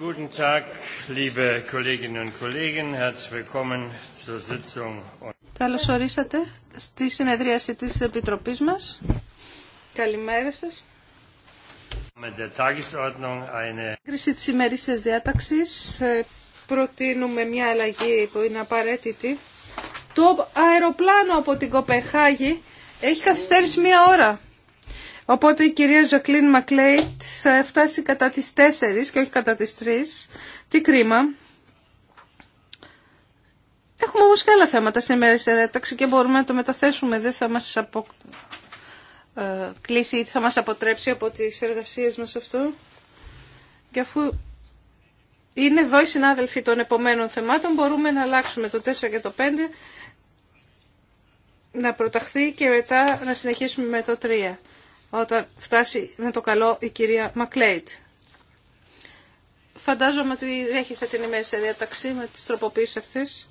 Guten Tag, liebe Kolleginnen und Kollegen. Herzlich willkommen zur Sitzung. Καλώς ορίσατε στη συνεδρίαση της Επιτροπής μας. Καλημέρα σας. Με την Tagesordnung eine... Κρίση της διάταξης. Ε, προτείνουμε μια αλλαγή που είναι απαραίτητη. Το αεροπλάνο από την Κοπεχάγη έχει καθυστέρηση μία ώρα. Οπότε η κυρία Ζακλίν Μακλέιτ θα φτάσει κατά τις 4 και όχι κατά τις 3. Τι κρίμα. Έχουμε όμως και άλλα θέματα στην ημέρα στη διάταξη και μπορούμε να το μεταθέσουμε. Δεν θα μας απο... Ε, κλείσει ή θα μας αποτρέψει από τις εργασίες μας αυτό. Και αφού είναι εδώ οι συνάδελφοι των επομένων θεμάτων, μπορούμε να αλλάξουμε το 4 και το 5 να προταχθεί και μετά να συνεχίσουμε με το 3 όταν φτάσει με το καλό η κυρία Μακλέιτ. Φαντάζομαι ότι δέχεστε την ημέρα σε διαταξή με τις τροποποίησεις αυτές.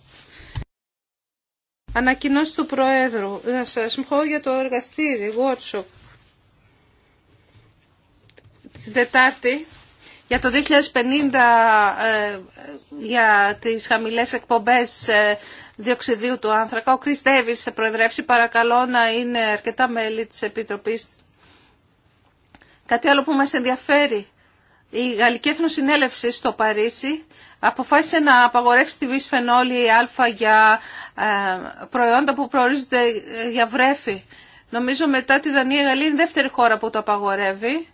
Ανακοινώσει του Προέδρου. Να σας πω για το εργαστήρι, workshop. Την Τετάρτη, για το 2050, ε, για τις χαμηλές εκπομπές ε, διοξιδίου του άνθρακα, ο Κρίς Ντέβις προεδρεύσει. Παρακαλώ να είναι αρκετά μέλη της Επιτροπής Κάτι άλλο που μας ενδιαφέρει. Η Γαλλική Συνέλευση στο Παρίσι αποφάσισε να απαγορεύσει τη βυσφενόλη α για ε, προϊόντα που προορίζονται για βρέφη. Νομίζω μετά τη Δανία Γαλλία είναι η δεύτερη χώρα που το απαγορεύει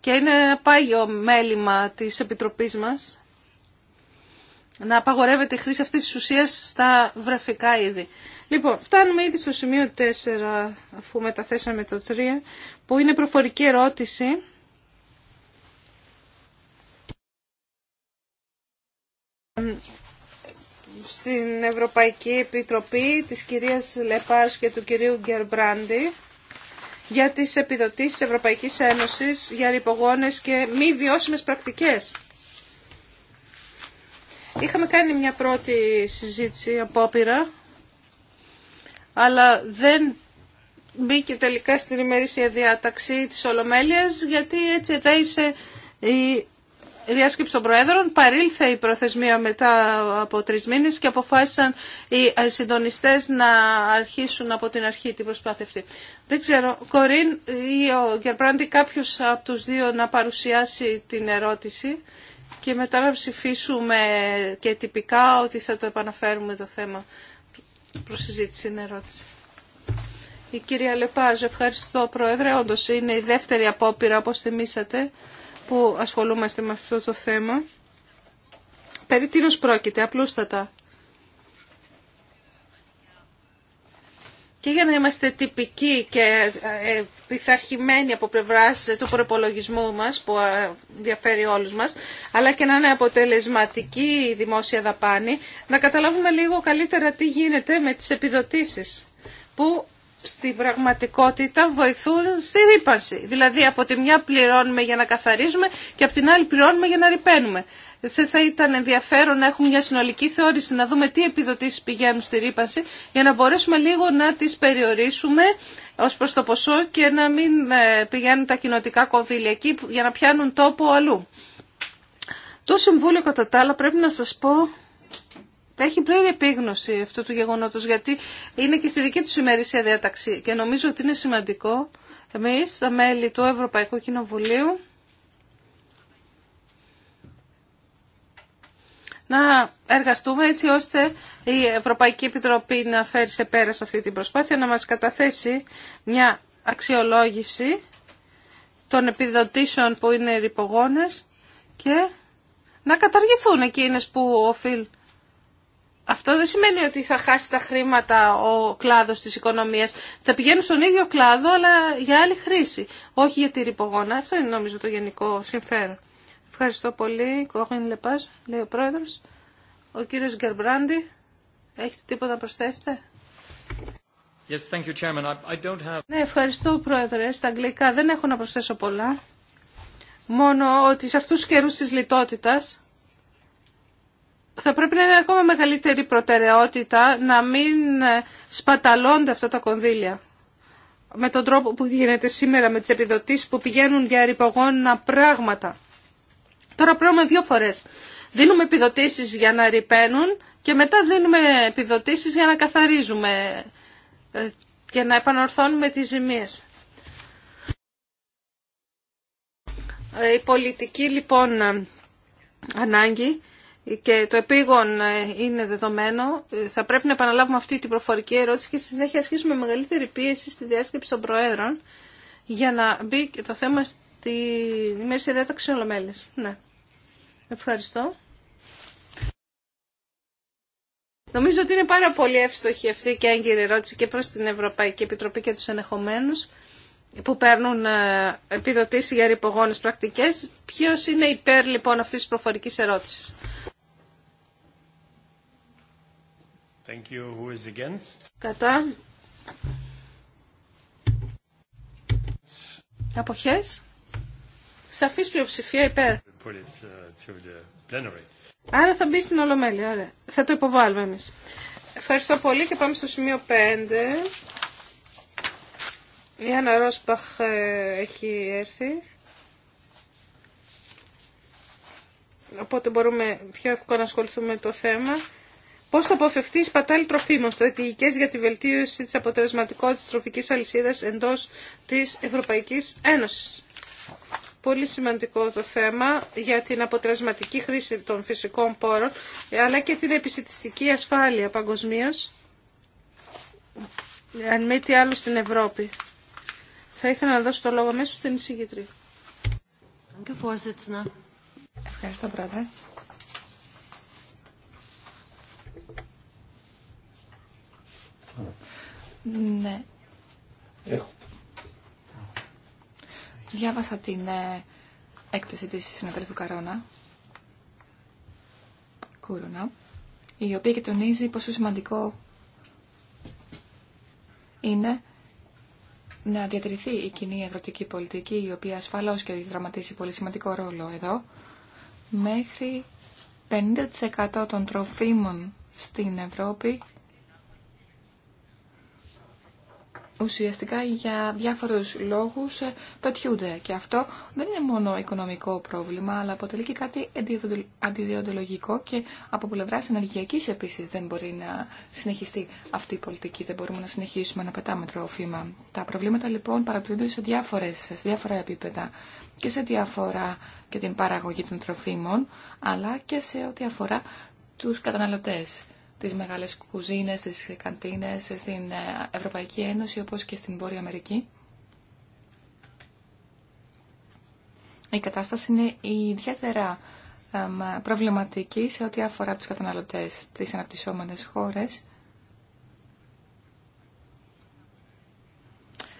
και είναι ένα πάγιο μέλημα της Επιτροπής μας να απαγορεύεται η χρήση αυτής της ουσίας στα βρεφικά είδη. Λοιπόν, φτάνουμε ήδη στο σημείο 4, αφού μεταθέσαμε το 3, που είναι προφορική ερώτηση. στην Ευρωπαϊκή Επιτροπή της κυρίας Λεπάς και του κυρίου Γκερμπράντη για τις επιδοτήσεις Ευρωπαϊκής Ένωσης για λιπογόνες και μη βιώσιμες πρακτικές. Είχαμε κάνει μια πρώτη συζήτηση απόπειρα αλλά δεν μπήκε τελικά στην ημερήσια διάταξη της Ολομέλειας γιατί έτσι εδέησε η διάσκεψη των Προέδρων, παρήλθε η προθεσμία μετά από τρει μήνε και αποφάσισαν οι συντονιστέ να αρχίσουν από την αρχή την προσπάθεια αυτή. Δεν ξέρω, Κορίν ή ο Γερμπράντη, κάποιο από του δύο να παρουσιάσει την ερώτηση και μετά να ψηφίσουμε και τυπικά ότι θα το επαναφέρουμε το θέμα προσυζήτηση είναι ερώτηση. Η κυρία Λεπάζ, ευχαριστώ Πρόεδρε. Όντω είναι η δεύτερη απόπειρα, όπως θυμήσατε, που ασχολούμαστε με αυτό το θέμα. Περί τίνος πρόκειται, απλούστατα. Και για να είμαστε τυπικοί και ε, πειθαρχημένοι από πλευρά του προπολογισμού μας που ενδιαφέρει όλου μα, αλλά και να είναι αποτελεσματική η δημόσια δαπάνη, να καταλάβουμε λίγο καλύτερα τι γίνεται με τι επιδοτήσει, που στην πραγματικότητα βοηθούν στη ρήπανση. Δηλαδή από τη μια πληρώνουμε για να καθαρίζουμε και από την άλλη πληρώνουμε για να ρηπαίνουμε. Δεν θα ήταν ενδιαφέρον να έχουμε μια συνολική θεώρηση, να δούμε τι επιδοτήσεις πηγαίνουν στη ρήπανση για να μπορέσουμε λίγο να τις περιορίσουμε ω προ το ποσό και να μην ε, πηγαίνουν τα κοινοτικά κονδύλια εκεί για να πιάνουν τόπο αλλού. Το Συμβούλιο κατά τα άλλα πρέπει να σα πω έχει πλήρη επίγνωση αυτού του γεγονότος γιατί είναι και στη δική του ημερήσια διάταξη και νομίζω ότι είναι σημαντικό εμεί, τα μέλη του Ευρωπαϊκού Κοινοβουλίου, να εργαστούμε έτσι ώστε η Ευρωπαϊκή Επιτροπή να φέρει σε πέρα σε αυτή την προσπάθεια, να μας καταθέσει μια αξιολόγηση των επιδοτήσεων που είναι ρηπογόνες και να καταργηθούν εκείνες που οφείλουν. Αυτό δεν σημαίνει ότι θα χάσει τα χρήματα ο κλάδος της οικονομίας. Θα πηγαίνουν στον ίδιο κλάδο, αλλά για άλλη χρήση. Όχι για τη ρηπογόνα. Αυτό είναι νομίζω το γενικό συμφέρον. Ευχαριστώ πολύ, Κόγιν Λεπάζ, λέει ο πρόεδρο. Ο κύριο Γκερμπράντι, έχετε τίποτα να προσθέσετε. Yes, thank you, Chairman. I don't have... Ναι, ευχαριστώ, πρόεδρε. Στα αγγλικά δεν έχω να προσθέσω πολλά. Μόνο ότι σε αυτού του καιρού τη λιτότητα θα πρέπει να είναι ακόμα μεγαλύτερη προτεραιότητα να μην ε, σπαταλώνται αυτά τα κονδύλια με τον τρόπο που γίνεται σήμερα με τις επιδοτήσεις που πηγαίνουν για ρηπογόνα πράγματα. Τώρα πλέουμε δύο φορές. Δίνουμε επιδοτήσεις για να ρηπαίνουν και μετά δίνουμε επιδοτήσεις για να καθαρίζουμε ε, και να επανορθώνουμε τις ζημίες. Ε, η πολιτική λοιπόν ανάγκη και το επίγον ε, είναι δεδομένο. Θα πρέπει να επαναλάβουμε αυτή την προφορική ερώτηση και στη συνέχεια ασκήσουμε μεγαλύτερη πίεση στη διάσκεψη των Προέδρων για να μπει και το θέμα τη μέση διάταξη ολομέλης. Ναι. Ευχαριστώ. Νομίζω ότι είναι πάρα πολύ εύστοχη αυτή και έγκυρη ερώτηση και προς την Ευρωπαϊκή Επιτροπή και τους ενεχομένους που παίρνουν ε, επιδοτήσεις για ρηπογόνες πρακτικές. Ποιος είναι υπέρ λοιπόν αυτής της προφορικής ερώτησης. Thank you. Who is against? Κατά. Αποχές σαφής πλειοψηφία υπέρ. Uh, Άρα θα μπει στην Ολομέλεια. Ωραία. Θα το υποβάλουμε εμείς. Ευχαριστώ πολύ και πάμε στο σημείο 5. Η Άννα Ρόσπαχ ε, έχει έρθει. Οπότε μπορούμε πιο εύκολα να ασχοληθούμε με το θέμα. Πώ θα αποφευθεί η σπατάλη τροφίμων, στρατηγικέ για τη βελτίωση τη αποτελεσματικότητα τη τροφική αλυσίδα εντό τη Ευρωπαϊκή Ένωση. Πολύ σημαντικό το θέμα για την αποτρασματική χρήση των φυσικών πόρων, αλλά και την επισητιστική ασφάλεια παγκοσμίω, αν μη τι άλλο στην Ευρώπη. Θα ήθελα να δώσω το λόγο μέσω στην εισηγητρή. Ευχαριστώ, Πρόεδρε. Ναι. Έχω Διάβασα την ε, έκθεση της συναδέλφου Καρόνα, Κούρονα, η οποία και τονίζει πόσο σημαντικό είναι να διατηρηθεί η κοινή αγροτική πολιτική, η οποία ασφαλώς και διδραματίζει πολύ σημαντικό ρόλο εδώ, μέχρι 50% των τροφίμων στην Ευρώπη ουσιαστικά για διάφορους λόγους ε, πετιούνται. Και αυτό δεν είναι μόνο οικονομικό πρόβλημα, αλλά αποτελεί και κάτι αντιδιοντολογικό και από πλευρά ενεργειακή επίσης δεν μπορεί να συνεχιστεί αυτή η πολιτική. Δεν μπορούμε να συνεχίσουμε να πετάμε τρόφιμα. Τα προβλήματα λοιπόν παρατηρούνται σε, διάφορες, σε διάφορα επίπεδα και σε ό,τι αφορά και την παραγωγή των τροφίμων, αλλά και σε ό,τι αφορά τους καταναλωτές τις μεγάλες κουζίνες, τις καντίνες στην ε, Ευρωπαϊκή Ένωση όπως και στην Βόρεια Αμερική. Η κατάσταση είναι ιδιαίτερα προβληματική σε ό,τι αφορά τους καταναλωτές στις αναπτυσσόμενες χώρες.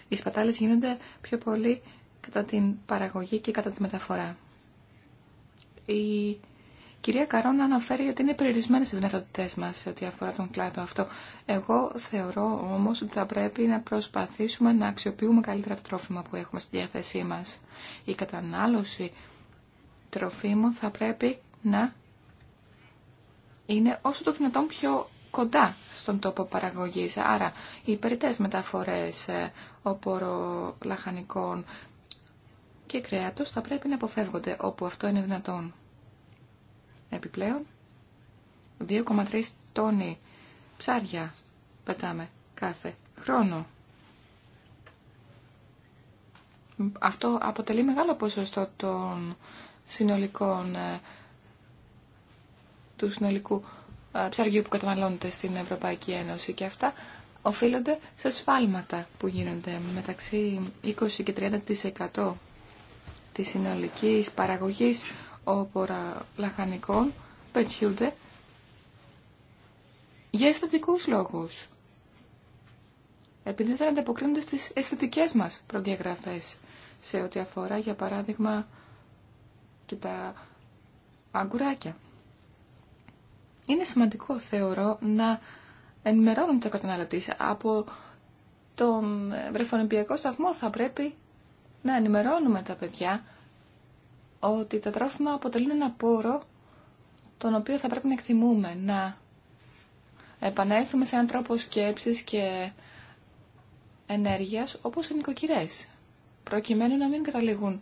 Οι σπατάλες γίνονται πιο πολύ κατά την παραγωγή και κατά τη μεταφορά κυρία Καρόνα αναφέρει ότι είναι περιορισμένε οι δυνατότητέ μα σε ό,τι αφορά τον κλάδο αυτό. Εγώ θεωρώ όμω ότι θα πρέπει να προσπαθήσουμε να αξιοποιούμε καλύτερα τα τρόφιμα που έχουμε στη διάθεσή μα. Η κατανάλωση τροφίμων θα πρέπει να είναι όσο το δυνατόν πιο κοντά στον τόπο παραγωγής. Άρα οι υπερητέ μεταφορέ, ε, όπορο λαχανικών και κρέατος θα πρέπει να αποφεύγονται όπου αυτό είναι δυνατόν. Επιπλέον, 2,3 τόνοι ψάρια πετάμε κάθε χρόνο. Αυτό αποτελεί μεγάλο ποσοστό των συνολικών ε, του συνολικού ε, ψαριού που καταναλώνεται στην Ευρωπαϊκή Ένωση και αυτά οφείλονται σε σφάλματα που γίνονται μεταξύ 20 και 30% της συνολικής παραγωγής όπορα λαχανικών πετιούνται για αισθητικού λόγους. Επειδή δεν ανταποκρίνονται στι αισθητικέ μας προδιαγραφέ σε ό,τι αφορά, για παράδειγμα, και τα αγκουράκια. Είναι σημαντικό, θεωρώ, να ενημερώνουν τα καταναλωτή. Από τον βρεφονιπιακό σταθμό θα πρέπει να ενημερώνουμε τα παιδιά ότι τα τρόφιμα αποτελούν ένα πόρο τον οποίο θα πρέπει να εκτιμούμε, να επανέλθουμε σε έναν τρόπο σκέψης και ενέργειας όπως οι νοικοκυρές, προκειμένου να μην καταλήγουν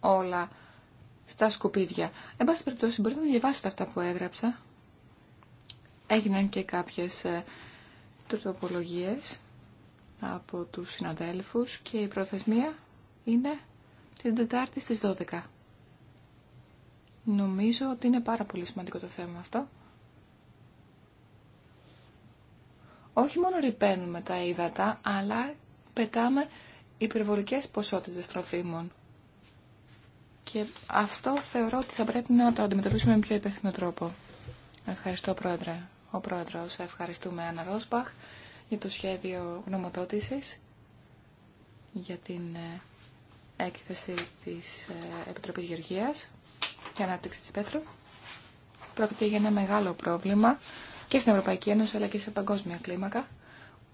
όλα στα σκουπίδια. Εν πάση περιπτώσει μπορείτε να διαβάσετε αυτά που έγραψα. Έγιναν και κάποιες ε, τροπολογίες από τους συναδέλφους και η προθεσμία είναι την Τετάρτη στις 12. Νομίζω ότι είναι πάρα πολύ σημαντικό το θέμα αυτό. Όχι μόνο ρηπαίνουμε τα ύδατα, αλλά πετάμε υπερβολικές ποσότητες τροφίμων. Και αυτό θεωρώ ότι θα πρέπει να το αντιμετωπίσουμε με πιο υπεύθυνο τρόπο. Ευχαριστώ, Πρόεδρε. Ο Πρόεδρος, ευχαριστούμε, Άννα Ρόσπαχ, για το σχέδιο γνωμοδότησης, για την ε, έκθεση της ε, Επιτροπής Γεωργίας και ανάπτυξη της πέτρου. Πρόκειται για ένα μεγάλο πρόβλημα και στην Ευρωπαϊκή Ένωση αλλά και σε παγκόσμια κλίμακα.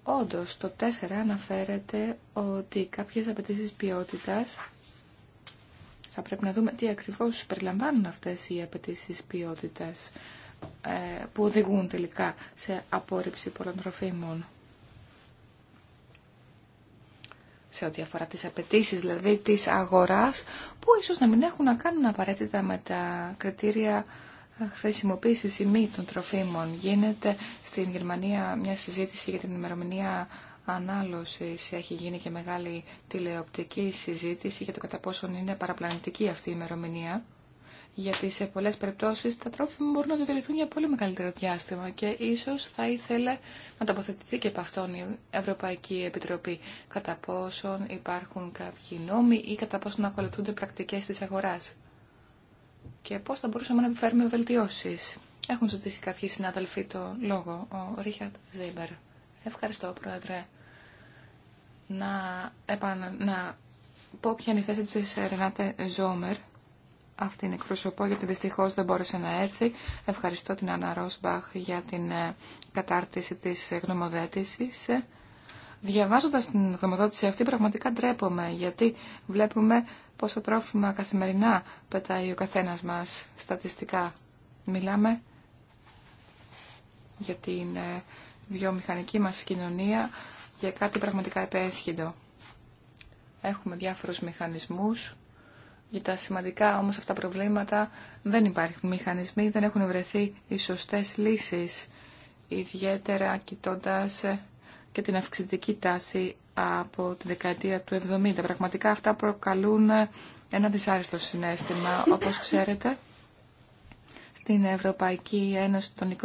Όντω, το 4 αναφέρεται ότι κάποιες απαιτήσει ποιότητα θα πρέπει να δούμε τι ακριβώς περιλαμβάνουν αυτές οι απαιτήσει ε, που οδηγούν τελικά σε απόρριψη πολλών τροφίμων. σε ό,τι αφορά τις απαιτήσει, δηλαδή της αγοράς, που ίσως να μην έχουν να κάνουν απαραίτητα με τα κριτήρια ε, χρησιμοποίησης ή μη των τροφίμων. Γίνεται στην Γερμανία μια συζήτηση για την ημερομηνία ανάλωση. Έχει γίνει και μεγάλη τηλεοπτική συζήτηση για το κατά πόσον είναι παραπλανητική αυτή η ημερομηνία γιατί σε πολλές περιπτώσεις τα τρόφιμα μπορούν να διατηρηθούν για πολύ μεγαλύτερο διάστημα και ίσως θα ήθελε να τοποθετηθεί και από αυτόν η Ευρωπαϊκή Επιτροπή κατά πόσον υπάρχουν κάποιοι νόμοι ή κατά πόσον ακολουθούνται πρακτικές της αγοράς και πώς θα μπορούσαμε να επιφέρουμε βελτιώσεις. Έχουν ζητήσει κάποιοι συνάδελφοι το λόγο, ο Ρίχαρτ Ζέιμπερ. Ευχαριστώ, Πρόεδρε. Να, να πω ποια είναι η θέση της Ρενάτε Ζόμερ αυτή η εκπροσωπώ γιατί δυστυχώς δεν μπόρεσε να έρθει. Ευχαριστώ την Άννα Ρόσμπαχ για την ε, κατάρτιση της γνωμοδέτησης. Διαβάζοντας την γνωμοδότηση αυτή πραγματικά ντρέπομαι γιατί βλέπουμε πόσο τρόφιμα καθημερινά πετάει ο καθένας μας στατιστικά. Μιλάμε για την ε, βιομηχανική μας κοινωνία για κάτι πραγματικά επέσχυντο. Έχουμε διάφορους μηχανισμούς για τα σημαντικά όμως αυτά προβλήματα δεν υπάρχουν μηχανισμοί, δεν έχουν βρεθεί οι σωστές λύσεις, ιδιαίτερα κοιτώντα ε, και την αυξητική τάση από τη δεκαετία του 70. Πραγματικά αυτά προκαλούν ε, ένα δυσάρεστο συνέστημα, όπως ξέρετε στην Ευρωπαϊκή Ένωση των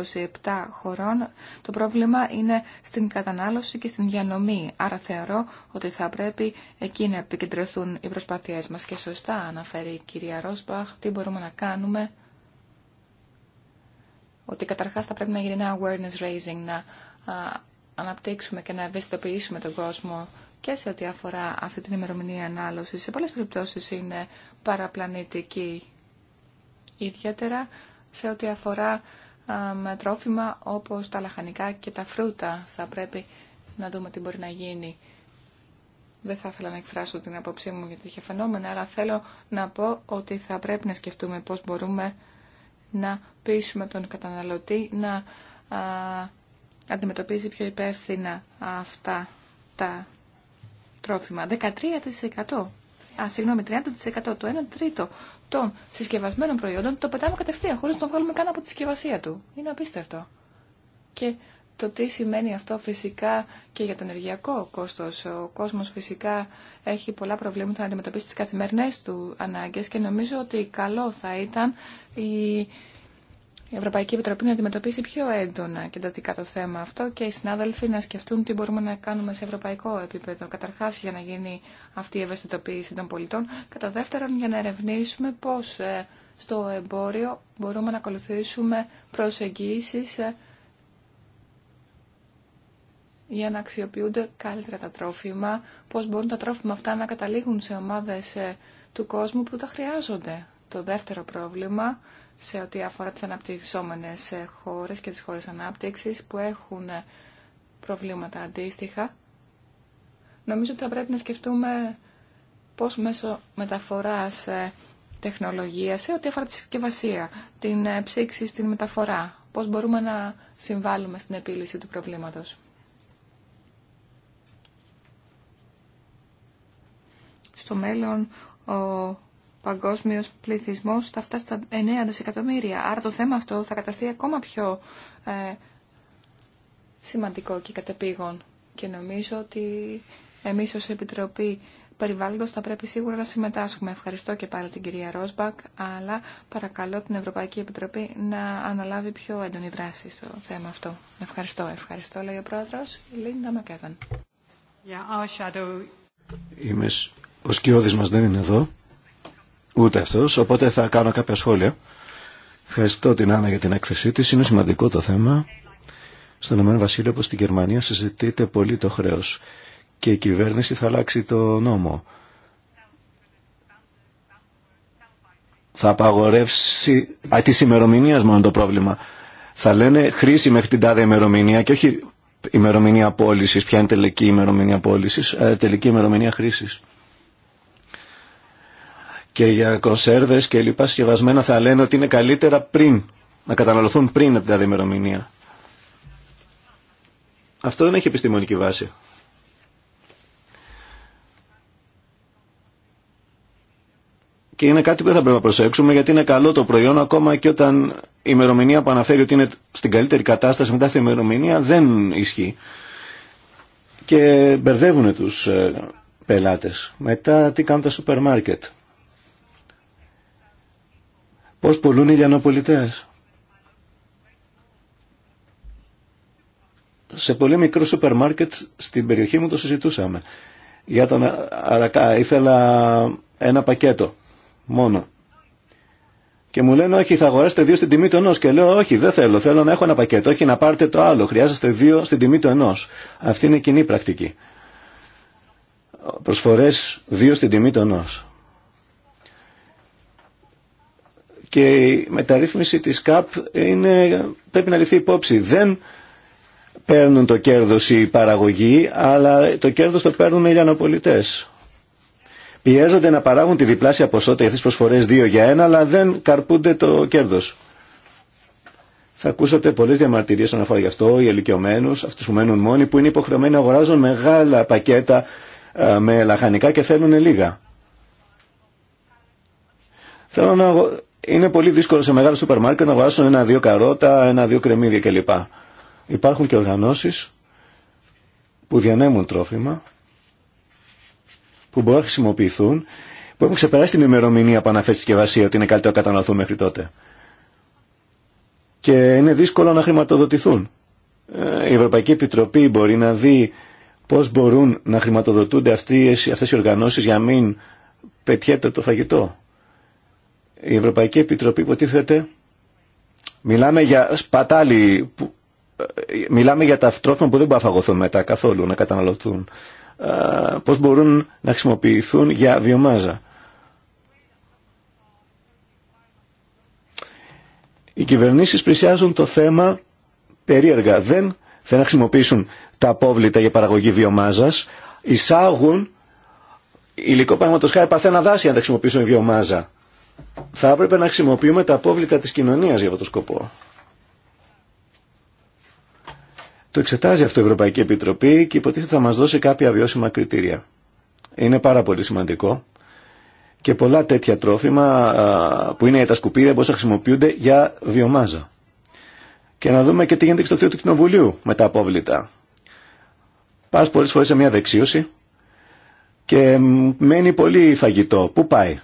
27 χωρών, το πρόβλημα είναι στην κατανάλωση και στην διανομή. Άρα θεωρώ ότι θα πρέπει εκεί να επικεντρωθούν οι προσπάθειές μας. Και σωστά αναφέρει η κυρία Ρόσπαχ τι μπορούμε να κάνουμε. Ότι καταρχάς θα πρέπει να γίνει ένα awareness raising, να αναπτύξουμε και να ευαισθητοποιήσουμε τον κόσμο και σε ό,τι αφορά αυτή την ημερομηνία ανάλωση. Σε πολλές περιπτώσεις είναι παραπλανητική. Ιδιαίτερα σε ό,τι αφορά με τρόφιμα όπως τα λαχανικά και τα φρούτα. Θα πρέπει να δούμε τι μπορεί να γίνει. Δεν θα ήθελα να εκφράσω την απόψή μου για τέτοια φαινόμενα, αλλά θέλω να πω ότι θα πρέπει να σκεφτούμε πώς μπορούμε να πείσουμε τον καταναλωτή να αντιμετωπίζει πιο υπεύθυνα αυτά τα τρόφιμα. 13%. Α, συγγνώμη, 30% το 1 τρίτο των συσκευασμένων προϊόντων το πετάμε κατευθείαν χωρίς να το βγάλουμε καν από τη συσκευασία του. Είναι απίστευτο. Και το τι σημαίνει αυτό φυσικά και για το ενεργειακό κόστο. Ο κόσμος φυσικά έχει πολλά προβλήματα να αντιμετωπίσει τι καθημερινέ του ανάγκε και νομίζω ότι καλό θα ήταν η η Ευρωπαϊκή Επιτροπή να αντιμετωπίσει πιο έντονα και εντατικά το θέμα αυτό και οι συνάδελφοι να σκεφτούν τι μπορούμε να κάνουμε σε ευρωπαϊκό επίπεδο. Καταρχά, για να γίνει αυτή η ευαισθητοποίηση των πολιτών. Κατά δεύτερον, για να ερευνήσουμε πώ ε, στο εμπόριο μπορούμε να ακολουθήσουμε προσεγγίσει ε, για να αξιοποιούνται καλύτερα τα τρόφιμα, πώ μπορούν τα τρόφιμα αυτά να καταλήγουν σε ομάδες ε, του κόσμου που τα χρειάζονται. Το δεύτερο πρόβλημα σε ό,τι αφορά τις αναπτυξόμενες ε, χώρες και τις χώρες ανάπτυξης που έχουν ε, προβλήματα αντίστοιχα. Νομίζω ότι θα πρέπει να σκεφτούμε πώς μέσω μεταφοράς ε, τεχνολογίας σε ό,τι αφορά τη συσκευασία, την ψήξη στην μεταφορά, πώς μπορούμε να συμβάλλουμε στην επίλυση του προβλήματος. Στο μέλλον, ο Παγκόσμιο πληθυσμό θα φτάσει στα 9 δισεκατομμύρια. Άρα το θέμα αυτό θα καταστεί ακόμα πιο ε, σημαντικό και κατεπήγον. Και νομίζω ότι εμεί ω Επιτροπή Περιβάλλοντος θα πρέπει σίγουρα να συμμετάσχουμε. Ευχαριστώ και πάλι την κυρία Ρόσμπακ, αλλά παρακαλώ την Ευρωπαϊκή Επιτροπή να αναλάβει πιο έντονη δράση στο θέμα αυτό. Ευχαριστώ, ευχαριστώ, λέει ο Πρόεδρος, Λίντα Μακέβαν. Είμαι, ο σκιώδης μα δεν είναι εδώ ούτε αυτός, οπότε θα κάνω κάποια σχόλια. Ευχαριστώ την Άννα για την έκθεσή της. Είναι σημαντικό το θέμα. Στον Ηνωμένο Βασίλειο, όπως στην Γερμανία, συζητείται πολύ το χρέος και η κυβέρνηση θα αλλάξει το νόμο. Θα απαγορεύσει, α, της ημερομηνία μόνο το πρόβλημα. Θα λένε χρήση μέχρι την τάδε ημερομηνία και όχι ημερομηνία πώληση, ποια είναι τελική ημερομηνία πώληση, ε, τελική ημερομηνία χρήση και για κροσέρβες και λοιπά συσκευασμένα θα λένε ότι είναι καλύτερα πριν, να καταναλωθούν πριν από την ημερομηνία. Αυτό δεν έχει επιστημονική βάση. Και είναι κάτι που δεν θα πρέπει να προσέξουμε γιατί είναι καλό το προϊόν ακόμα και όταν η ημερομηνία που αναφέρει ότι είναι στην καλύτερη κατάσταση μετά την ημερομηνία δεν ισχύει. Και μπερδεύουν τους ε, πελάτες. Μετά τι κάνουν τα σούπερ μάρκετ πώς πολλούν οι λιανοπολιτές. Σε πολύ μικρό σούπερ μάρκετ στην περιοχή μου το συζητούσαμε. Για τον Αρακά ήθελα ένα πακέτο μόνο. Και μου λένε όχι θα αγοράσετε δύο στην τιμή του ενός και λέω όχι δεν θέλω, θέλω να έχω ένα πακέτο, όχι να πάρετε το άλλο, χρειάζεστε δύο στην τιμή του ενός. Αυτή είναι κοινή πρακτική. Προσφορές δύο στην τιμή του ενός. και η μεταρρύθμιση της ΚΑΠ είναι, πρέπει να ληφθεί υπόψη. Δεν παίρνουν το κέρδος οι παραγωγοί, αλλά το κέρδος το παίρνουν οι λιανοπολιτές. Πιέζονται να παράγουν τη διπλάσια ποσότητα για τις προσφορές 2 για 1, αλλά δεν καρπούνται το κέρδος. Θα ακούσατε πολλές διαμαρτυρίες όταν αφορά γι' αυτό, οι ηλικιωμένους, αυτούς που μένουν μόνοι, που είναι υποχρεωμένοι να αγοράζουν μεγάλα πακέτα ε, με λαχανικά και θέλουν λίγα. Θέλω να είναι πολύ δύσκολο σε μεγάλο σούπερ μάρκετ να αγοράσουν ένα-δύο καρότα, ένα-δύο κρεμμύδια κλπ. Υπάρχουν και οργανώσεις που διανέμουν τρόφιμα, που μπορούν να χρησιμοποιηθούν, που έχουν ξεπεράσει την ημερομηνία που αναφέρει στη συσκευασία ότι είναι καλύτερο να καταναλωθούν μέχρι τότε. Και είναι δύσκολο να χρηματοδοτηθούν. Ε, η Ευρωπαϊκή Επιτροπή μπορεί να δει πώς μπορούν να χρηματοδοτούνται αυτές οι οργανώσεις για να μην πετιέται το φαγητό. Η Ευρωπαϊκή Επιτροπή υποτίθεται μιλάμε για σπατάλι που, ε, μιλάμε για τα τρόφιμα που δεν μπορούν να φαγωθούν μετά καθόλου, να καταναλωθούν. Ε, πώς μπορούν να χρησιμοποιηθούν για βιομάζα. Οι κυβερνήσεις πλησιάζουν το θέμα περίεργα. Δεν θέλουν να χρησιμοποιήσουν τα απόβλητα για παραγωγή βιομάζας. Εισάγουν υλικό το χάρη παρθένα δάση αν δεν χρησιμοποιήσουν βιομάζα θα έπρεπε να χρησιμοποιούμε τα απόβλητα της κοινωνίας για αυτό το σκοπό. Το εξετάζει αυτό η Ευρωπαϊκή Επιτροπή και υποτίθεται θα μας δώσει κάποια βιώσιμα κριτήρια. Είναι πάρα πολύ σημαντικό και πολλά τέτοια τρόφιμα που είναι για τα σκουπίδια μπορούν να χρησιμοποιούνται για βιομάζα. Και να δούμε και τι γίνεται στο κτίριο του Κοινοβουλίου με τα απόβλητα. Πας πολλές φορές σε μια δεξίωση και μένει πολύ φαγητό. Πού πάει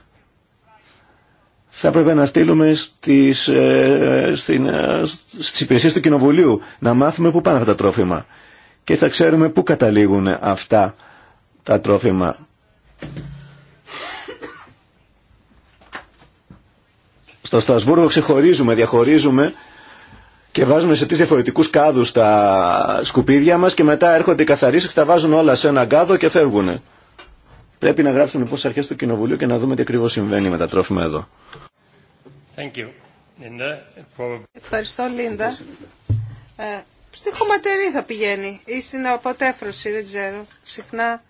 θα έπρεπε να στείλουμε στις, ε, στην, ε, στις υπηρεσίες του Κοινοβουλίου να μάθουμε πού πάνε αυτά τα τρόφιμα και θα ξέρουμε πού καταλήγουν αυτά τα τρόφιμα. Στο Στρασβούργο ξεχωρίζουμε, διαχωρίζουμε και βάζουμε σε τρει διαφορετικούς κάδους τα σκουπίδια μας και μετά έρχονται οι καθαρίσεις και τα βάζουν όλα σε έναν κάδο και φεύγουν. Πρέπει να γράψουμε λοιπόν στι αρχέ του Κοινοβουλίου και να δούμε τι ακριβώ συμβαίνει με τα τρόφιμα εδώ. Ευχαριστώ, Λίντα. Ε, στη χωματερή θα πηγαίνει ή στην αποτέφρωση, δεν ξέρω. Συχνά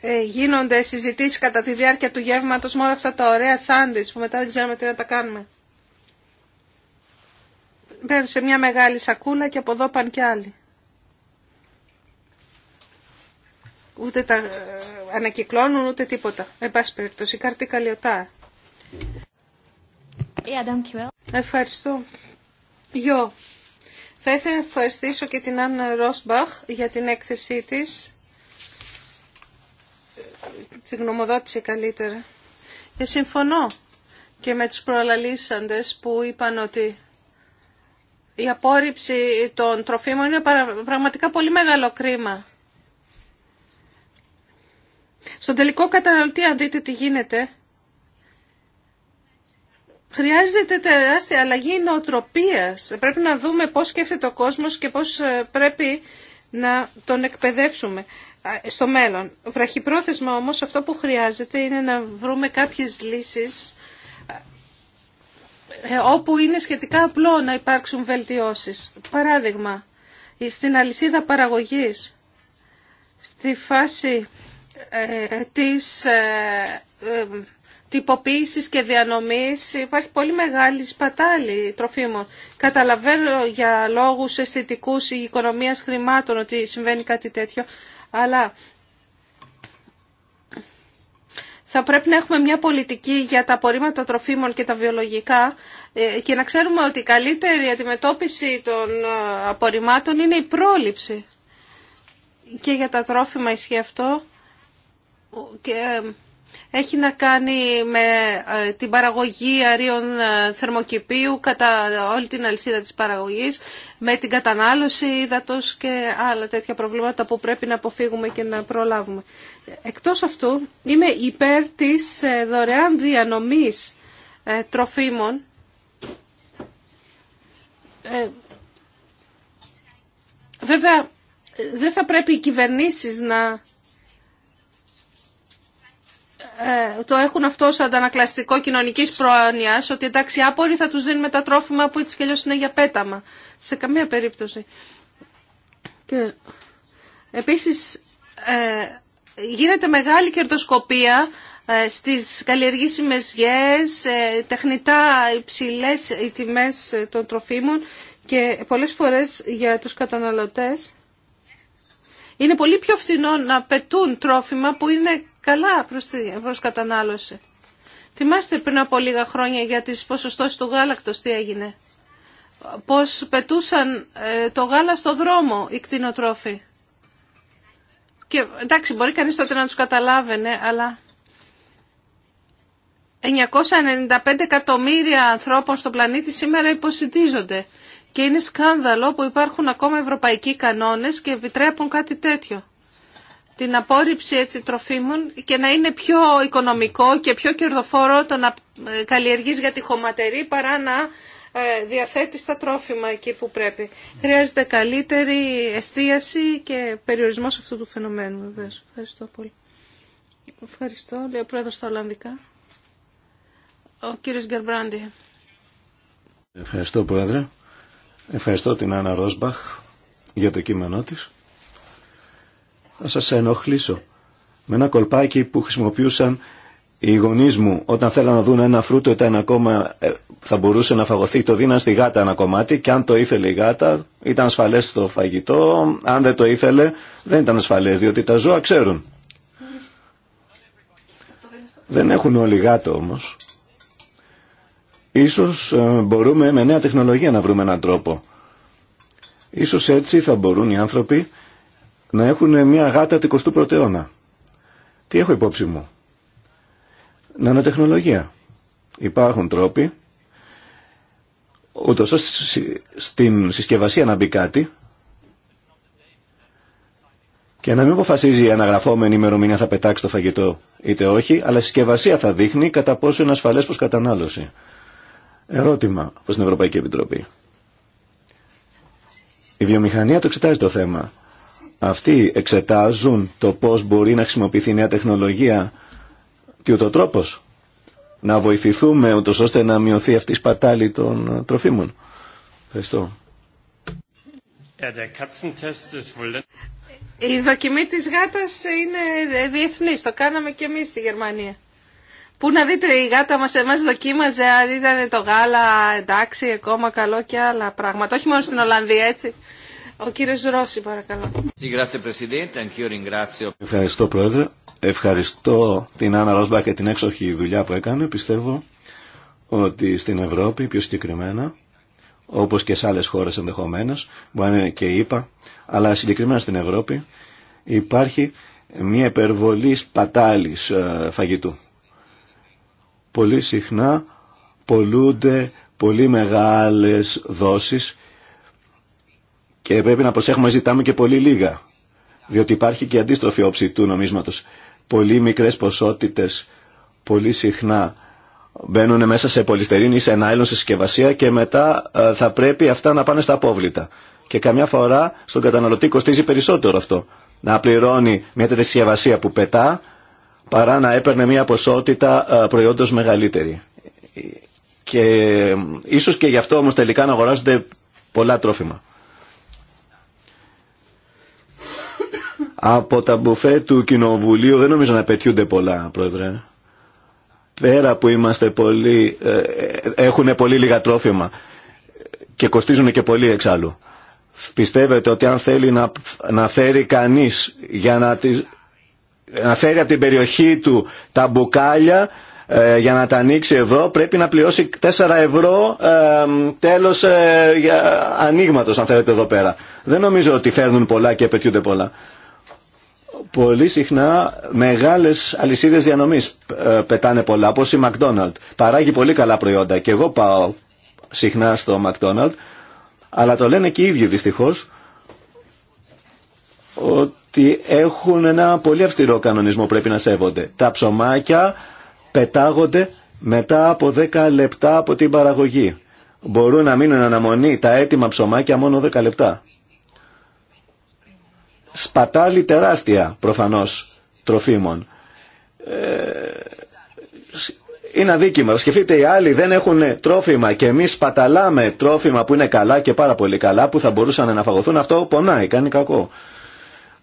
ε, γίνονται συζητήσεις κατά τη διάρκεια του γεύματος με όλα αυτά τα ωραία σάντουιτς που μετά δεν ξέρουμε τι να τα κάνουμε. Παίρνουν σε μια μεγάλη σακούλα και από εδώ πάνε κι άλλοι. ούτε τα ε, ανακυκλώνουν ούτε τίποτα. Εν πάση περιπτώσει, κάρτη καλλιωτά. Ε, Ευχαριστώ. Γιο. Θα ήθελα να ευχαριστήσω και την Άννα Ρόσμπαχ για την έκθεσή της. Την γνωμοδότηση καλύτερα. Και ε, συμφωνώ και με τους προαλαλήσαντες που είπαν ότι η απόρριψη των τροφίμων είναι πραγματικά πολύ μεγάλο κρίμα. Στον τελικό καταναλωτή, αν δείτε τι γίνεται, χρειάζεται τεράστια αλλαγή νοοτροπίας. Πρέπει να δούμε πώς σκέφτεται ο κόσμος και πώς ε, πρέπει να τον εκπαιδεύσουμε ε, στο μέλλον. Βραχυπρόθεσμα όμως αυτό που χρειάζεται είναι να βρούμε κάποιες λύσεις ε, όπου είναι σχετικά απλό να υπάρξουν βελτιώσεις. Παράδειγμα, στην αλυσίδα παραγωγής, στη φάση ε, της ε, ε, τυποποίησης και διανομής υπάρχει πολύ μεγάλη σπατάλη τροφίμων. Καταλαβαίνω για λόγους αισθητικούς ή οικονομίας χρημάτων ότι συμβαίνει κάτι τέτοιο, αλλά θα πρέπει να έχουμε μια πολιτική για τα απορρίμματα τροφίμων και τα βιολογικά και να ξέρουμε ότι η καλύτερη αντιμετώπιση των απορριμμάτων είναι η πρόληψη. Και για τα τρόφιμα ισχύει αυτό και ε, έχει να κάνει με ε, την παραγωγή αρίων ε, θερμοκηπίου κατά όλη την αλυσίδα της παραγωγής, με την κατανάλωση ύδατος και άλλα τέτοια προβλήματα που πρέπει να αποφύγουμε και να προλάβουμε. Εκτός αυτού, είμαι υπέρ της δωρεάν διανομής τροφίμων Βέβαια, δεν θα πρέπει οι κυβερνήσεις να ε, το έχουν αυτό ως αντανακλαστικό κοινωνικής πρόνοιας, ότι εντάξει άποροι θα τους με τα τρόφιμα που έτσι κι είναι για πέταμα. Σε καμία περίπτωση. Και... Επίσης, ε, γίνεται μεγάλη κερδοσκοπία ε, στις καλλιεργήσιμες γέες, τεχνητά υψηλές οι τιμές των τροφίμων και πολλές φορές για τους καταναλωτές είναι πολύ πιο φθηνό να πετούν τρόφιμα που είναι καλά προς, προς κατανάλωση. Θυμάστε πριν από λίγα χρόνια για τις ποσοστώσεις του γάλακτος τι έγινε. Πώς πετούσαν ε, το γάλα στο δρόμο οι κτηνοτρόφοι. Και εντάξει μπορεί κανείς τότε να τους καταλάβαινε αλλά 995 εκατομμύρια ανθρώπων στον πλανήτη σήμερα υποσυντίζονται. Και είναι σκάνδαλο που υπάρχουν ακόμα ευρωπαϊκοί κανόνες και επιτρέπουν κάτι τέτοιο την απόρριψη έτσι τροφίμων και να είναι πιο οικονομικό και πιο κερδοφόρο το να ε, καλλιεργείς για τη χωματερή παρά να ε, διαθέτεις τα τρόφιμα εκεί που πρέπει. Χρειάζεται καλύτερη εστίαση και περιορισμός αυτού του φαινομένου Ευχαριστώ πολύ. Ευχαριστώ. Λέω πρόεδρος στα Ολλανδικά. Ο κύριος Γκερμπράντι. Ευχαριστώ πρόεδρε. Ευχαριστώ την Άννα Ρόσμπαχ για το κείμενό της θα σας ενοχλήσω. Με ένα κολπάκι που χρησιμοποιούσαν οι γονεί μου όταν θέλαν να δουν ένα φρούτο ήταν ακόμα ε, θα μπορούσε να φαγωθεί, το δίναν στη γάτα ένα κομμάτι και αν το ήθελε η γάτα ήταν ασφαλές το φαγητό, αν δεν το ήθελε δεν ήταν ασφαλές διότι τα ζώα ξέρουν. Δεν έχουν όλοι γάτο όμως. Ίσως ε, μπορούμε με νέα τεχνολογία να βρούμε έναν τρόπο. Ίσως έτσι θα μπορούν οι άνθρωποι να έχουν μια γάτα του 21ου αιώνα. Τι έχω υπόψη μου. Νανοτεχνολογία. Υπάρχουν τρόποι ούτως ώστε στην συσκευασία να μπει κάτι και να μην αποφασίζει η αναγραφόμενη ημερομηνία θα πετάξει το φαγητό είτε όχι, αλλά η συσκευασία θα δείχνει κατά πόσο είναι ασφαλές προς κατανάλωση. Ερώτημα προς την Ευρωπαϊκή Επιτροπή. Η βιομηχανία το εξετάζει το θέμα. Αυτοί εξετάζουν το πώς μπορεί να χρησιμοποιηθεί η νέα τεχνολογία και ούτω τρόπος να βοηθηθούμε ούτως ώστε να μειωθεί αυτή η σπατάλη των τροφίμων. Ευχαριστώ. Η δοκιμή της γάτας είναι διεθνής, το κάναμε και εμείς στη Γερμανία. Πού να δείτε η γάτα μας, εμάς δοκίμαζε αν ήταν το γάλα εντάξει ακόμα καλό και άλλα πράγματα, όχι μόνο στην Ολλανδία έτσι. Ο Ρώση, παρακαλώ. Ευχαριστώ, Πρόεδρε. Ευχαριστώ την Άννα Ροσμπά και την έξοχη δουλειά που έκανε. Πιστεύω ότι στην Ευρώπη, πιο συγκεκριμένα, όπω και σε άλλε χώρε ενδεχομένω, μπορεί να είναι και η αλλά συγκεκριμένα στην Ευρώπη υπάρχει μια υπερβολή σπατάλη ε, φαγητού. Πολύ συχνά πολλούνται πολύ μεγάλες δόσεις και πρέπει να προσέχουμε ζητάμε και πολύ λίγα. Διότι υπάρχει και αντίστροφη όψη του νομίσματος. Πολύ μικρές ποσότητες, πολύ συχνά μπαίνουν μέσα σε πολυστερίνη ή σε νάιλον σε συσκευασία και μετά ε, θα πρέπει αυτά να πάνε στα απόβλητα. Και καμιά φορά στον καταναλωτή κοστίζει περισσότερο αυτό. Να πληρώνει μια τέτοια συσκευασία που πετά παρά να έπαιρνε μια ποσότητα ε, προϊόντος μεγαλύτερη. Και ε, ίσως και γι' αυτό όμως τελικά να αγοράζονται πολλά τρόφιμα. Από τα μπουφέ του Κοινοβουλίου δεν νομίζω να πετιούνται πολλά, Πρόεδρε. Πέρα που είμαστε πολύ, ε, ε, έχουν πολύ λίγα τρόφιμα και κοστίζουν και πολύ εξάλλου. Πιστεύετε ότι αν θέλει να, να φέρει κανείς για να, τις, να φέρει από την περιοχή του τα μπουκάλια ε, για να τα ανοίξει εδώ πρέπει να πληρώσει 4 ευρώ ε, τέλος ε, ανοίγματος αν θέλετε εδώ πέρα. Δεν νομίζω ότι φέρνουν πολλά και πετιούνται πολλά. Πολύ συχνά μεγάλες αλυσίδες διανομής ε, πετάνε πολλά, όπως η McDonald's. Παράγει πολύ καλά προϊόντα και εγώ πάω συχνά στο McDonald's, αλλά το λένε και οι ίδιοι δυστυχώς, ότι έχουν ένα πολύ αυστηρό κανονισμό πρέπει να σέβονται. Τα ψωμάκια πετάγονται μετά από 10 λεπτά από την παραγωγή. Μπορούν να μείνουν αναμονή τα έτοιμα ψωμάκια μόνο 10 λεπτά σπατάλει τεράστια προφανώς τροφίμων. Ε, είναι αδίκημα. Σκεφτείτε οι άλλοι δεν έχουν τρόφιμα και εμείς σπαταλάμε τρόφιμα που είναι καλά και πάρα πολύ καλά που θα μπορούσαν να φαγωθούν. Αυτό πονάει, κάνει κακό.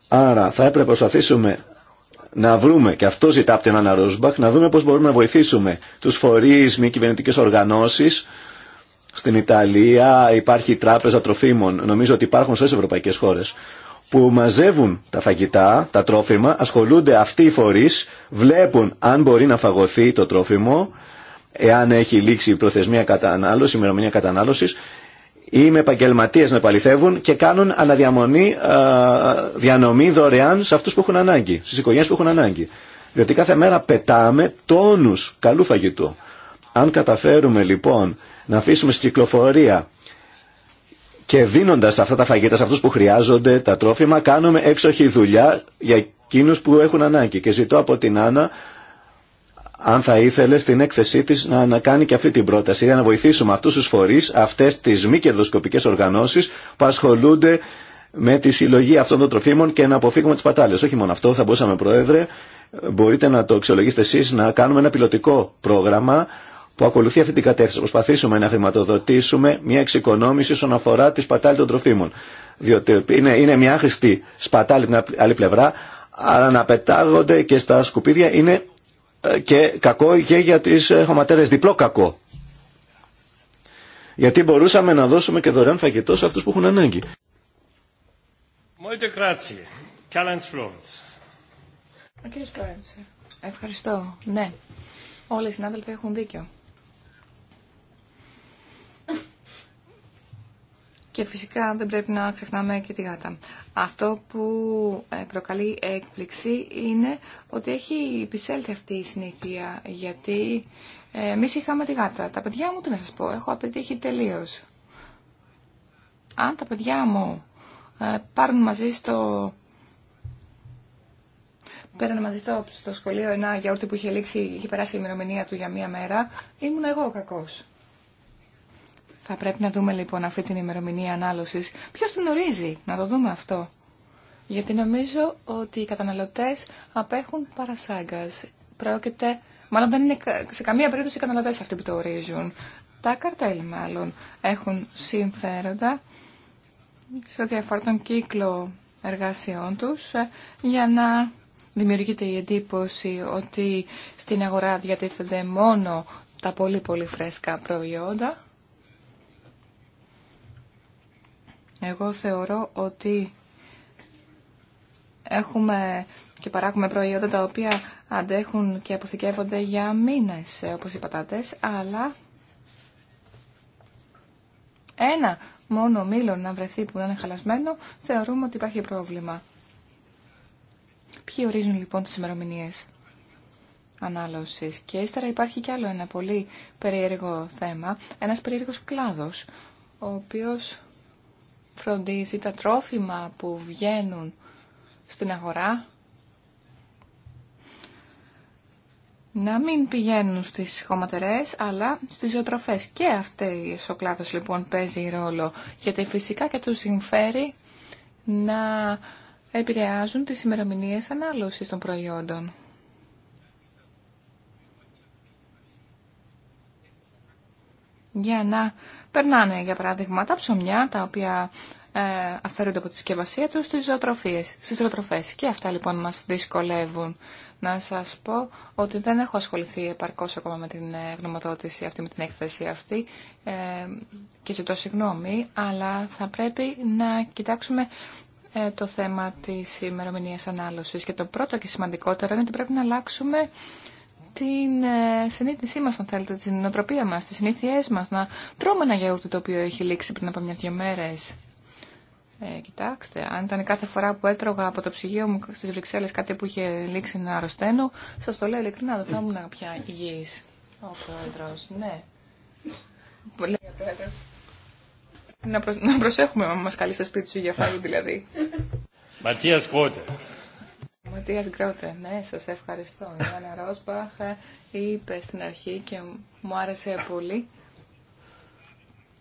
Άρα θα έπρεπε να προσπαθήσουμε να βρούμε, και αυτό ζητά από την Άννα Ρούσμπαχ, να δούμε πώς μπορούμε να βοηθήσουμε τους φορείς, μη κυβερνητικές οργανώσεις. Στην Ιταλία υπάρχει τράπεζα τροφίμων. Νομίζω ότι υπάρχουν σε ευρωπαϊκές χώρες που μαζεύουν τα φαγητά, τα τρόφιμα, ασχολούνται αυτοί οι φορείς, βλέπουν αν μπορεί να φαγωθεί το τρόφιμο, εάν έχει λήξει η προθεσμία κατανάλωση, η ημερομηνία κατανάλωσης, ή με επαγγελματίε να παληθεύουν και κάνουν αναδιαμονή, α, διανομή δωρεάν σε αυτούς που έχουν ανάγκη, στις οικογένειες που έχουν ανάγκη. Διότι κάθε μέρα πετάμε τόνους καλού φαγητού. Αν καταφέρουμε λοιπόν να αφήσουμε στην κυκλοφορία και δίνοντας αυτά τα φαγητά σε αυτούς που χρειάζονται τα τρόφιμα κάνουμε έξοχη δουλειά για εκείνου που έχουν ανάγκη και ζητώ από την Άννα αν θα ήθελε στην έκθεσή της να, κάνει και αυτή την πρόταση για να βοηθήσουμε αυτούς τους φορείς, αυτές τις μη κερδοσκοπικές οργανώσεις που ασχολούνται με τη συλλογή αυτών των τροφίμων και να αποφύγουμε τις πατάλες. Όχι μόνο αυτό, θα μπορούσαμε Πρόεδρε, μπορείτε να το αξιολογήσετε εσείς, να κάνουμε ένα πιλωτικό πρόγραμμα που ακολουθεί αυτή την κατεύθυνση. Προσπαθήσουμε να χρηματοδοτήσουμε μια εξοικονόμηση όσον αφορά τη σπατάλη των τροφίμων. Διότι είναι, μια άχρηστη σπατάλη από την άλλη πλευρά, αλλά να πετάγονται και στα σκουπίδια είναι ε, και κακό και για τι ε, χωματέρε. διπλό κακό. Γιατί μπορούσαμε να δώσουμε και δωρεάν φαγητό σε αυτού που έχουν ανάγκη. Ο ευχαριστώ. Ναι, όλοι οι συνάδελφοι έχουν δίκιο. Και φυσικά δεν πρέπει να ξεχνάμε και τη γάτα. Αυτό που ε, προκαλεί έκπληξη είναι ότι έχει επισέλθει αυτή η συνήθεια, γιατί ε, εμεί είχαμε τη γάτα. Τα παιδιά μου, τι να σας πω, έχω απετύχει τελείω. Αν τα παιδιά μου ε, πάρουν μαζί στο... Πέραν μαζί στο, στο σχολείο ένα γιαούρτι που είχε, λήξει, είχε περάσει η ημερομηνία του για μία μέρα, ήμουν εγώ ο κακός. Θα πρέπει να δούμε λοιπόν αυτή την ημερομηνία ανάλωσης. Ποιος την ορίζει, να το δούμε αυτό. Γιατί νομίζω ότι οι καταναλωτές απέχουν παρασάγκας. Πρόκειται, μάλλον δεν είναι σε καμία περίπτωση οι καταναλωτές αυτοί που το ορίζουν. Τα καρτέλ μάλλον έχουν συμφέροντα σε ό,τι αφορά τον κύκλο εργασιών τους ε, για να δημιουργείται η εντύπωση ότι στην αγορά διατίθενται μόνο τα πολύ πολύ φρέσκα προϊόντα Εγώ θεωρώ ότι έχουμε και παράγουμε προϊόντα τα οποία αντέχουν και αποθηκεύονται για μήνες, όπως οι πατάτες, αλλά ένα μόνο μήλο να βρεθεί που να είναι χαλασμένο, θεωρούμε ότι υπάρχει πρόβλημα. Ποιοι ορίζουν λοιπόν τις ημερομηνίε ανάλωσης. Και ύστερα υπάρχει κι άλλο ένα πολύ περίεργο θέμα, ένας περίεργος κλάδος, ο οποίος φροντίζει τα τρόφιμα που βγαίνουν στην αγορά να μην πηγαίνουν στις χωματερές αλλά στις ζωοτροφές. Και αυτή ο κλάδος λοιπόν παίζει ρόλο γιατί φυσικά και τους συμφέρει να επηρεάζουν τις ημερομηνίες ανάλωσης των προϊόντων. για να περνάνε, για παράδειγμα, τα ψωμιά τα οποία ε, αφαιρούνται από τη συσκευασία τους στις ζωοτροφίες, στις ζωοτροφές. Και αυτά λοιπόν μας δυσκολεύουν. Να σας πω ότι δεν έχω ασχοληθεί επαρκώς ακόμα με την ε, γνωμοδότηση αυτή, με την έκθεση αυτή ε, και ζητώ συγγνώμη, αλλά θα πρέπει να κοιτάξουμε ε, το θέμα της ημερομηνία ανάλωσης. Και το πρώτο και σημαντικότερο είναι ότι πρέπει να αλλάξουμε την ε, συνήθιση μας, αν θέλετε, την νοοτροπία μας, τις συνήθειές μας, να τρώμε ένα γιαούρτι το οποίο έχει λήξει πριν από μια-δυο μέρες. Ε, κοιτάξτε, αν ήταν κάθε φορά που έτρωγα από το ψυγείο μου στις Βρυξέλλες κάτι που είχε λήξει να αρρωσταίνω, σας το λέω ειλικρινά, δεν θα ήμουν πια υγιής. Ο πρόεδρος, ναι. Πολύ πρόεδρος. Να, προσέχουμε να μας καλεί στο σπίτι σου για φάγη δηλαδή. Ματίας Κότερ. Ματίας Γκρότε, ναι, σας ευχαριστώ. Η Άννα Ρόσμπαχ ε, είπε στην αρχή και μου άρεσε πολύ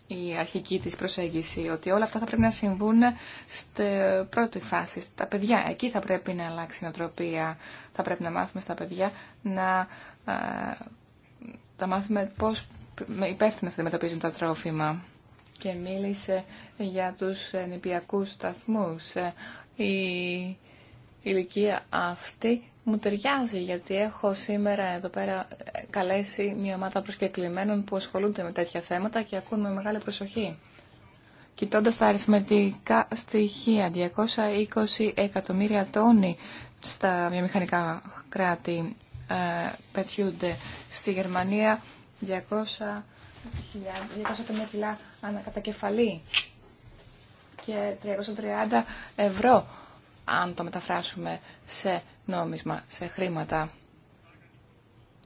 η αρχική της προσέγγιση, ότι όλα αυτά θα πρέπει να συμβούν στην πρώτη φάση, τα παιδιά. Εκεί θα πρέπει να αλλάξει η νοοτροπία, θα πρέπει να μάθουμε στα παιδιά να ε, τα μάθουμε πώς υπεύθυνα θα αντιμετωπίζουν τα τρόφιμα. Και μίλησε για τους νηπιακούς σταθμούς. Ε, η ηλικία αυτή μου ταιριάζει γιατί έχω σήμερα εδώ πέρα ε, καλέσει μια ομάδα προσκεκλημένων που ασχολούνται με τέτοια θέματα και ακούν με μεγάλη προσοχή. Κοιτώντας τα αριθμητικά στοιχεία, 220 εκατομμύρια τόνοι στα βιομηχανικά κράτη ε, πετιούνται. Στη Γερμανία 200, 200 κιλά ανακατακεφαλή και 330 ευρώ αν το μεταφράσουμε σε νόμισμα, σε χρήματα.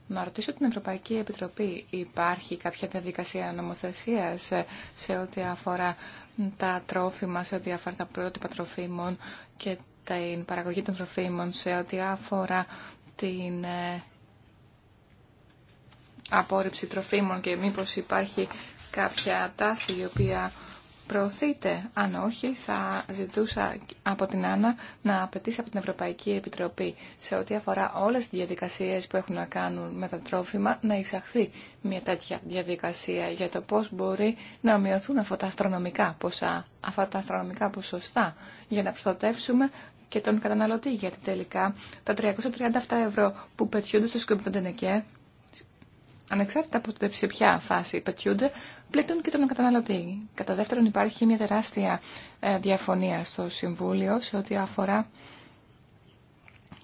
Να ρωτήσω την Ευρωπαϊκή Επιτροπή, υπάρχει κάποια διαδικασία νομοθεσία σε, ό,τι αφορά τα τρόφιμα, σε ό,τι αφορά τα πρότυπα τροφίμων και την παραγωγή των τροφίμων, σε ό,τι αφορά την ε, απόρριψη τροφίμων και μήπως υπάρχει κάποια τάση η οποία προωθείτε. Αν όχι, θα ζητούσα από την Άννα να απαιτήσει από την Ευρωπαϊκή Επιτροπή σε ό,τι αφορά όλε τι διαδικασίε που έχουν να κάνουν με τα τρόφιμα να εισαχθεί μια τέτοια διαδικασία για το πώ μπορεί να μειωθούν αυτά τα αστρονομικά ποσά, αυτά τα αστρονομικά ποσοστά για να προστατεύσουμε και τον καταναλωτή, γιατί τελικά τα 337 ευρώ που πετιούνται στο σκουπιδοντενεκέ, ανεξάρτητα από σε ποια φάση πετιούνται, πλήττουν και τον καταναλωτή. Κατά δεύτερον υπάρχει μια τεράστια ε, διαφωνία στο Συμβούλιο σε ό,τι αφορά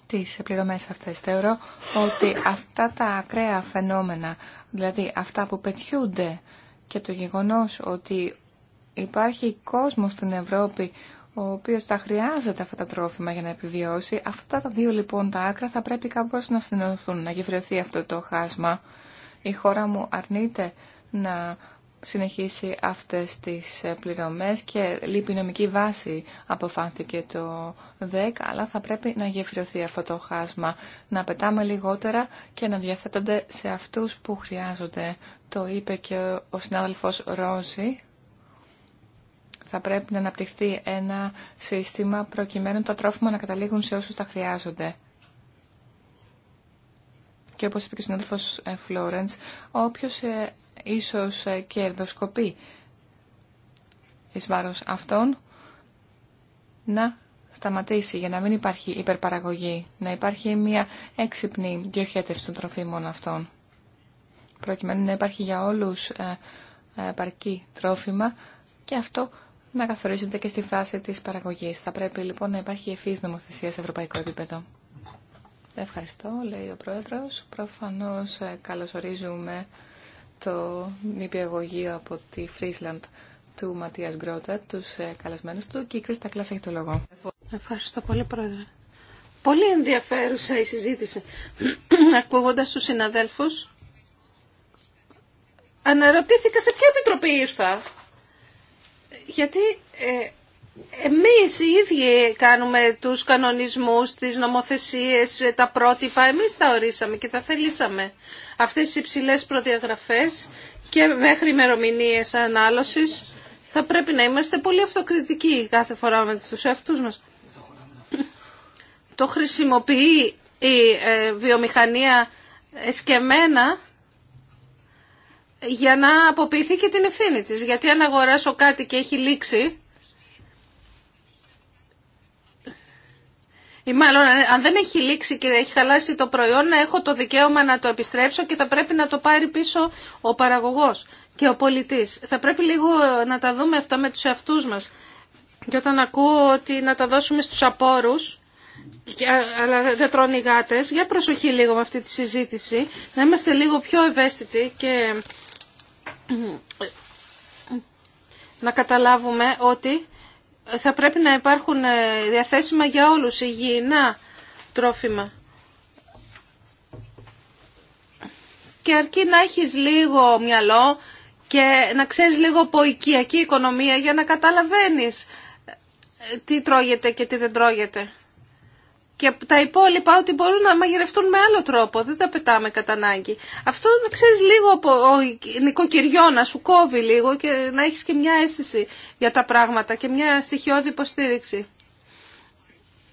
τις πληρωμές αυτές. Θεωρώ ότι αυτά τα ακραία φαινόμενα, δηλαδή αυτά που πετιούνται και το γεγονός ότι υπάρχει κόσμος στην Ευρώπη ο οποίος τα χρειάζεται αυτά τα τρόφιμα για να επιβιώσει, αυτά τα δύο λοιπόν τα άκρα θα πρέπει κάπως να συνενωθούν, να γεφυρωθεί αυτό το χάσμα. Η χώρα μου αρνείται να συνεχίσει αυτές τις ε, πληρωμές και λείπει νομική βάση αποφάνθηκε το ΔΕΚ, αλλά θα πρέπει να γεφυρωθεί αυτό το χάσμα, να πετάμε λιγότερα και να διαθέτονται σε αυτούς που χρειάζονται. Το είπε και ο συνάδελφος Ρόζη. Θα πρέπει να αναπτυχθεί ένα σύστημα προκειμένου τα τρόφιμα να καταλήγουν σε όσους τα χρειάζονται. Και όπως είπε και ο συνάδελφος ε, Φλόρεντς, όποιος ε, ίσως ε, κερδοσκοπεί εις βάρος αυτών, να σταματήσει για να μην υπάρχει υπερπαραγωγή, να υπάρχει μια έξυπνη διοχέτευση των τροφίμων αυτών. Προκειμένου να υπάρχει για όλους ε, ε παρκή τρόφιμα και αυτό να καθορίζεται και στη φάση της παραγωγής. Θα πρέπει λοιπόν να υπάρχει ευφύς νομοθεσία σε ευρωπαϊκό επίπεδο. Ευχαριστώ, λέει ο Πρόεδρος. Προφανώς ε, καλωσορίζουμε το νηπιαγωγείο από τη Φρίσλαντ του Ματίας Γκρότα, τους ε, καλεσμένους του και η Κρίστα Κλάς έχει το λόγο. Ευχαριστώ πολύ, Πρόεδρε. Πολύ ενδιαφέρουσα η συζήτηση. Ακούγοντας τους συναδέλφους, αναρωτήθηκα σε ποια επιτροπή ήρθα. Γιατί ε, εμείς οι ίδιοι κάνουμε τους κανονισμούς, τις νομοθεσίες, τα πρότυπα, εμείς τα ορίσαμε και τα θελήσαμε. Αυτές οι υψηλέ προδιαγραφές και μέχρι ημερομηνίε ανάλωσης θα πρέπει να είμαστε πολύ αυτοκριτικοί κάθε φορά με τους εαυτούς μας. Το χρησιμοποιεί η ε, βιομηχανία εσκεμένα για να αποποιηθεί και την ευθύνη της. Γιατί αν αγοράσω κάτι και έχει λήξει, Ή μάλλον ε, αν δεν έχει λήξει και έχει χαλάσει το προϊόν, έχω το δικαίωμα να το επιστρέψω και θα πρέπει να το πάρει πίσω ο παραγωγός και ο πολιτής. Θα πρέπει λίγο ε, να τα δούμε αυτά με τους εαυτούς μας. Και όταν ακούω ότι να τα δώσουμε στους απόρους, αλλά δεν τρώνε οι γάτες, για προσοχή λίγο με αυτή τη συζήτηση, να είμαστε λίγο πιο ευαίσθητοι και ε, να καταλάβουμε ότι θα πρέπει να υπάρχουν ε, διαθέσιμα για όλους υγιεινά τρόφιμα. Και αρκεί να έχεις λίγο μυαλό και να ξέρεις λίγο από οικιακή οικονομία για να καταλαβαίνεις ε, τι τρώγεται και τι δεν τρώγεται. Και τα υπόλοιπα ότι μπορούν να μαγειρευτούν με άλλο τρόπο, δεν τα πετάμε κατά ανάγκη. Αυτό να ξέρει λίγο από ο νοικοκυριό να σου κόβει λίγο και να έχει και μια αίσθηση για τα πράγματα και μια στοιχειώδη υποστήριξη.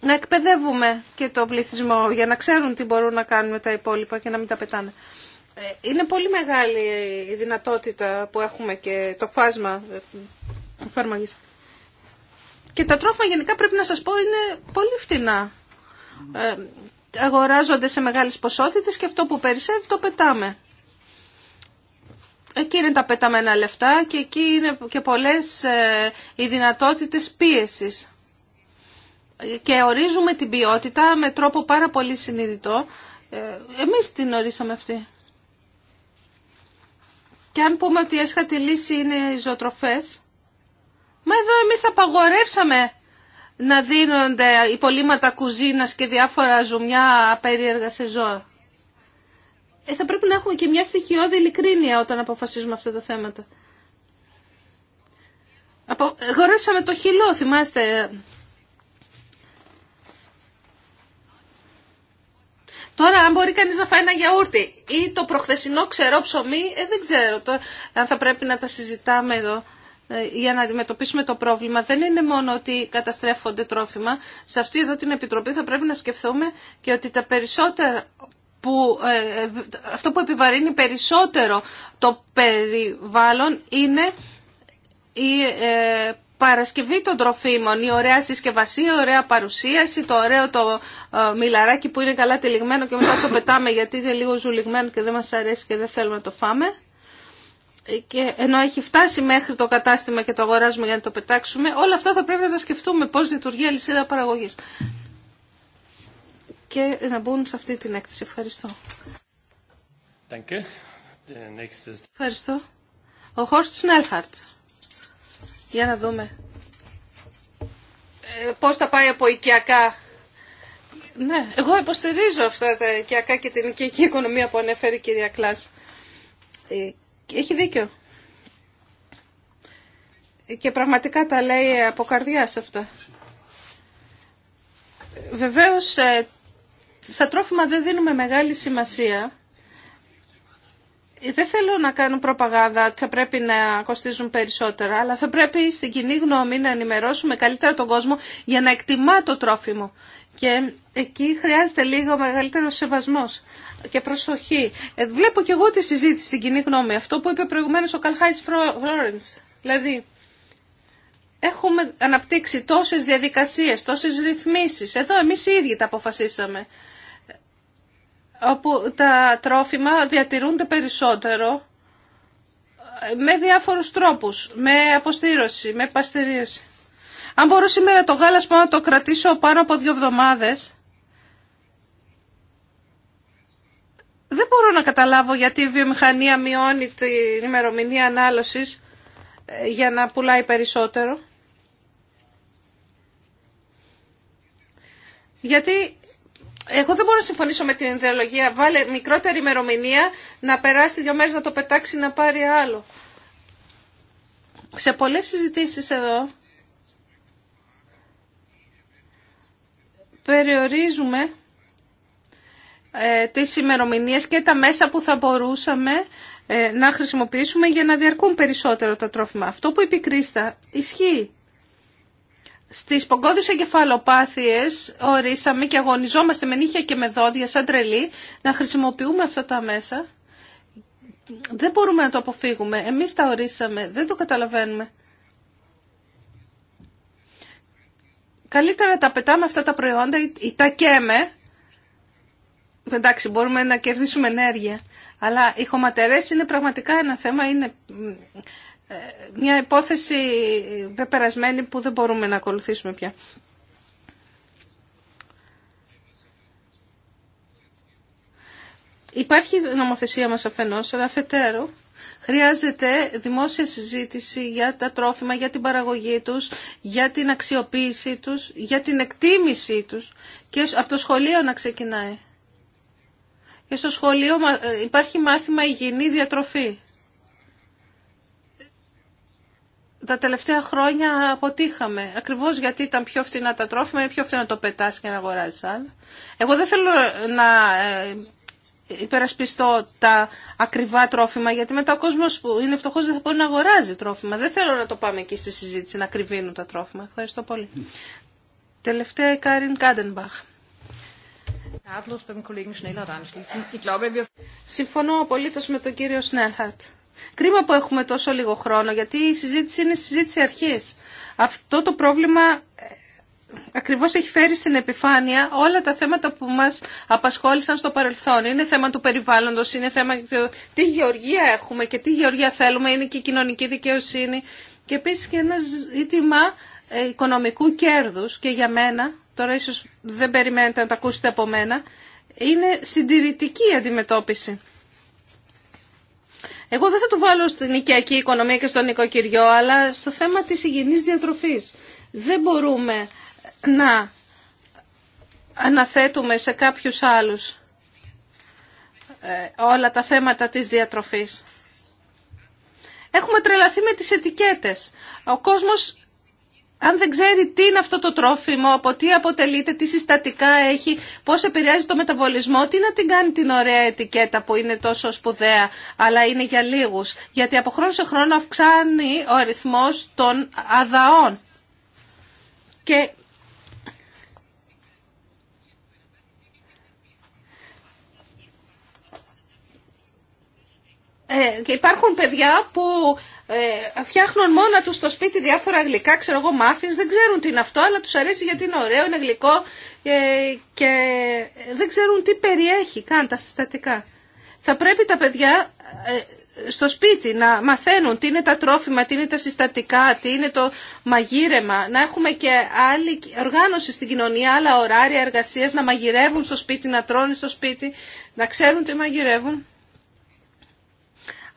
Να εκπαιδεύουμε και το πληθυσμό για να ξέρουν τι μπορούν να κάνουν με τα υπόλοιπα και να μην τα πετάνε. Ε, είναι πολύ μεγάλη η δυνατότητα που έχουμε και το φάσμα εφαρμογής. Και τα τρόφιμα γενικά πρέπει να σας πω είναι πολύ φτηνά. Ε, αγοράζονται σε μεγάλες ποσότητες και αυτό που περισσεύει το πετάμε. Εκεί είναι τα πεταμένα λεφτά και εκεί είναι και πολλές ε, οι δυνατότητες πίεσης. Και ορίζουμε την ποιότητα με τρόπο πάρα πολύ συνειδητό. Ε, εμείς την ορίσαμε αυτή. Και αν πούμε ότι η έσχατη λύση είναι οι ζωοτροφές, μα εδώ εμείς απαγορεύσαμε να δίνονται υπολείμματα κουζίνας και διάφορα ζουμιά περίεργα σε ζώα. Ε, θα πρέπει να έχουμε και μια στοιχειώδη ειλικρίνεια όταν αποφασίζουμε αυτά τα θέματα. Γορέσαμε το χυλό, θυμάστε. Τώρα, αν μπορεί κανείς να φάει ένα γιαούρτι ή το προχθεσινό ξερό ψωμί, ε, δεν ξέρω το, αν θα πρέπει να τα συζητάμε εδώ. Ε, για να αντιμετωπίσουμε το πρόβλημα δεν είναι μόνο ότι καταστρέφονται τρόφιμα. Σε αυτή εδώ την Επιτροπή θα πρέπει να σκεφτούμε και ότι τα περισσότερα που, ε, ε, αυτό που επιβαρύνει περισσότερο το περιβάλλον είναι η παρασκευή των τροφίμων, η ωραία συσκευασία, η ωραία παρουσίαση, το ωραίο το μιλαράκι που είναι καλά τυλιγμένο και μετά το πετάμε γιατί είναι λίγο ζουλιγμένο και δεν μας αρέσει και δεν θέλουμε να το φάμε και ενώ έχει φτάσει μέχρι το κατάστημα και το αγοράζουμε για να το πετάξουμε, όλα αυτά θα πρέπει να τα σκεφτούμε πώς λειτουργεί η αλυσίδα παραγωγής. Και να μπουν σε αυτή την έκθεση. Ευχαριστώ. Ευχαριστώ. Ο Χόρστ Σνέλχαρτ. Για να δούμε. Ε, πώς θα πάει από οικιακά. Ναι, εγώ υποστηρίζω αυτά τα οικιακά και την οικιακή οικονομία που ανέφερε η κυρία Κλάς ε, έχει δίκιο. Και πραγματικά τα λέει από σε αυτά. Βεβαίως, ε, στα τρόφιμα δεν δίνουμε μεγάλη σημασία. Ε, δεν θέλω να κάνω προπαγάδα ότι θα πρέπει να κοστίζουν περισσότερα, αλλά θα πρέπει στην κοινή γνώμη να ενημερώσουμε καλύτερα τον κόσμο για να εκτιμά το τρόφιμο. Και εκεί χρειάζεται λίγο μεγαλύτερο σεβασμός και προσοχή. Ε, βλέπω και εγώ τη συζήτηση στην κοινή γνώμη. Αυτό που είπε προηγουμένως ο Καλχάης Φλόρενς. Δηλαδή, έχουμε αναπτύξει τόσες διαδικασίες, τόσες ρυθμίσεις. Εδώ εμείς οι ίδιοι τα αποφασίσαμε. Όπου τα τρόφιμα διατηρούνται περισσότερο ε, με διάφορους τρόπους. Με αποστήρωση, με παστερίωση. Αν μπορώ σήμερα το γάλα να το κρατήσω πάνω από δύο εβδομάδες, δεν μπορώ να καταλάβω γιατί η βιομηχανία μειώνει την ημερομηνία ανάλωσης ε, για να πουλάει περισσότερο. Γιατί εγώ δεν μπορώ να συμφωνήσω με την ιδεολογία. Βάλε μικρότερη ημερομηνία να περάσει δύο μέρες να το πετάξει να πάρει άλλο. Σε πολλές συζητήσεις εδώ περιορίζουμε ε, τις ημερομηνίες και τα μέσα που θα μπορούσαμε ε, να χρησιμοποιήσουμε για να διαρκούν περισσότερο τα τρόφιμα. Αυτό που είπε Κρίστα ισχύει. Στις πογκώδεις εγκεφαλοπάθειες ορίσαμε και αγωνιζόμαστε με νύχια και με δόντια σαν τρελή να χρησιμοποιούμε αυτά τα μέσα. Δεν μπορούμε να το αποφύγουμε. Εμείς τα ορίσαμε. Δεν το καταλαβαίνουμε. Καλύτερα τα πετάμε αυτά τα προϊόντα ή τα καίμε εντάξει, μπορούμε να κερδίσουμε ενέργεια. Αλλά οι χωματερές είναι πραγματικά ένα θέμα, είναι ε, μια υπόθεση πεπερασμένη που δεν μπορούμε να ακολουθήσουμε πια. Υπάρχει νομοθεσία μας αφενός, αλλά αφετέρου χρειάζεται δημόσια συζήτηση για τα τρόφιμα, για την παραγωγή τους, για την αξιοποίησή τους, για την εκτίμησή τους και από το σχολείο να ξεκινάει. Και στο σχολείο ε, υπάρχει μάθημα υγιεινή διατροφή. Τα τελευταία χρόνια αποτύχαμε. Ακριβώς γιατί ήταν πιο φθηνά τα τρόφιμα, είναι πιο φθηνά να το πετάς και να αγοράζεις άλλα. Εγώ δεν θέλω να ε, υπερασπιστώ τα ακριβά τρόφιμα, γιατί μετά ο κόσμος που είναι φτωχός δεν θα μπορεί να αγοράζει τρόφιμα. Δεν θέλω να το πάμε εκεί στη συζήτηση, να κρυβίνουν τα τρόφιμα. Ευχαριστώ πολύ. Τελευταία η Κάριν Κάντενμπαχ. Συμφωνώ απολύτω με τον κύριο Σνέλχαρτ. Κρίμα που έχουμε τόσο λίγο χρόνο, γιατί η συζήτηση είναι συζήτηση αρχή. Αυτό το πρόβλημα ε, ακριβώ έχει φέρει στην επιφάνεια όλα τα θέματα που μα απασχόλησαν στο παρελθόν. Είναι θέμα του περιβάλλοντο, είναι θέμα τι γεωργία έχουμε και τι γεωργία θέλουμε, είναι και η κοινωνική δικαιοσύνη και επίση και ένα ζήτημα ε, οικονομικού κέρδου και για μένα τώρα ίσως δεν περιμένετε να τα ακούσετε από μένα, είναι συντηρητική αντιμετώπιση. Εγώ δεν θα το βάλω στην οικιακή οικονομία και στον νοικοκυριό, αλλά στο θέμα της υγιεινής διατροφής. Δεν μπορούμε να αναθέτουμε σε κάποιους άλλους ε, όλα τα θέματα της διατροφής. Έχουμε τρελαθεί με τις ετικέτες. Ο κόσμος αν δεν ξέρει τι είναι αυτό το τρόφιμο, από τι αποτελείται, τι συστατικά έχει, πώς επηρεάζει το μεταβολισμό, τι να την κάνει την ωραία ετικέτα που είναι τόσο σπουδαία, αλλά είναι για λίγους. Γιατί από χρόνο σε χρόνο αυξάνει ο αριθμό των αδαών. Και ε, και υπάρχουν παιδιά που ε, φτιάχνουν μόνα τους στο σπίτι διάφορα γλυκά, ξέρω εγώ μάφινς, δεν ξέρουν τι είναι αυτό, αλλά τους αρέσει γιατί είναι ωραίο, είναι γλυκό και δεν ξέρουν τι περιέχει καν τα συστατικά. Θα πρέπει τα παιδιά ε, στο σπίτι να μαθαίνουν τι είναι τα τρόφιμα, τι είναι τα συστατικά, τι είναι το μαγείρεμα, να έχουμε και άλλη οργάνωση στην κοινωνία, άλλα ωράρια εργασία, να μαγειρεύουν στο σπίτι, να τρώνε στο σπίτι, να ξέρουν τι μαγειρεύουν.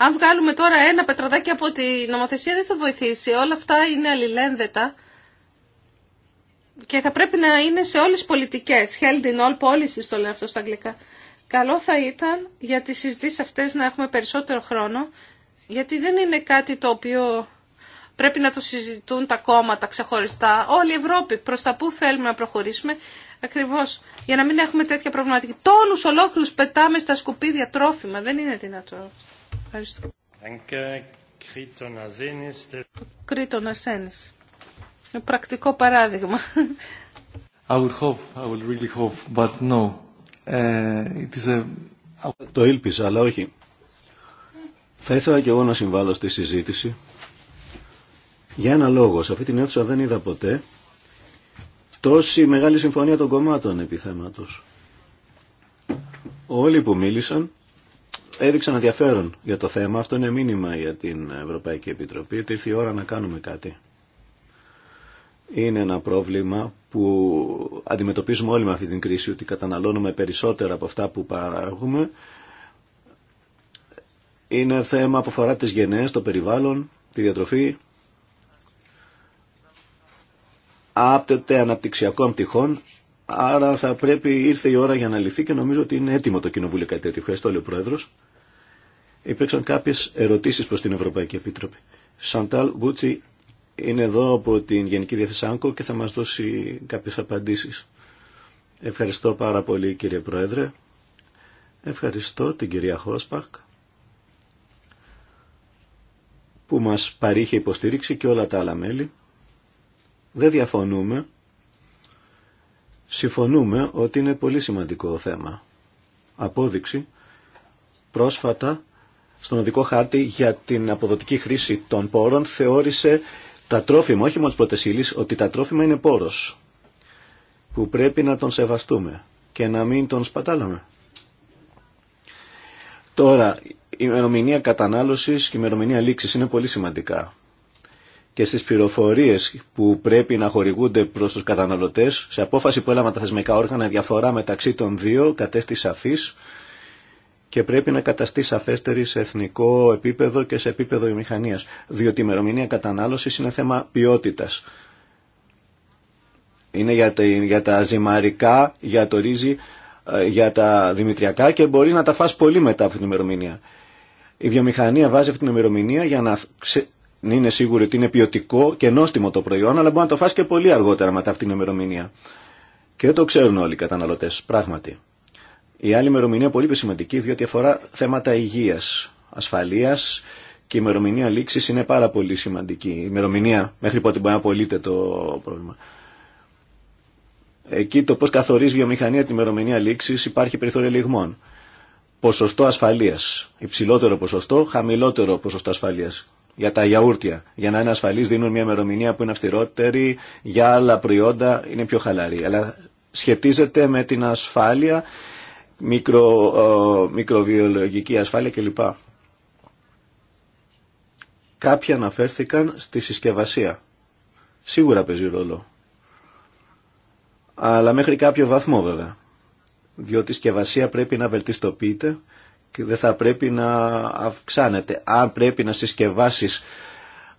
Αν βγάλουμε τώρα ένα πετραδάκι από τη νομοθεσία δεν θα βοηθήσει. Όλα αυτά είναι αλληλένδετα και θα πρέπει να είναι σε όλες τις πολιτικές. Held in all policies το λένε αυτό στα αγγλικά. Καλό θα ήταν για τις συζητήσεις αυτές να έχουμε περισσότερο χρόνο, γιατί δεν είναι κάτι το οποίο πρέπει να το συζητούν τα κόμματα ξεχωριστά. Όλη η Ευρώπη προς τα που θέλουμε να προχωρήσουμε, ακριβώς για να μην έχουμε τέτοια προβληματική. Τόνους ολόκληρους πετάμε στα σκουπίδια τρόφιμα, δεν είναι δυνατόν. Ευχαριστώ. Κρήτον Ασένης. πρακτικό παράδειγμα. I Το ήλπιζα, αλλά όχι. Θα ήθελα και εγώ να συμβάλλω στη συζήτηση. Για ένα λόγο, σε αυτή την αίθουσα δεν είδα ποτέ τόση μεγάλη συμφωνία των κομμάτων επί Όλοι που μίλησαν έδειξαν ενδιαφέρον για το θέμα. Αυτό είναι μήνυμα για την Ευρωπαϊκή Επιτροπή ότι ήρθε η ώρα να κάνουμε κάτι. Είναι ένα πρόβλημα που αντιμετωπίζουμε όλοι με αυτή την κρίση ότι καταναλώνουμε περισσότερα από αυτά που παράγουμε. Είναι θέμα που αφορά τι γενναίες, το περιβάλλον, τη διατροφή. Άπτεται αναπτυξιακών πτυχών Άρα θα πρέπει, ήρθε η ώρα για να λυθεί και νομίζω ότι είναι έτοιμο το Κοινοβούλιο κάτι τέτοιο. Ευχαριστώ, λέει ο Υπήρξαν κάποιες ερωτήσεις προ την Ευρωπαϊκή Επίτροπη. Σαντάλ Μπούτσι είναι εδώ από την Γενική Διευθυνσάνκο και θα μας δώσει κάποιες απαντήσεις. Ευχαριστώ πάρα πολύ κύριε Πρόεδρε. Ευχαριστώ την κυρία Χόσπακ που μας παρήχε υποστήριξη και όλα τα άλλα μέλη. Δεν διαφωνούμε. Συμφωνούμε ότι είναι πολύ σημαντικό θέμα. Απόδειξη. Πρόσφατα στον οδικό χάρτη για την αποδοτική χρήση των πόρων θεώρησε τα τρόφιμα, όχι μόνο τη ότι τα τρόφιμα είναι πόρος που πρέπει να τον σεβαστούμε και να μην τον σπατάλαμε. Τώρα, η ημερομηνία κατανάλωσης και η ημερομηνία λήξης είναι πολύ σημαντικά και στις πληροφορίες που πρέπει να χορηγούνται προς τους καταναλωτές, σε απόφαση που έλαβαν τα θεσμικά όργανα, διαφορά μεταξύ των δύο κατέστη σαφής και πρέπει να καταστεί σαφέστερη σε εθνικό επίπεδο και σε επίπεδο βιομηχανία. Διότι η ημερομηνία κατανάλωση είναι θέμα ποιότητα. Είναι για τα, για τα ζυμαρικά, για το ρύζι, ε, για τα δημητριακά και μπορεί να τα φας πολύ μετά από την ημερομηνία. Η βιομηχανία βάζει αυτή την ημερομηνία για να είναι σίγουρη ότι είναι ποιοτικό και νόστιμο το προϊόν, αλλά μπορεί να το φας και πολύ αργότερα μετά αυτή την ημερομηνία. Και δεν το ξέρουν όλοι οι καταναλωτές, πράγματι. Η άλλη ημερομηνία πολύ πιο σημαντική διότι αφορά θέματα υγείας, ασφαλείας και η ημερομηνία λήξη είναι πάρα πολύ σημαντική. Η ημερομηνία μέχρι πότε μπορεί να απολύεται το πρόβλημα. Εκεί το πώς καθορίζει η βιομηχανία την ημερομηνία λήξη υπάρχει περιθώριο λιγμών. Ποσοστό ασφαλείας. Υψηλότερο ποσοστό, χαμηλότερο ποσοστό ασφαλείας για τα γιαούρτια. Για να είναι ασφαλής δίνουν μια ημερομηνία που είναι αυστηρότερη, για άλλα προϊόντα είναι πιο χαλαρή. Αλλά σχετίζεται με την ασφάλεια μικρο, ε, μικροβιολογική ασφάλεια κλπ. Κάποιοι αναφέρθηκαν στη συσκευασία. Σίγουρα παίζει ρόλο. Αλλά μέχρι κάποιο βαθμό βέβαια. Διότι η συσκευασία πρέπει να βελτιστοποιείται και δεν θα πρέπει να αυξάνεται. Αν πρέπει να συσκευάσεις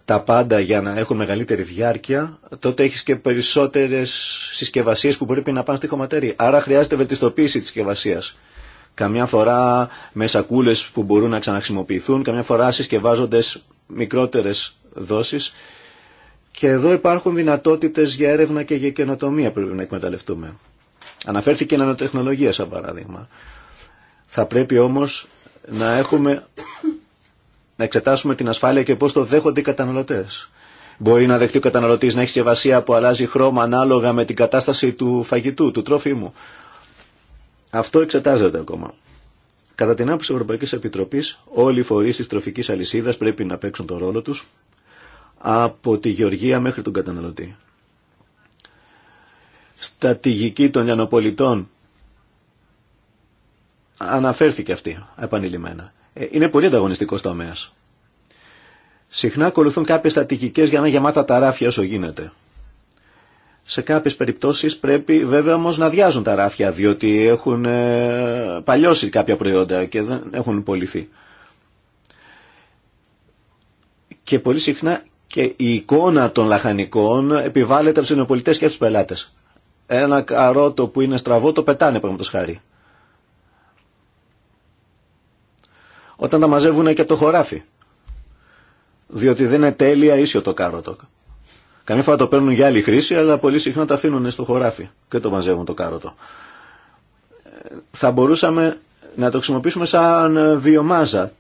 τα πάντα για να έχουν μεγαλύτερη διάρκεια, τότε έχει και περισσότερε συσκευασίε που πρέπει να πάνε στη χωματέρη. Άρα χρειάζεται βελτιστοποίηση τη συσκευασία. Καμιά φορά με σακούλες που μπορούν να ξαναχρησιμοποιηθούν, καμιά φορά συσκευάζοντα μικρότερε δόσει. Και εδώ υπάρχουν δυνατότητε για έρευνα και για καινοτομία που πρέπει να εκμεταλλευτούμε. Αναφέρθηκε η νανοτεχνολογία σαν παράδειγμα. Θα πρέπει όμω να έχουμε να εξετάσουμε την ασφάλεια και πώ το δέχονται οι καταναλωτέ. Μπορεί να δεχτεί ο καταναλωτή να έχει συσκευασία που αλλάζει χρώμα ανάλογα με την κατάσταση του φαγητού, του τρόφιμου. Αυτό εξετάζεται ακόμα. Κατά την άποψη τη Ευρωπαϊκή Επιτροπή, όλοι οι φορεί τη τροφική αλυσίδα πρέπει να παίξουν τον ρόλο του από τη γεωργία μέχρι τον καταναλωτή. Στατηγική των λιανοπολιτών αναφέρθηκε αυτή επανειλημμένα. Ε, είναι πολύ ανταγωνιστικό τομέα. Συχνά ακολουθούν κάποιε στατικικέ για να γεμάτα τα ράφια όσο γίνεται. Σε κάποιε περιπτώσεις πρέπει βέβαια όμω να αδειάζουν τα ράφια διότι έχουν ε, παλιώσει κάποια προϊόντα και δεν έχουν πολιθεί. Και πολύ συχνά και η εικόνα των λαχανικών επιβάλλεται από του και από του πελάτες. Ένα καρότο που είναι στραβό το πετάνε το χάρη. όταν τα μαζεύουν και το χωράφι. Διότι δεν είναι τέλεια ίσιο το κάροτο. Καμιά φορά το παίρνουν για άλλη χρήση, αλλά πολύ συχνά τα αφήνουν στο χωράφι και το μαζεύουν το κάροτο. Ε, θα μπορούσαμε να το χρησιμοποιήσουμε σαν ε, βιομάζα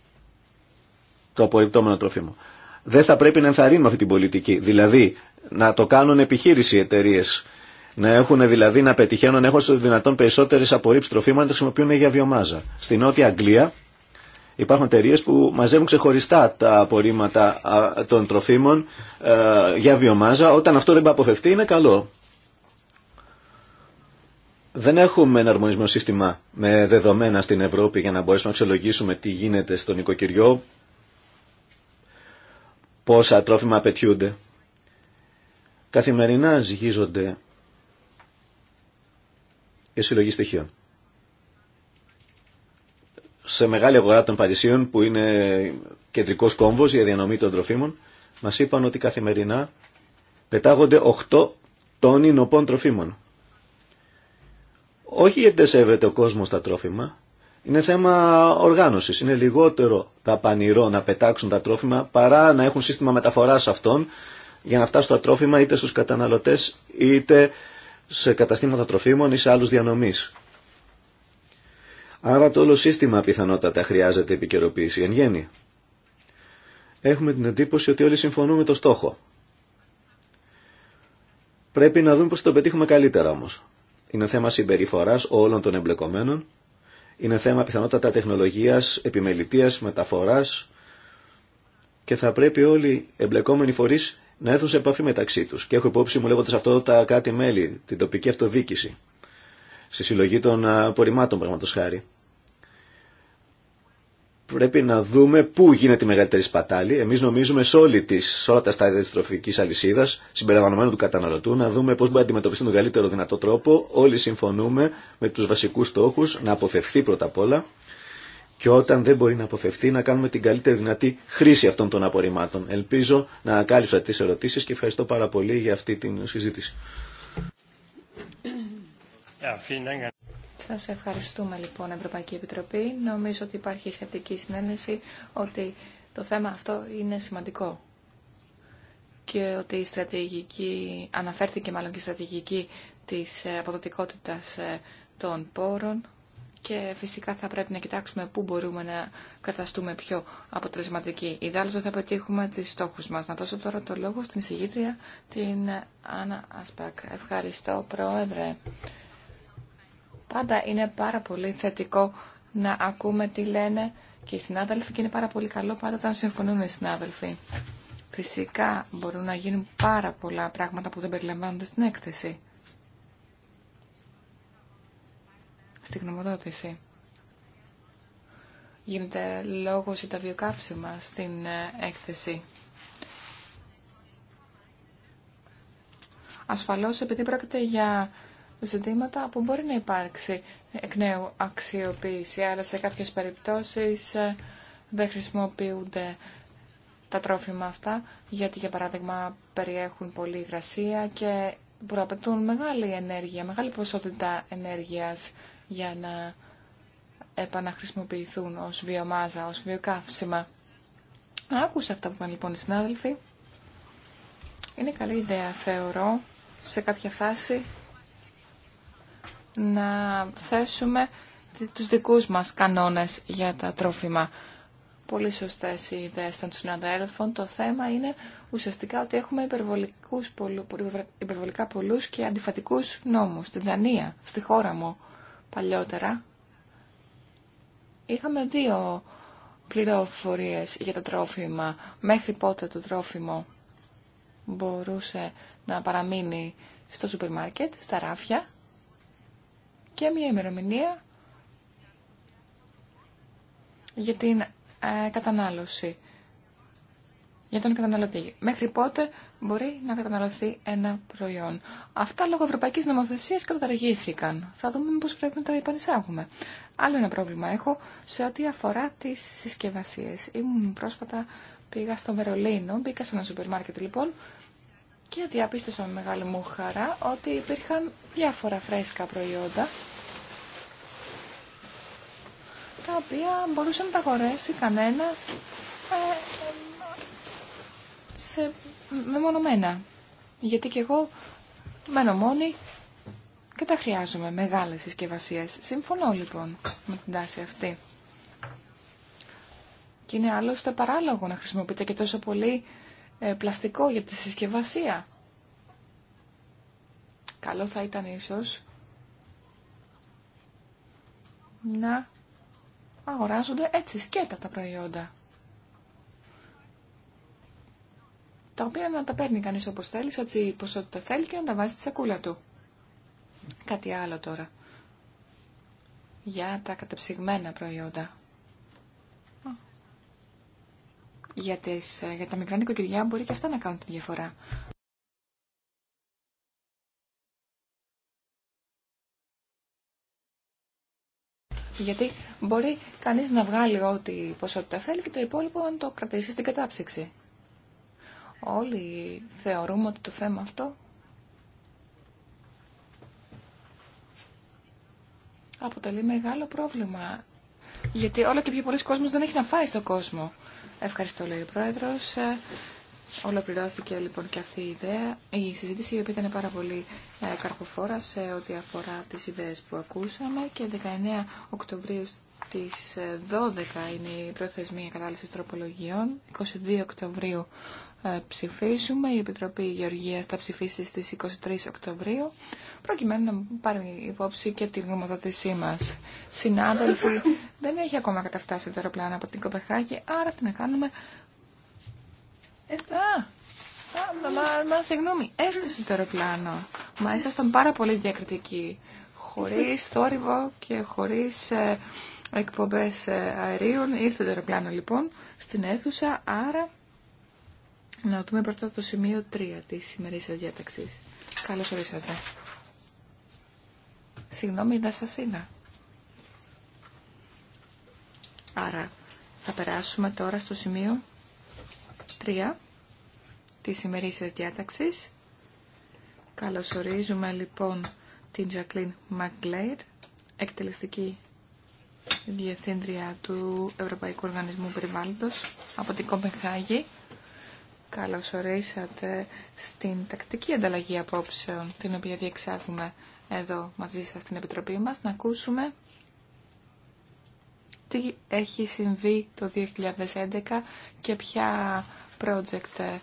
το απορριπτόμενο τροφίμο. Δεν θα πρέπει να ενθαρρύνουμε αυτή την πολιτική. Δηλαδή, να το κάνουν επιχείρηση οι εταιρείε. Να έχουν δηλαδή να πετυχαίνουν, να έχουν δυνατόν περισσότερε απορρίψει τροφίμων να τα χρησιμοποιούν για βιομάζα. Στην Νότια Αγγλία Υπάρχουν εταιρείε που μαζεύουν ξεχωριστά τα απορρίμματα των τροφίμων ε, για βιομάζα. Όταν αυτό δεν αποφευθεί είναι καλό. Δεν έχουμε ένα αρμονισμένο σύστημα με δεδομένα στην Ευρώπη για να μπορέσουμε να αξιολογήσουμε τι γίνεται στον οικοκυριό, πόσα τρόφιμα απαιτιούνται. Καθημερινά ζυγίζονται οι συλλογή στοιχείων σε μεγάλη αγορά των Παρισίων που είναι κεντρικός κόμβος για διανομή των τροφίμων μας είπαν ότι καθημερινά πετάγονται 8 τόνοι νοπών τροφίμων. Όχι γιατί σέβεται ο κόσμος τα τρόφιμα, είναι θέμα οργάνωσης. Είναι λιγότερο πανηρό να πετάξουν τα τρόφιμα παρά να έχουν σύστημα μεταφοράς αυτών για να φτάσουν τα τρόφιμα είτε στους καταναλωτές είτε σε καταστήματα τροφίμων ή σε άλλους διανομής. Άρα το όλο σύστημα πιθανότατα χρειάζεται επικαιροποίηση εν γέννη. Έχουμε την εντύπωση ότι όλοι συμφωνούμε με το στόχο. Πρέπει να δούμε πώς το πετύχουμε καλύτερα όμως. Είναι θέμα συμπεριφοράς όλων των εμπλεκομένων. Είναι θέμα πιθανότατα τεχνολογίας, επιμελητίας, μεταφοράς. Και θα πρέπει όλοι οι εμπλεκόμενοι φορείς να έρθουν σε επαφή μεταξύ τους. Και έχω υπόψη μου λέγοντας αυτό τα κάτι μέλη, την τοπική αυτοδίκηση στη συλλογή των ε, απορριμμάτων πραγματος χάρη. Πρέπει να δούμε πού γίνεται η μεγαλύτερη σπατάλη. Εμείς νομίζουμε σε, όλη της, σε όλα τα στάδια της τροφικής αλυσίδας, συμπεριλαμβανομένου του καταναλωτού, να δούμε πώς μπορεί να αντιμετωπιστεί τον καλύτερο δυνατό τρόπο. Όλοι συμφωνούμε με τους βασικούς στόχους να αποφευθεί πρώτα απ' όλα και όταν δεν μπορεί να αποφευθεί να κάνουμε την καλύτερη δυνατή χρήση αυτών των απορριμμάτων. Ελπίζω να ακάλυψα τι ερωτήσεις και ευχαριστώ πάρα πολύ για αυτή την συζήτηση. Σας ευχαριστούμε λοιπόν Ευρωπαϊκή Επιτροπή. Νομίζω ότι υπάρχει σχετική συνένεση ότι το θέμα αυτό είναι σημαντικό και ότι η στρατηγική, αναφέρθηκε μάλλον και η στρατηγική της ε, αποδοτικότητας ε, των πόρων και φυσικά θα πρέπει να κοιτάξουμε πού μπορούμε να καταστούμε πιο αποτελεσματικοί. Ιδάλλως δεν θα πετύχουμε τις στόχους μας. Να δώσω τώρα το λόγο στην εισηγήτρια, την Άννα Ασπακ. Ευχαριστώ, Πρόεδρε. Πάντα είναι πάρα πολύ θετικό να ακούμε τι λένε και οι συνάδελφοι και είναι πάρα πολύ καλό πάντα όταν συμφωνούν οι συνάδελφοι. Φυσικά μπορούν να γίνουν πάρα πολλά πράγματα που δεν περιλαμβάνονται στην έκθεση. Στην γνωμοδότηση. Γίνεται λόγος για τα βιοκάψιμα στην ε, έκθεση. Ασφαλώς επειδή πρόκειται για ζητήματα που μπορεί να υπάρξει εκ νέου αξιοποίηση, αλλά σε κάποιες περιπτώσεις ε, δεν χρησιμοποιούνται τα τρόφιμα αυτά, γιατί για παράδειγμα περιέχουν πολλή υγρασία και προαπαιτούν μεγάλη ενέργεια, μεγάλη ποσότητα ενέργειας για να επαναχρησιμοποιηθούν ως βιομάζα, ως βιοκαύσιμα. Άκουσα αυτά που είπαν λοιπόν οι συνάδελφοι. Είναι καλή ιδέα θεωρώ σε κάποια φάση να θέσουμε τους δικούς μας κανόνες για τα τρόφιμα. Πολύ σωστές οι ιδέες των συναδέλφων. Το θέμα είναι ουσιαστικά ότι έχουμε υπερβολικούς, πολλού, υπερβολικά πολλούς και αντιφατικούς νόμους. Στην Δανία, στη χώρα μου παλιότερα, είχαμε δύο πληροφορίες για τα τρόφιμα. Μέχρι πότε το τρόφιμο μπορούσε να παραμείνει στο σούπερ μάρκετ, στα ράφια και μια ημερομηνία για την ε, κατανάλωση, για τον καταναλωτή. Μέχρι πότε μπορεί να καταναλωθεί ένα προϊόν. Αυτά λόγω Ευρωπαϊκή Νομοθεσία καταργήθηκαν. Θα δούμε πώς πρέπει να τα επανεισάγουμε. Άλλο ένα πρόβλημα έχω σε ό,τι αφορά τι συσκευασίε. Ήμουν πρόσφατα, πήγα στο Βερολίνο, μπήκα σε ένα σούπερ μάρκετ λοιπόν και διαπίστωσα με μεγάλη μου χαρά ότι υπήρχαν διάφορα φρέσκα προϊόντα τα οποία μπορούσε να τα αγορέσει... κανένας ε, σε, μεμονωμένα. Γιατί και εγώ μένω μόνη και τα χρειάζομαι μεγάλες συσκευασίε. Συμφωνώ λοιπόν με την τάση αυτή. Και είναι άλλωστε παράλογο να χρησιμοποιείτε και τόσο πολύ ε, πλαστικό για τη συσκευασία. Καλό θα ήταν ίσως να αγοράζονται έτσι σκέτα τα προϊόντα. Τα οποία να τα παίρνει κανείς όπως θέλει, ό,τι ποσότητα θέλει και να τα βάζει στη σακούλα του. Κάτι άλλο τώρα. Για τα κατεψυγμένα προϊόντα. για, ε, για τα μικρά νοικοκυριά μπορεί και αυτά να κάνουν τη διαφορά. Γιατί μπορεί κανείς να βγάλει ό,τι ποσότητα θέλει και το υπόλοιπο να το κρατήσει στην κατάψυξη. Όλοι θεωρούμε ότι το θέμα αυτό αποτελεί μεγάλο πρόβλημα. Γιατί όλο και πιο πολλοί κόσμος δεν έχει να φάει στον κόσμο. Ευχαριστώ, λέει ο Πρόεδρο. Ε, ολοκληρώθηκε λοιπόν και αυτή η ιδέα. Η συζήτηση η οποία ήταν πάρα πολύ ε, καρποφόρα σε ό,τι αφορά τις ιδέες που ακούσαμε και 19 Οκτωβρίου στι 12 ε, είναι η προθεσμία κατάλυσης τροπολογιών, 22 Οκτωβρίου ε, ψηφίσουμε. Η Επιτροπή Γεωργία θα ψηφίσει στις 23 Οκτωβρίου, προκειμένου να πάρει υπόψη και τη γνωμοδότησή μας. Συνάδελφοι, δεν έχει ακόμα καταφτάσει το αεροπλάνο από την Κοπεχάγη, άρα τι να κάνουμε. Ε, α, α, μα, μα, μα συγγνώμη, έφτασε το αεροπλάνο. Μα ήσασταν πάρα πολύ διακριτικοί. Χωρίς θόρυβο και χωρίς... Ε, εκπομπές ε, αερίων. Ήρθε το αεροπλάνο λοιπόν στην αίθουσα, άρα να δούμε πρώτα το σημείο 3 της σημερινής διάταξης. Καλώς ορίσατε. Συγγνώμη, δεν σας είδα. Άρα, θα περάσουμε τώρα στο σημείο 3 της σημερινής διάταξης. ορίζουμε, λοιπόν την Τζακλίν Μαγκλέιρ, εκτελεστική διευθύντρια του Ευρωπαϊκού Οργανισμού Περιβάλλοντος από την Κομπεχάγη. Καλώς ορίσατε στην τακτική ανταλλαγή απόψεων, την οποία διεξάγουμε εδώ μαζί σας στην Επιτροπή μας, να ακούσουμε τι έχει συμβεί το 2011 και ποια project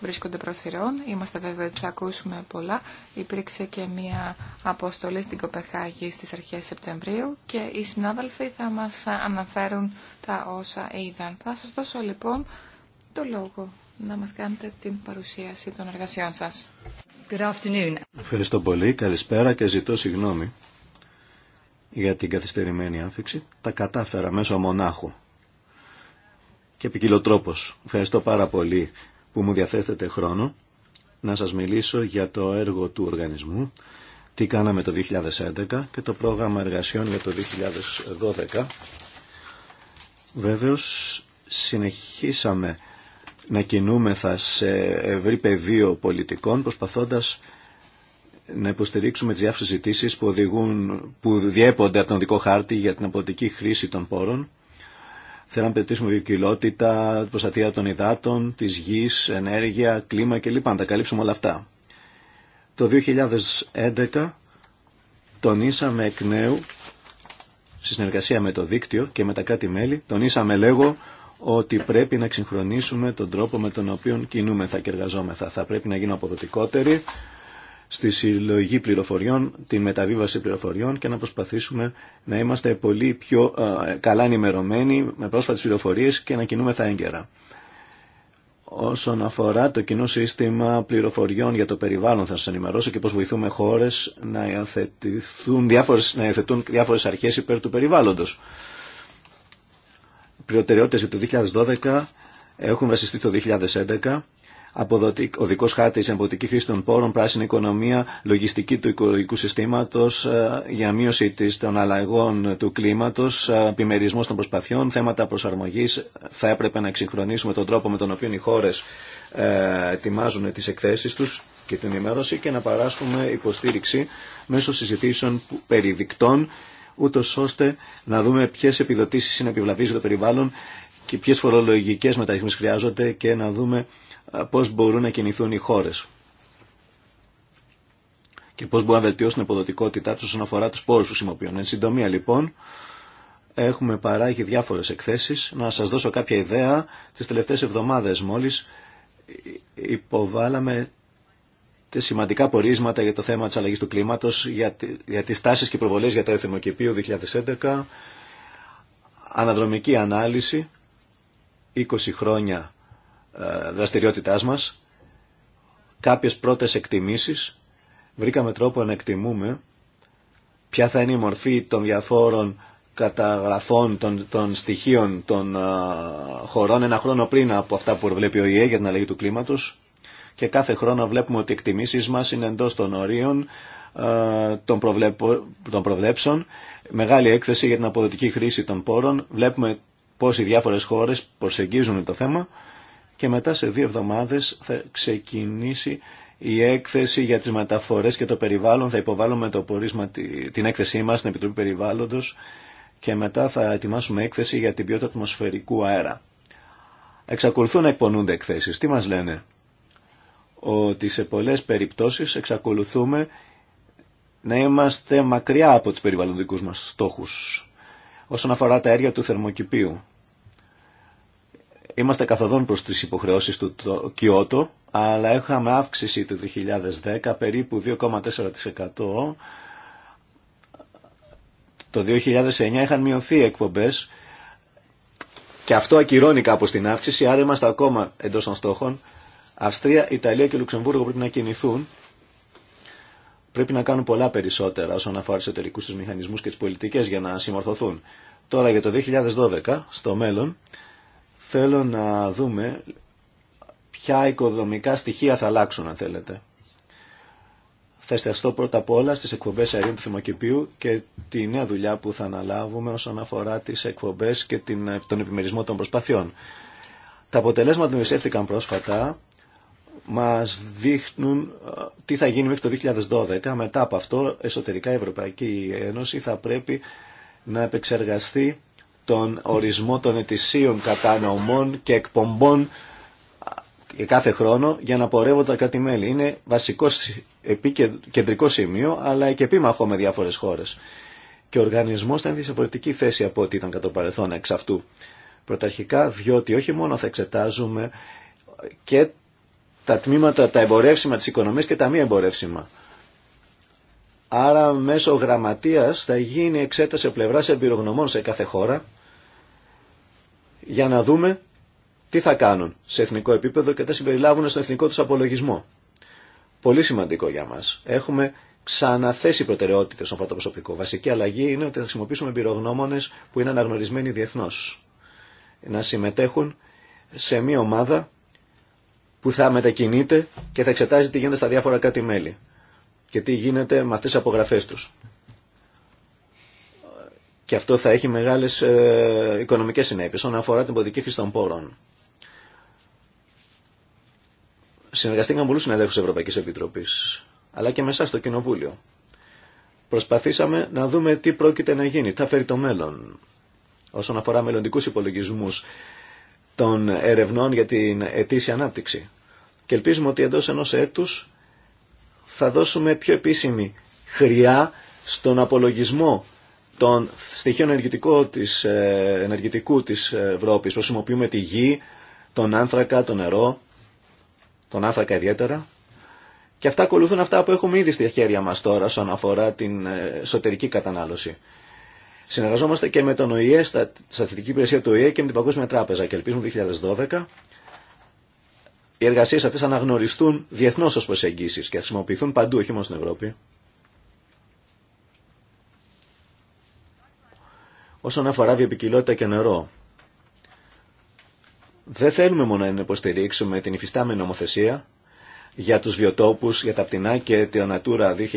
βρίσκονται προθυρών. Είμαστε βέβαιοι ότι θα ακούσουμε πολλά. Υπήρξε και μία αποστολή στην Κοπεχάγη στις αρχές Σεπτεμβρίου και οι συνάδελφοι θα μας αναφέρουν τα όσα είδαν. Θα σας δώσω λοιπόν το λόγο να μας κάνετε την παρουσίαση των εργασιών σας. Good afternoon. Ευχαριστώ πολύ. Καλησπέρα και ζητώ συγγνώμη για την καθυστερημένη άφηξη. Τα κατάφερα μέσω μονάχου και επικοινωτρόπος. Ευχαριστώ πάρα πολύ που μου διαθέτετε χρόνο να σας μιλήσω για το έργο του οργανισμού, τι κάναμε το 2011 και το πρόγραμμα εργασιών για το 2012. Βέβαιως συνεχίσαμε να κινούμεθα σε ευρύ πεδίο πολιτικών προσπαθώντας να υποστηρίξουμε τις διάφορες ζητήσει που, που διέπονται από τον δικό χάρτη για την αποδοτική χρήση των πόρων. Θέλαμε να πετύσουμε βιοκυλότητα, προστατεία προστασία των υδάτων, της γης, ενέργεια, κλίμα κλπ. Να τα καλύψουμε όλα αυτά. Το 2011 τονίσαμε εκ νέου, στη συνεργασία με το δίκτυο και με τα κράτη-μέλη, τονίσαμε λέγω ότι πρέπει να εξυγχρονίσουμε τον τρόπο με τον οποίο κινούμεθα και εργαζόμεθα. Θα πρέπει να γίνουμε αποδοτικότεροι στη συλλογή πληροφοριών, τη μεταβίβαση πληροφοριών και να προσπαθήσουμε να είμαστε πολύ πιο καλά ενημερωμένοι με πρόσφατες πληροφορίες και να κινούμεθα έγκαιρα. Όσον αφορά το κοινό σύστημα πληροφοριών για το περιβάλλον, θα σα ενημερώσω και πώ βοηθούμε χώρε να, διάφορες, να υιοθετούν διάφορε αρχέ υπέρ του περιβάλλοντο προτεραιότητες το 2012 έχουν βασιστεί το 2011 ο οδικός χάρτης, εμποτική χρήση των πόρων, πράσινη οικονομία, λογιστική του οικολογικού συστήματος, ε, για μείωση της, των αλλαγών του κλίματος, ε, επιμερισμός των προσπαθειών, θέματα προσαρμογής. Θα έπρεπε να εξυγχρονίσουμε τον τρόπο με τον οποίο οι χώρες ε, ετοιμάζουν τις εκθέσεις τους και την ενημέρωση και να παράσχουμε υποστήριξη μέσω συζητήσεων περιδικτών ούτω ώστε να δούμε ποιε επιδοτήσει είναι επιβλαβεί το περιβάλλον και ποιε φορολογικέ μεταρρυθμίσει χρειάζονται και να δούμε πώ μπορούν να κινηθούν οι χώρε και πώ μπορούν να βελτιώσουν την αποδοτικότητά του όσον αφορά του πόρου που χρησιμοποιούν. Εν συντομία λοιπόν, έχουμε παράγει διάφορε εκθέσει. Να σα δώσω κάποια ιδέα. Τι τελευταίε εβδομάδε μόλι ε, ε, υποβάλαμε σημαντικά πορίσματα για το θέμα της αλλαγής του κλίματος, για, για τις τάσεις και προβολές για το εθεμοκηπείο 2011, αναδρομική ανάλυση, 20 χρόνια ε, δραστηριότητάς μας, κάποιες πρώτες εκτιμήσεις, βρήκαμε τρόπο να εκτιμούμε ποια θα είναι η μορφή των διαφόρων καταγραφών των, στοιχείων των ε, χωρών ένα χρόνο πριν από αυτά που βλέπει ο ΙΕ για την αλλαγή του κλίματος και κάθε χρόνο βλέπουμε ότι οι εκτιμήσεις μας είναι εντό των ορίων ε, των, των προβλέψεων. Μεγάλη έκθεση για την αποδοτική χρήση των πόρων. Βλέπουμε πώ οι διάφορε χώρε προσεγγίζουν το θέμα και μετά σε δύο εβδομάδε θα ξεκινήσει η έκθεση για τι μεταφορέ και το περιβάλλον. Θα υποβάλουμε το πορίσμα, την έκθεσή μα στην Επιτροπή Περιβάλλοντος και μετά θα ετοιμάσουμε έκθεση για την ποιότητα ατμοσφαιρικού αέρα. Εξακολουθούν να εκπονούνται εκθέσεις. Τι μας λένε ότι σε πολλές περιπτώσεις εξακολουθούμε να είμαστε μακριά από τους περιβαλλοντικούς μας στόχους όσον αφορά τα αέρια του θερμοκηπίου. Είμαστε καθοδόν προς τις υποχρεώσεις του Κιώτο, αλλά είχαμε αύξηση το 2010 περίπου 2,4%. Το 2009 είχαν μειωθεί οι εκπομπές και αυτό ακυρώνει κάπως την αύξηση, άρα είμαστε ακόμα εντός των στόχων Αυστρία, Ιταλία και Λουξεμβούργο πρέπει να κινηθούν. Πρέπει να κάνουν πολλά περισσότερα όσον αφορά του εταιρικού του μηχανισμού και τι πολιτικέ για να συμμορφωθούν. Τώρα για το 2012, στο μέλλον, θέλω να δούμε ποια οικοδομικά στοιχεία θα αλλάξουν, αν θέλετε. Θα εστιαστώ πρώτα απ' όλα στις εκπομπές αερίων του θερμοκηπίου και τη νέα δουλειά που θα αναλάβουμε όσον αφορά τις εκπομπές και τον επιμερισμό των προσπαθειών. Τα αποτελέσματα που εισέφθηκαν πρόσφατα μας δείχνουν τι θα γίνει μέχρι το 2012. Μετά από αυτό εσωτερικά η Ευρωπαϊκή Ένωση θα πρέπει να επεξεργαστεί τον ορισμό των ετησίων νομών και εκπομπών κάθε χρόνο για να πορεύονται τα κράτη-μέλη. Είναι βασικό κεντρικό σημείο αλλά και επίμαχο με διάφορες χώρες. Και ο οργανισμό θα είναι διαφορετική θέση από ό,τι ήταν κατά το παρελθόν εξ αυτού. Πρωταρχικά διότι όχι μόνο θα εξετάζουμε και τα τμήματα, τα εμπορεύσιμα της οικονομίας και τα μη εμπορεύσιμα. Άρα μέσω γραμματείας θα γίνει εξέταση πλευράς εμπειρογνωμών σε κάθε χώρα για να δούμε τι θα κάνουν σε εθνικό επίπεδο και τα συμπεριλάβουν στο εθνικό τους απολογισμό. Πολύ σημαντικό για μας. Έχουμε ξαναθέσει προτεραιότητες στον φωτοπροσωπικό. Βασική αλλαγή είναι ότι θα χρησιμοποιήσουμε εμπειρογνώμονες που είναι αναγνωρισμένοι διεθνώς. Να συμμετέχουν σε μία ομάδα που θα μετακινείται και θα εξετάζει τι γίνεται στα διαφορα κάτι κράτη-μέλη και τι γίνεται με αυτές τις απογραφές τους. Και αυτό θα έχει μεγάλες ε, οικονομικές συνέπειες όσον αφορά την ποδική χρήση των πόρων. Συνεργαστήκαμε πολλούς συναδέλφου της Ευρωπαϊκής Επιτροπής, αλλά και μέσα στο Κοινοβούλιο. Προσπαθήσαμε να δούμε τι πρόκειται να γίνει, τι θα φέρει το μέλλον όσον αφορά μελλοντικού υπολογισμού των ερευνών για την ετήσια ανάπτυξη. Και ελπίζουμε ότι εντός ενός έτους θα δώσουμε πιο επίσημη χρειά στον απολογισμό των στοιχείων ενεργητικού της, ε, ενεργητικού της Ευρώπης. Προσημοποιούμε τη γη, τον άνθρακα, το νερό, τον άνθρακα ιδιαίτερα. Και αυτά ακολουθούν αυτά που έχουμε ήδη στη χέρια μας τώρα όσον αφορά την ε, εσωτερική κατανάλωση. Συνεργαζόμαστε και με τον ΟΗΕ, στα στατιστική υπηρεσία του ΟΗΕ και με την Παγκόσμια Τράπεζα και ελπίζουμε το 2012 οι εργασίε αυτέ αναγνωριστούν διεθνώ ω προσεγγίσει και να χρησιμοποιηθούν παντού, όχι μόνο στην Ευρώπη. Όσον αφορά βιοπικιλότητα και νερό, δεν θέλουμε μόνο να υποστηρίξουμε την υφιστάμενη νομοθεσία για τους βιοτόπους, για τα πτηνά και τη Ανατούρα 2000,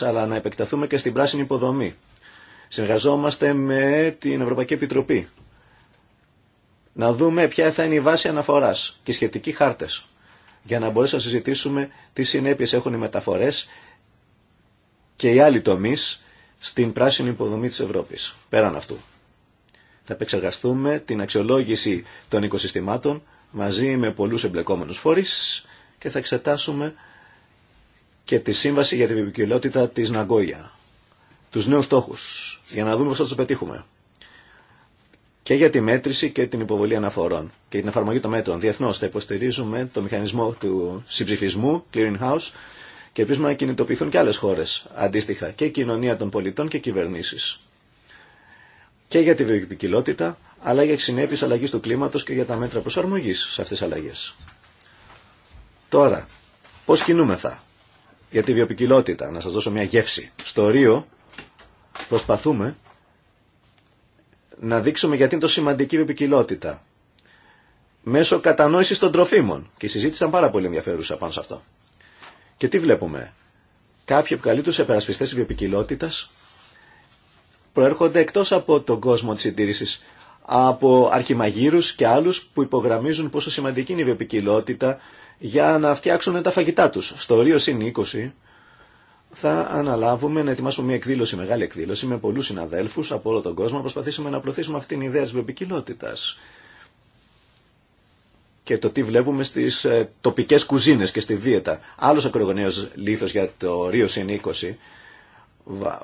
αλλά να επεκταθούμε και στην πράσινη υποδομή. Συνεργαζόμαστε με την Ευρωπαϊκή Επιτροπή. Να δούμε ποια θα είναι η βάση αναφοράς και οι σχετικοί χάρτες για να μπορέσουμε να συζητήσουμε τι συνέπειες έχουν οι μεταφορές και οι άλλοι τομείς στην πράσινη υποδομή της Ευρώπης, πέραν αυτού. Θα επεξεργαστούμε την αξιολόγηση των οικοσυστημάτων μαζί με πολλούς εμπλεκόμενους φορείς και θα εξετάσουμε και τη Σύμβαση για την της Ναγκόγια. Του νέου στόχου. για να δούμε πώ θα του πετύχουμε. Και για τη μέτρηση και την υποβολή αναφορών και την εφαρμογή των μέτρων. Διεθνώ θα υποστηρίζουμε το μηχανισμό του συμψηφισμού, clearing house, και ελπίζουμε να κινητοποιηθούν και άλλε χώρε αντίστοιχα, και η κοινωνία των πολιτών και κυβερνήσει. Και για τη βιοποικιλότητα, αλλά για συνέπειε αλλαγή του κλίματο και για τα μέτρα προσαρμογή σε αυτέ τι αλλαγέ. Τώρα, πώ κινούμεθα για τη βιοπικιλότητα, να σα δώσω μια γεύση. Στο Ρίο Προσπαθούμε να δείξουμε γιατί είναι το σημαντική βιοπικιλότητα. Μέσω κατανόησης των τροφίμων. Και συζήτησαν πάρα πολύ ενδιαφέρουσα πάνω σε αυτό. Και τι βλέπουμε. Κάποιοι από καλύτερους τη βιοπικιλότητας προέρχονται εκτός από τον κόσμο της συντήρησης από αρχιμαγείρους και άλλους που υπογραμμίζουν πόσο σημαντική είναι η βιοπικιλότητα για να φτιάξουν τα φαγητά τους. Στο Ρίο Συν θα αναλάβουμε να ετοιμάσουμε μια εκδήλωση, μεγάλη εκδήλωση, με πολλού συναδέλφου από όλο τον κόσμο, να προσπαθήσουμε να προωθήσουμε αυτήν την ιδέα τη βιοπικιλότητα. και το τι βλέπουμε στις ε, τοπικές κουζίνες και στη δίαιτα. άλλο ακρογωνίο λήθος για το Ρίο Συν 20,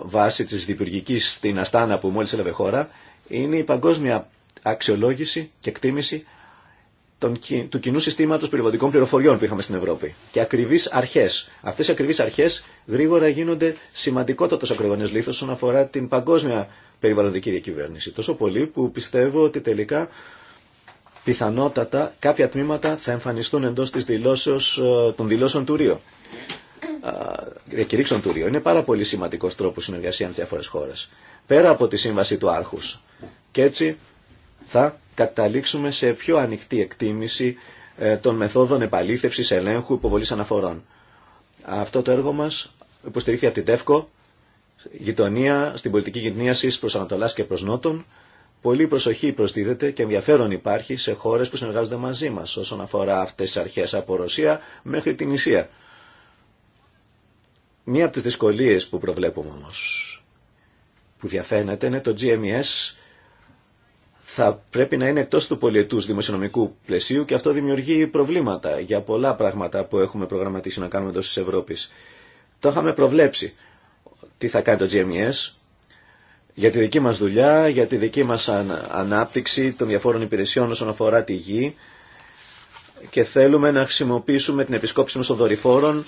βάσει της δημιουργική στην Αστάνα που μόλι έλαβε χώρα, είναι η παγκόσμια αξιολόγηση και εκτίμηση του κοινού συστήματο περιβαλλοντικών πληροφοριών που είχαμε στην Ευρώπη και ακριβεί αρχέ. Αυτέ οι ακριβεί αρχέ γρήγορα γίνονται σημαντικότατο ακρογωνέ λήθος όσον αφορά την παγκόσμια περιβαλλοντική διακυβέρνηση. Τόσο πολύ που πιστεύω ότι τελικά πιθανότατα κάποια τμήματα θα εμφανιστούν εντό ε, των δηλώσεων του Ρίο. Ε, διακηρύξεων του Ρίο. Είναι πάρα πολύ σημαντικό τρόπο συνεργασία με διάφορέ χώρε. Πέρα από τη σύμβαση του Άρχου. Και έτσι θα καταλήξουμε σε πιο ανοιχτή εκτίμηση ε, των μεθόδων επαλήθευσης, ελέγχου, υποβολής αναφορών. Αυτό το έργο μας υποστηρίχθηκε από την ΤΕΦΚΟ, γειτονία στην πολιτική γειτονίαση προς Ανατολάς και προς Νότον. Πολύ προσοχή προσδίδεται και ενδιαφέρον υπάρχει σε χώρες που συνεργάζονται μαζί μας όσον αφορά αυτές τις αρχές από Ρωσία μέχρι την Ισία. Μία από τις δυσκολίες που προβλέπουμε όμως που διαφαίνεται είναι το GMS e θα πρέπει να είναι εκτός του πολιετούς δημοσιονομικού πλαισίου και αυτό δημιουργεί προβλήματα για πολλά πράγματα που έχουμε προγραμματίσει να κάνουμε εντός της Ευρώπης. Το είχαμε προβλέψει τι θα κάνει το GMES για τη δική μας δουλειά, για τη δική μας ανάπτυξη των διαφόρων υπηρεσιών όσον αφορά τη γη και θέλουμε να χρησιμοποιήσουμε την επισκόπηση μας των δορυφόρων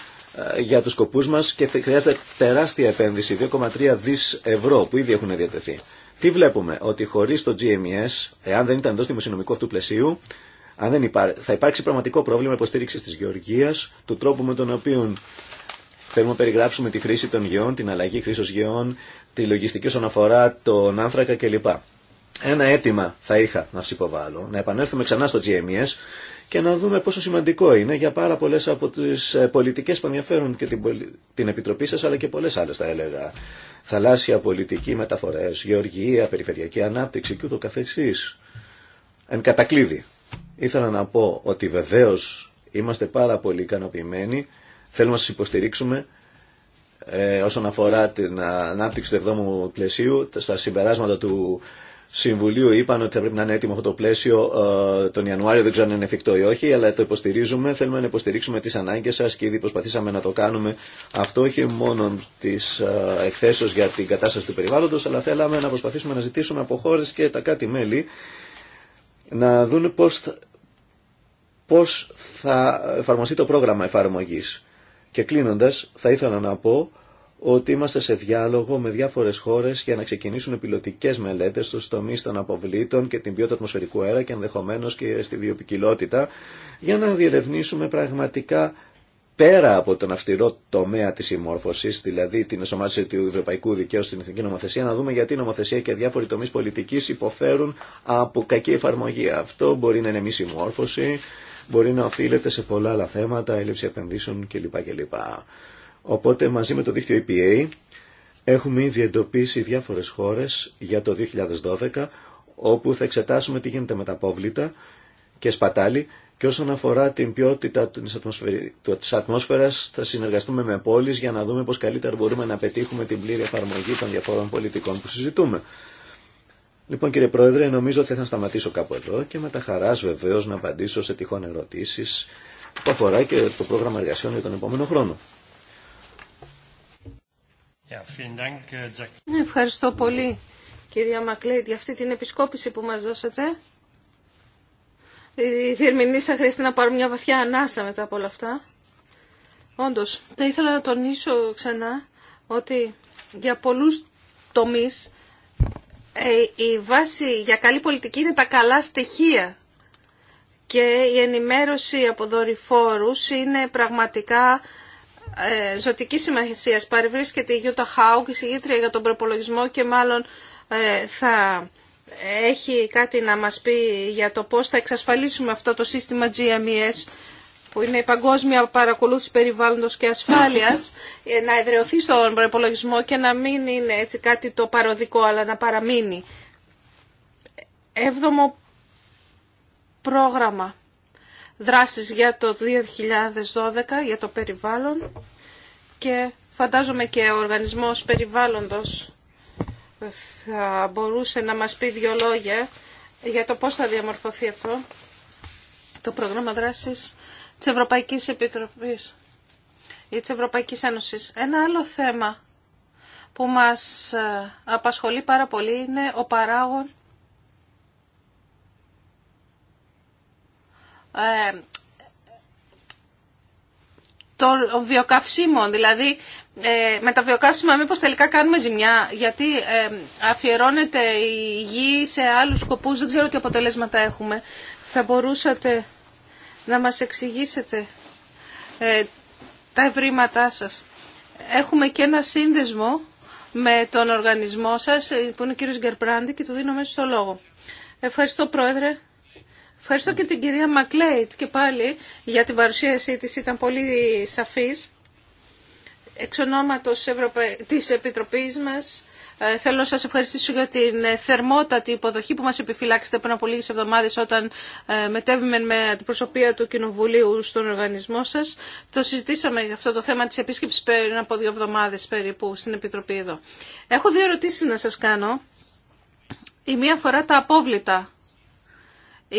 ε, για τους σκοπούς μας και χρειάζεται τεράστια επένδυση, 2,3 δις ευρώ που ήδη έχουν διατεθεί. Τι βλέπουμε, ότι χωρίς το GMS, e εάν δεν ήταν εντός δημοσιονομικού αυτού πλαισίου, αν δεν θα υπάρξει πραγματικό πρόβλημα υποστήριξη τη γεωργίας, του τρόπου με τον οποίο θέλουμε να περιγράψουμε τη χρήση των γεών, την αλλαγή χρήσεω γεών, τη λογιστική όσον αφορά τον άνθρακα κλπ. Ένα αίτημα θα είχα να σα υποβάλω, να επανέλθουμε ξανά στο GMES και να δούμε πόσο σημαντικό είναι για πάρα πολλέ από τι ε, πολιτικέ που ενδιαφέρουν και την Επιτροπή σα, αλλά και πολλέ άλλε, θα έλεγα. Θαλάσσια πολιτική, μεταφορέ, γεωργία, περιφερειακή ανάπτυξη και ούτω καθεξής. Εν κατακλείδη, ήθελα να πω ότι βεβαίω είμαστε πάρα πολύ ικανοποιημένοι, θέλουμε να σα υποστηρίξουμε ε, όσον αφορά την ανάπτυξη του 7 πλαισίου, στα συμπεράσματα του Συμβουλίου είπαν ότι θα πρέπει να είναι έτοιμο αυτό το πλαίσιο ε, τον Ιανουάριο, δεν ξέρω αν είναι εφικτό ή όχι, αλλά το υποστηρίζουμε. Θέλουμε να υποστηρίξουμε τι ανάγκε σα και ήδη προσπαθήσαμε να το κάνουμε αυτό όχι μόνο τη ε, εκθέσεω για την κατάσταση του περιβάλλοντο, αλλά θέλαμε να προσπαθήσουμε να ζητήσουμε από χώρε και τα κράτη-μέλη να δουν πώ θα εφαρμοστεί το πρόγραμμα εφαρμογή. Και κλείνοντα, θα ήθελα να πω ότι είμαστε σε διάλογο με διάφορες χώρες για να ξεκινήσουν πιλωτικές μελέτες στους τομείς των αποβλήτων και την ποιότητα ατμοσφαιρικού αέρα και ενδεχομένω και στη βιοπικιλότητα για να διερευνήσουμε πραγματικά πέρα από τον αυστηρό τομέα της συμμόρφωσης, δηλαδή την εσωμάτωση του ευρωπαϊκού δικαίου στην εθνική νομοθεσία, να δούμε γιατί η νομοθεσία και διάφοροι τομείς πολιτικής υποφέρουν από κακή εφαρμογή. Αυτό μπορεί να είναι μη συμμόρφωση, μπορεί να οφείλεται σε πολλά άλλα θέματα, έλλειψη επενδύσεων κλπ. Οπότε μαζί με το δίκτυο EPA έχουμε ήδη εντοπίσει διάφορες χώρες για το 2012 όπου θα εξετάσουμε τι γίνεται με τα πόβλητα και σπατάλη και όσον αφορά την ποιότητα της ατμόσφαιρας θα συνεργαστούμε με πόλεις για να δούμε πώς καλύτερα μπορούμε να πετύχουμε την πλήρη εφαρμογή των διαφόρων πολιτικών που συζητούμε. Λοιπόν κύριε Πρόεδρε, νομίζω ότι θα σταματήσω κάπου εδώ και με τα χαράς βεβαίως να απαντήσω σε τυχόν ερωτήσεις που αφορά και το πρόγραμμα εργασιών για τον επόμενο χρόνο. Uh, Ευχαριστώ πολύ κυρία Μακλέιτ για αυτή την επισκόπηση που μας δώσατε. Οι διερμηνείς θα χρειαστεί να πάρουν μια βαθιά ανάσα μετά από όλα αυτά. Όντως, θα ήθελα να τονίσω ξανά ότι για πολλούς τομείς ε, η βάση για καλή πολιτική είναι τα καλά στοιχεία και η ενημέρωση από δορυφόρους είναι πραγματικά ε, ζωτική σημασία παρευρίσκεται η Γιώτα και η συγγήτρια για τον προπολογισμό και μάλλον ε, θα έχει κάτι να μας πει για το πώς θα εξασφαλίσουμε αυτό το σύστημα GMES που είναι η Παγκόσμια Παρακολούθηση Περιβάλλοντος και Ασφάλειας, ε, να εδραιωθεί στον προπολογισμό και να μην είναι έτσι κάτι το παροδικό, αλλά να παραμείνει. Έβδομο πρόγραμμα δράσεις για το 2012 για το περιβάλλον και φαντάζομαι και ο Οργανισμός Περιβάλλοντος θα μπορούσε να μας πει δύο λόγια για το πώς θα διαμορφωθεί αυτό το πρόγραμμα δράσης της Ευρωπαϊκής Επιτροπής ή της Ευρωπαϊκής Ένωσης. Ένα άλλο θέμα που μας ε, απασχολεί πάρα πολύ είναι ο παράγων Ε, των βιοκαυσίμων. Δηλαδή, ε, με τα βιοκαύσιμα μήπως τελικά κάνουμε ζημιά, γιατί ε, αφιερώνεται η γη σε άλλους σκοπούς, δεν ξέρω τι αποτελέσματα έχουμε. Θα μπορούσατε να μας εξηγήσετε τα ευρήματά σας. Έχουμε και ένα σύνδεσμο με τον οργανισμό σας, που είναι ο κύριος Γκερπράντη και του δίνω μέσα στο λόγο. Ευχαριστώ Πρόεδρε. Ευχαριστώ και την κυρία Μακλέιτ και πάλι για την παρουσίασή της, ήταν πολύ σαφής. Εξ ονόματος της Επιτροπής μας, ε, θέλω να σας ευχαριστήσω για την ε, θερμότατη υποδοχή που μας επιφυλάξετε πριν από λίγες εβδομάδες όταν ε, μετέβημε με αντιπροσωπεία του Κοινοβουλίου στον οργανισμό σας. Το συζητήσαμε για αυτό το θέμα της επίσκεψης πριν από δύο εβδομάδες περίπου στην Επιτροπή εδώ. Έχω δύο ερωτήσεις να σας κάνω. Η μία αφορά τα απόβλητα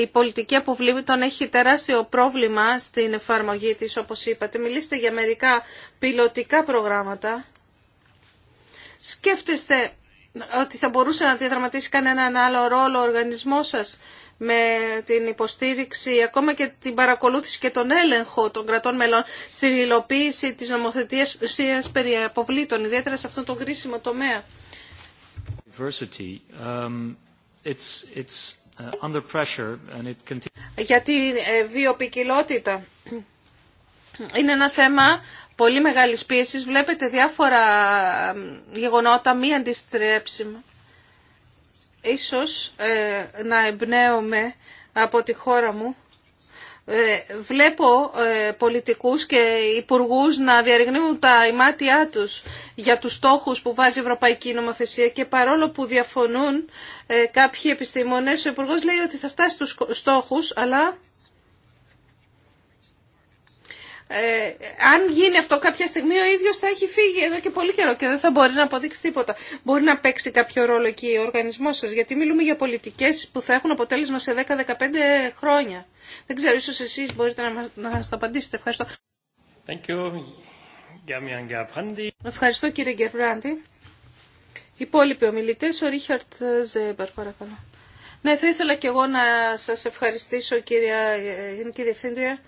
η πολιτική τον έχει τεράστιο πρόβλημα στην εφαρμογή της, όπως είπατε. Μιλήστε για μερικά πιλωτικά προγράμματα. Σκέφτεστε ότι θα μπορούσε να διαδραματίσει κανέναν άλλο ρόλο ο οργανισμός σας με την υποστήριξη, ακόμα και την παρακολούθηση και τον έλεγχο των κρατών μελών στην υλοποίηση της νομοθετίας περί αποβλήτων, ιδιαίτερα σε αυτόν τον κρίσιμο τομέα. Uh, under pressure Για ε, βιοπικιλότητα. Είναι ένα θέμα πολύ μεγάλης πίεσης. Βλέπετε διάφορα γεγονότα μη αντιστρέψιμα. Ίσως ε, να εμπνέομαι από τη χώρα μου ε, βλέπω ε, πολιτικούς και υπουργούς να διαρριγνύουν τα ημάτια τους για τους στόχους που βάζει η Ευρωπαϊκή Νομοθεσία και παρόλο που διαφωνούν ε, κάποιοι επιστήμονες, ο υπουργός λέει ότι θα φτάσει στους στόχους, αλλά ε, αν γίνει αυτό κάποια στιγμή ο ίδιος θα έχει φύγει εδώ και πολύ καιρό και δεν θα μπορεί να αποδείξει τίποτα. Μπορεί να παίξει κάποιο ρόλο εκεί ο οργανισμός σας, γιατί μιλούμε για πολιτικές που θα έχουν αποτέλεσμα σε 10-15 χρόνια. Δεν ξέρω, ίσως εσείς μπορείτε να μας, το απαντήσετε. Ευχαριστώ. Thank you. Ευχαριστώ κύριε Γκερμπράντη. Υπόλοιποι ομιλητέ, ο Ρίχαρτ Ζέμπερ, παρακαλώ. Ναι, θα ήθελα και εγώ να σα ευχαριστήσω κύριε ε, Γενική Διευθύντρια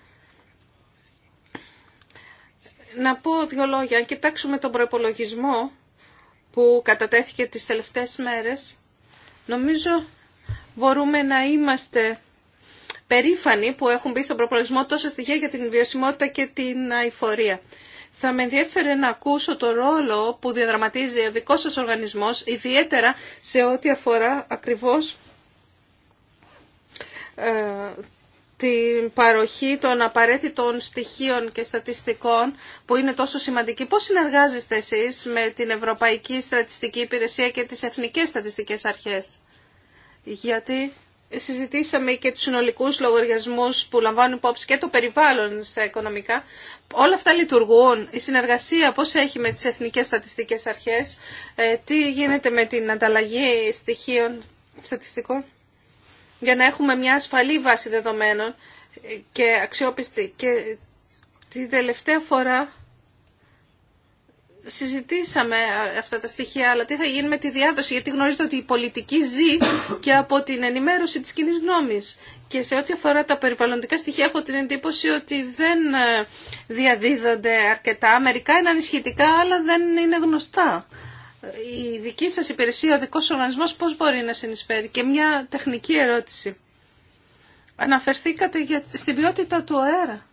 να πω δύο λόγια. Αν κοιτάξουμε τον προπολογισμό που κατατέθηκε τις τελευταίες μέρες, νομίζω μπορούμε να είμαστε περήφανοι που έχουν μπει στον προπολογισμό τόσα στοιχεία για την βιωσιμότητα και την αηφορία. Θα με ενδιέφερε να ακούσω το ρόλο που διαδραματίζει ο δικός σας οργανισμός, ιδιαίτερα σε ό,τι αφορά ακριβώς ε, την παροχή των απαραίτητων στοιχείων και στατιστικών που είναι τόσο σημαντική. Πώς συνεργάζεστε εσείς με την Ευρωπαϊκή Στατιστική Υπηρεσία και τις Εθνικές Στατιστικές Αρχές. Γιατί συζητήσαμε και τους συνολικούς λογαριασμούς που λαμβάνουν υπόψη και το περιβάλλον στα οικονομικά. Όλα αυτά λειτουργούν. Η συνεργασία πώς έχει με τις Εθνικές Στατιστικές Αρχές. Ε, τι γίνεται με την ανταλλαγή στοιχείων στατιστικών για να έχουμε μια ασφαλή βάση δεδομένων και αξιόπιστη. Και την τελευταία φορά συζητήσαμε αυτά τα στοιχεία, αλλά τι θα γίνει με τη διάδοση, γιατί γνωρίζετε ότι η πολιτική ζει και από την ενημέρωση της κοινή γνώμη. Και σε ό,τι αφορά τα περιβαλλοντικά στοιχεία έχω την εντύπωση ότι δεν ε, διαδίδονται αρκετά. Μερικά είναι ανισχυτικά, αλλά δεν είναι γνωστά η δική σας υπηρεσία, ο δικός οργανισμός πώς μπορεί να συνεισφέρει. Και μια τεχνική ερώτηση. Αναφερθήκατε για, στην ποιότητα του αέρα.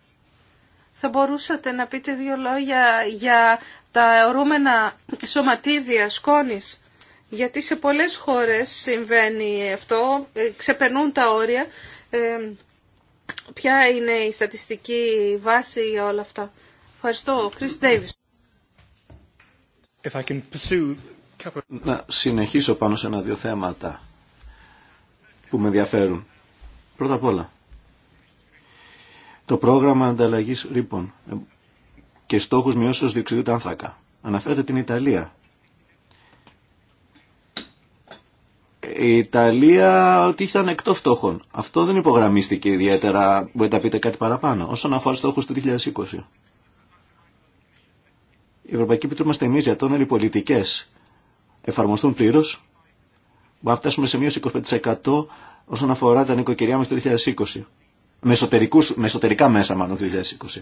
Θα μπορούσατε να πείτε δύο λόγια για τα ορούμενα σωματίδια σκόνης. Γιατί σε πολλές χώρες συμβαίνει αυτό, ε, ξεπερνούν τα όρια. Ε, ποια είναι η στατιστική βάση για όλα αυτά. Ευχαριστώ. Chris Davis. Να συνεχίσω πάνω σε ένα-δύο θέματα που με ενδιαφέρουν. Πρώτα απ' όλα, το πρόγραμμα ανταλλαγής ρήπων και στόχους μειώσεως διοξιδίου του άνθρακα. Αναφέρεται την Ιταλία. Η Ιταλία ότι ήταν εκτός στόχων. Αυτό δεν υπογραμμίστηκε ιδιαίτερα. Μπορείτε να πείτε κάτι παραπάνω. Όσον αφορά στόχους του 2020. Η Ευρωπαϊκή Επιτροπή μα θυμίζει ότι όταν οι πολιτικέ εφαρμοστούν πλήρω, να φτάσουμε σε μείωση 25% όσον αφορά τα νοικοκυριά μέχρι το 2020. Με, εσωτερικά μέσα μάλλον το 2020.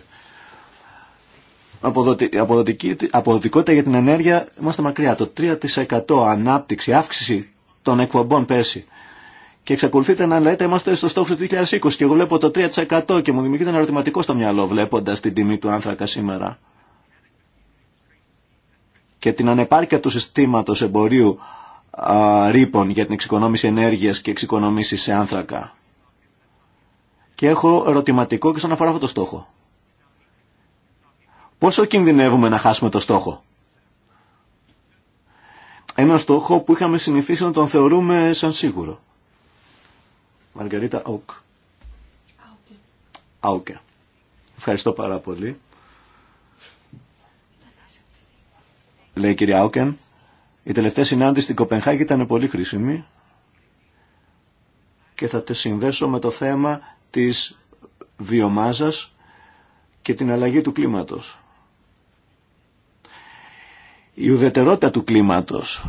Αποδοτική, αποδοτικότητα για την ενέργεια είμαστε μακριά. Το 3% ανάπτυξη, αύξηση των εκπομπών πέρσι. Και εξακολουθείτε να λέτε είμαστε στο στόχο του 2020 και εγώ βλέπω το 3% και μου δημιουργείται ένα ερωτηματικό στο μυαλό βλέποντας την τιμή του άνθρακα σήμερα και την ανεπάρκεια του συστήματος εμπορίου α, ρήπων για την εξοικονόμηση ενέργειας και εξοικονόμηση σε άνθρακα. Και έχω ερωτηματικό και στον αφορά αυτό το στόχο. Πόσο κινδυνεύουμε να χάσουμε το στόχο. Ένα στόχο που είχαμε συνηθίσει να τον θεωρούμε σαν σίγουρο. Μαργαρίτα Αουκ. Ευχαριστώ πάρα πολύ. λέει η κυρία Άουκεν. Η τελευταία συνάντηση στην Κοπενχάγη ήταν πολύ χρήσιμη και θα το συνδέσω με το θέμα της βιομάζας και την αλλαγή του κλίματος. Η ουδετερότητα του κλίματος,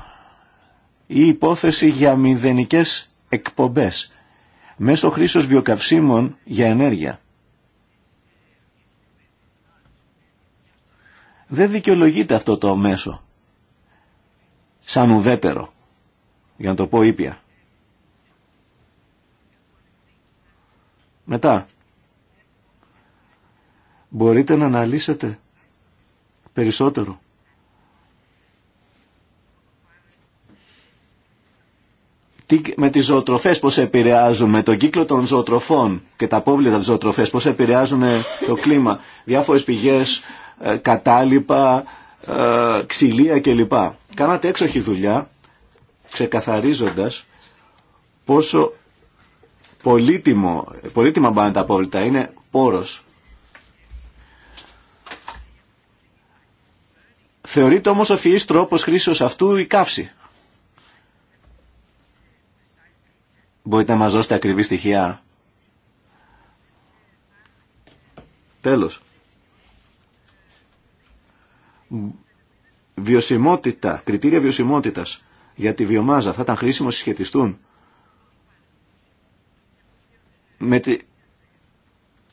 η υπόθεση για μηδενικές εκπομπές, μέσω χρήσεως βιοκαυσίμων για ενέργεια. δεν δικαιολογείται αυτό το μέσο σαν ουδέτερο, για να το πω ήπια. Μετά, μπορείτε να αναλύσετε περισσότερο. Τι, με τις ζωοτροφές πώς επηρεάζουν, με τον κύκλο των ζωοτροφών και τα απόβλητα της ζωοτροφές πώς επηρεάζουν το κλίμα. Διάφορες πηγές ε, κατάλοιπα, ε, ξυλία κλπ. Κάνατε έξοχη δουλειά ξεκαθαρίζοντας πόσο πολύτιμο, πολύτιμα μπάνε τα απόλυτα, είναι πόρος. Θεωρείται όμως ο φυής τρόπος χρήσεως αυτού η καύση. Μπορείτε να μας δώσετε ακριβή στοιχεία. Τέλος βιωσιμότητα, κριτήρια βιωσιμότητας για τη βιομάζα θα ήταν χρήσιμο συσχετιστούν με τη...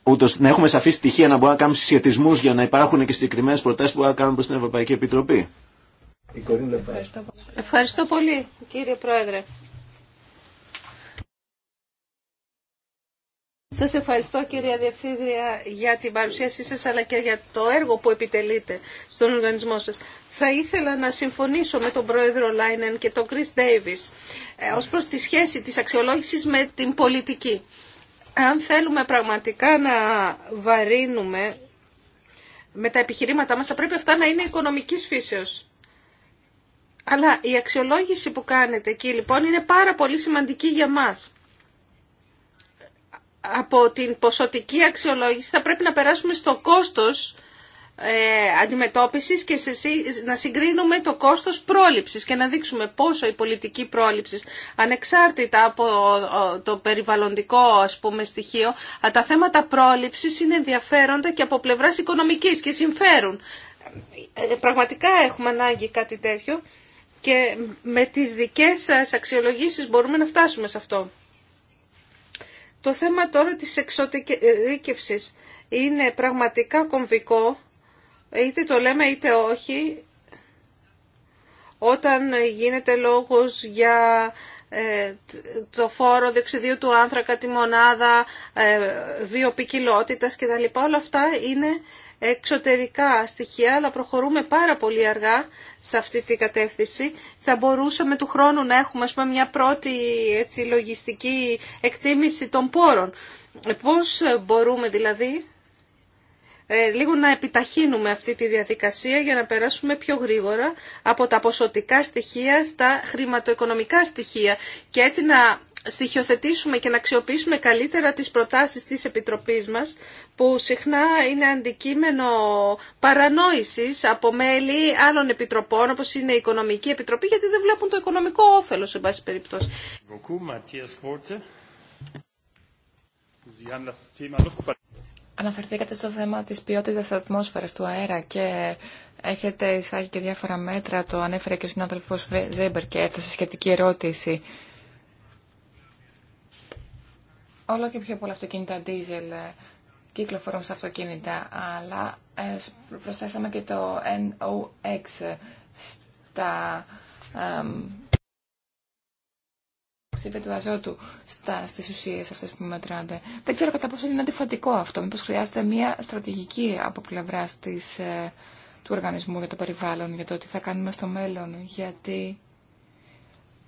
Ούτως, να έχουμε σαφή στοιχεία να μπορούμε να κάνουμε συσχετισμού για να υπάρχουν και συγκεκριμένε προτάσεις που μπορούμε να κάνουμε προ την Ευρωπαϊκή Επιτροπή. Ευχαριστώ πολύ, κύριε Πρόεδρε. Σα ευχαριστώ κυρία Διευθύντρια για την παρουσίασή σα αλλά και για το έργο που επιτελείτε στον οργανισμό σα. Θα ήθελα να συμφωνήσω με τον πρόεδρο Λάινεν και τον Κρίς Ντέιβις Ω προ τη σχέση τη αξιολόγηση με την πολιτική. Αν θέλουμε πραγματικά να βαρύνουμε με τα επιχειρήματά μας θα πρέπει αυτά να είναι οικονομικής φύσεως. Αλλά η αξιολόγηση που κάνετε εκεί λοιπόν είναι πάρα πολύ σημαντική για μας από την ποσοτική αξιολόγηση θα πρέπει να περάσουμε στο κόστος ε, αντιμετώπισης και σε, να συγκρίνουμε το κόστος πρόληψης και να δείξουμε πόσο η πολιτική πρόληψη ανεξάρτητα από το περιβαλλοντικό ας πούμε στοιχείο τα θέματα πρόληψης είναι ενδιαφέροντα και από πλευράς οικονομικής και συμφέρουν. Ε, πραγματικά έχουμε ανάγκη κάτι τέτοιο και με τις δικές σας αξιολογήσεις μπορούμε να φτάσουμε σε αυτό. Το θέμα τώρα της εξωτερικεύσης είναι πραγματικά κομβικό, είτε το λέμε είτε όχι, όταν γίνεται λόγος για ε, το φόρο διοξιδίου του άνθρακα, τη μονάδα ε, βιοπικιλότητας κτλ. Όλα αυτά είναι εξωτερικά στοιχεία, αλλά προχωρούμε πάρα πολύ αργά σε αυτή την κατεύθυνση. Θα μπορούσαμε του χρόνου να έχουμε μια πρώτη έτσι, λογιστική εκτίμηση των πόρων. Ε, πώς μπορούμε δηλαδή ε, λίγο να επιταχύνουμε αυτή τη διαδικασία για να περάσουμε πιο γρήγορα από τα ποσοτικά στοιχεία στα χρηματοοικονομικά στοιχεία και έτσι να στοιχειοθετήσουμε και να αξιοποιήσουμε καλύτερα τις προτάσεις της Επιτροπής μας, που συχνά είναι αντικείμενο παρανόησης από μέλη άλλων επιτροπών, όπως είναι η Οικονομική Επιτροπή, γιατί δεν βλέπουν το οικονομικό όφελο. σε πάση περιπτώσει. Αναφερθήκατε στο θέμα της ποιότητας της ατμόσφαιρας του αέρα και έχετε εισάγει και διάφορα μέτρα, το ανέφερε και ο συνάδελφος Ζέμπερ και έθεσε σχετική ερώτηση όλο και πιο πολλά αυτοκίνητα diesel ε, κυκλοφορούν στα αυτοκίνητα, αλλά ε, προσθέσαμε και το NOx στα του αζότου στα, στις ουσίες αυτές που μετράνε. Δεν ξέρω κατά πόσο είναι αντιφατικό αυτό. Μήπως χρειάζεται μια στρατηγική από πλευρά ε, του οργανισμού για το περιβάλλον, για το τι θα κάνουμε στο μέλλον, γιατί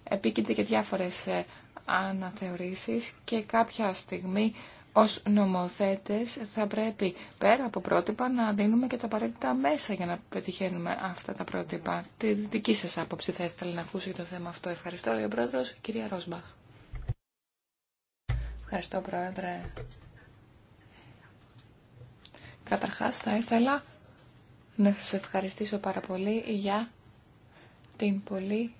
επίκειται και διάφορες αναθεωρήσεις και κάποια στιγμή ως νομοθέτες θα πρέπει πέρα από πρότυπα να δίνουμε και τα απαραίτητα μέσα για να πετυχαίνουμε αυτά τα πρότυπα. Τη δική σας άποψη θα ήθελα να ακούσει το θέμα αυτό. Ευχαριστώ, ο Πρόεδρος, κυρία Ρόσμπαχ. Ευχαριστώ, Πρόεδρε. Καταρχάς θα ήθελα να σας ευχαριστήσω πάρα πολύ για την πολύ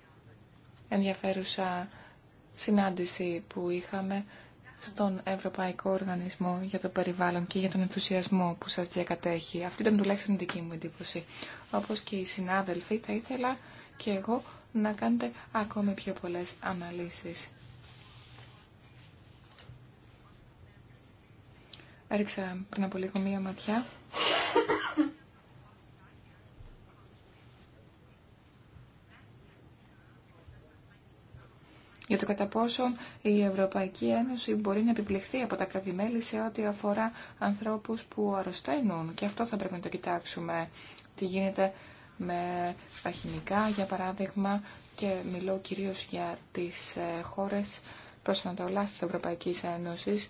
ενδιαφέρουσα συνάντηση που είχαμε στον Ευρωπαϊκό Οργανισμό για το Περιβάλλον και για τον ενθουσιασμό που σας διακατέχει. Αυτή ήταν τουλάχιστον η δική μου εντύπωση. Όπως και οι συνάδελφοι, θα ήθελα και εγώ να κάνετε ακόμη πιο πολλές αναλύσεις. Έριξα πριν από λίγο μία ματιά για το κατά πόσον η Ευρωπαϊκή Ένωση μπορεί να επιπληχθεί από τα κρατημέλη σε ό,τι αφορά ανθρώπους που αρρωσταίνουν. Και αυτό θα πρέπει να το κοιτάξουμε. Τι γίνεται με τα χημικά, για παράδειγμα, και μιλώ κυρίως για τις ε, χώρες προσανατολάς της Ευρωπαϊκής Ένωσης.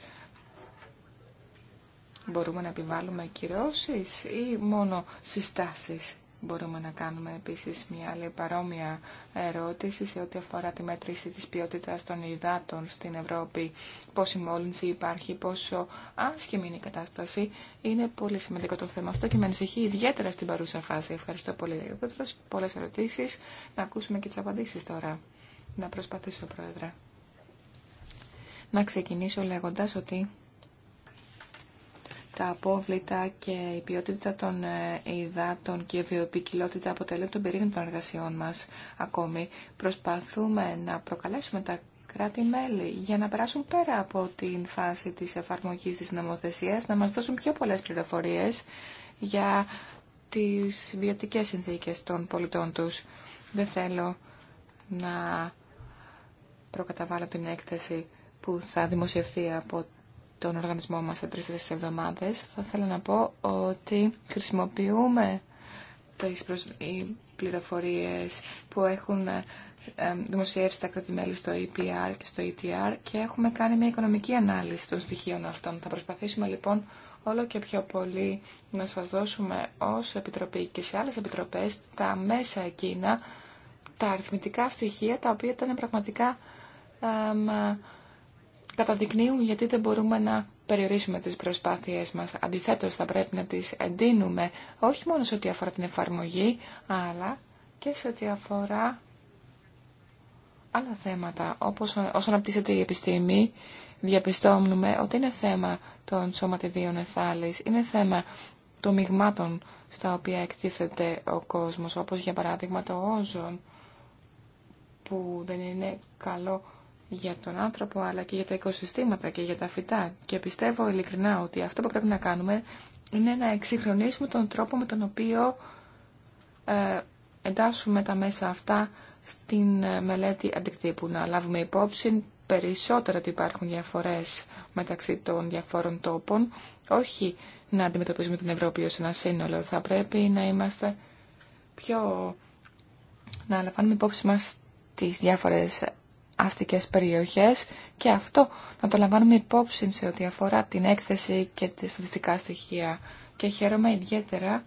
Μπορούμε να επιβάλλουμε κυρώσεις ή μόνο συστάσεις. Μπορούμε να κάνουμε επίσης μια άλλη παρόμοια ερώτηση σε ό,τι αφορά τη μέτρηση της ποιότητας των υδάτων στην Ευρώπη. Πόση μόλυνση υπάρχει, πόσο άσχημη είναι η κατάσταση. Είναι πολύ σημαντικό το θέμα αυτό και με ανησυχεί ιδιαίτερα στην παρούσα φάση. Ευχαριστώ πολύ, Πέτρος. Πολλές ερωτήσεις. Να ακούσουμε και τις απαντήσεις τώρα. Να προσπαθήσω, Πρόεδρε. Να ξεκινήσω λέγοντας ότι τα απόβλητα και η ποιότητα των ε, υδάτων και η βιοποικιλότητα αποτελούν τον πυρήνα των εργασιών μας ακόμη. Προσπαθούμε να προκαλέσουμε τα κράτη-μέλη για να περάσουν πέρα από την φάση της εφαρμογής της νομοθεσίας, να μας δώσουν πιο πολλές πληροφορίες για τις βιωτικές συνθήκες των πολιτών τους. Δεν θέλω να προκαταβάλω την έκθεση που θα δημοσιευθεί από τον οργανισμό μας σε τρεις-τέσσερις εβδομάδες, θα ήθελα να πω ότι χρησιμοποιούμε τις πληροφορίες που έχουν ε, ε, δημοσιεύσει τα κρατημέλη στο EPR και στο ETR και έχουμε κάνει μια οικονομική ανάλυση των στοιχείων αυτών. Θα προσπαθήσουμε λοιπόν όλο και πιο πολύ να σας δώσουμε ως Επιτροπή και σε άλλες Επιτροπές τα μέσα εκείνα, τα αριθμητικά στοιχεία τα οποία ήταν πραγματικά καταδεικνύουν γιατί δεν μπορούμε να περιορίσουμε τις προσπάθειές μας. Αντιθέτως θα πρέπει να τις εντείνουμε όχι μόνο σε ό,τι αφορά την εφαρμογή, αλλά και σε ό,τι αφορά άλλα θέματα. Όπως όσον αναπτύσσεται η επιστήμη, διαπιστώνουμε ότι είναι θέμα των σωματιδίων εθάλης, είναι θέμα των μειγμάτων στα οποία εκτίθεται ο κόσμος, όπως για παράδειγμα το όζον, που δεν είναι καλό για τον άνθρωπο αλλά και για τα οικοσυστήματα και για τα φυτά. Και πιστεύω ειλικρινά ότι αυτό που πρέπει να κάνουμε είναι να εξυγχρονίσουμε τον τρόπο με τον οποίο ε, εντάσσουμε τα μέσα αυτά στην ε, μελέτη αντικτύπου. Να λάβουμε υπόψη περισσότερα ότι υπάρχουν διαφορές μεταξύ των διαφόρων τόπων, όχι να αντιμετωπίζουμε την Ευρώπη ως ένα σύνολο. Θα πρέπει να είμαστε πιο... να λαμβάνουμε υπόψη μας τις διάφορες αστικές περιοχές και αυτό να το λαμβάνουμε υπόψη σε ό,τι αφορά την έκθεση και τα στατιστικά στοιχεία. Και χαίρομαι ιδιαίτερα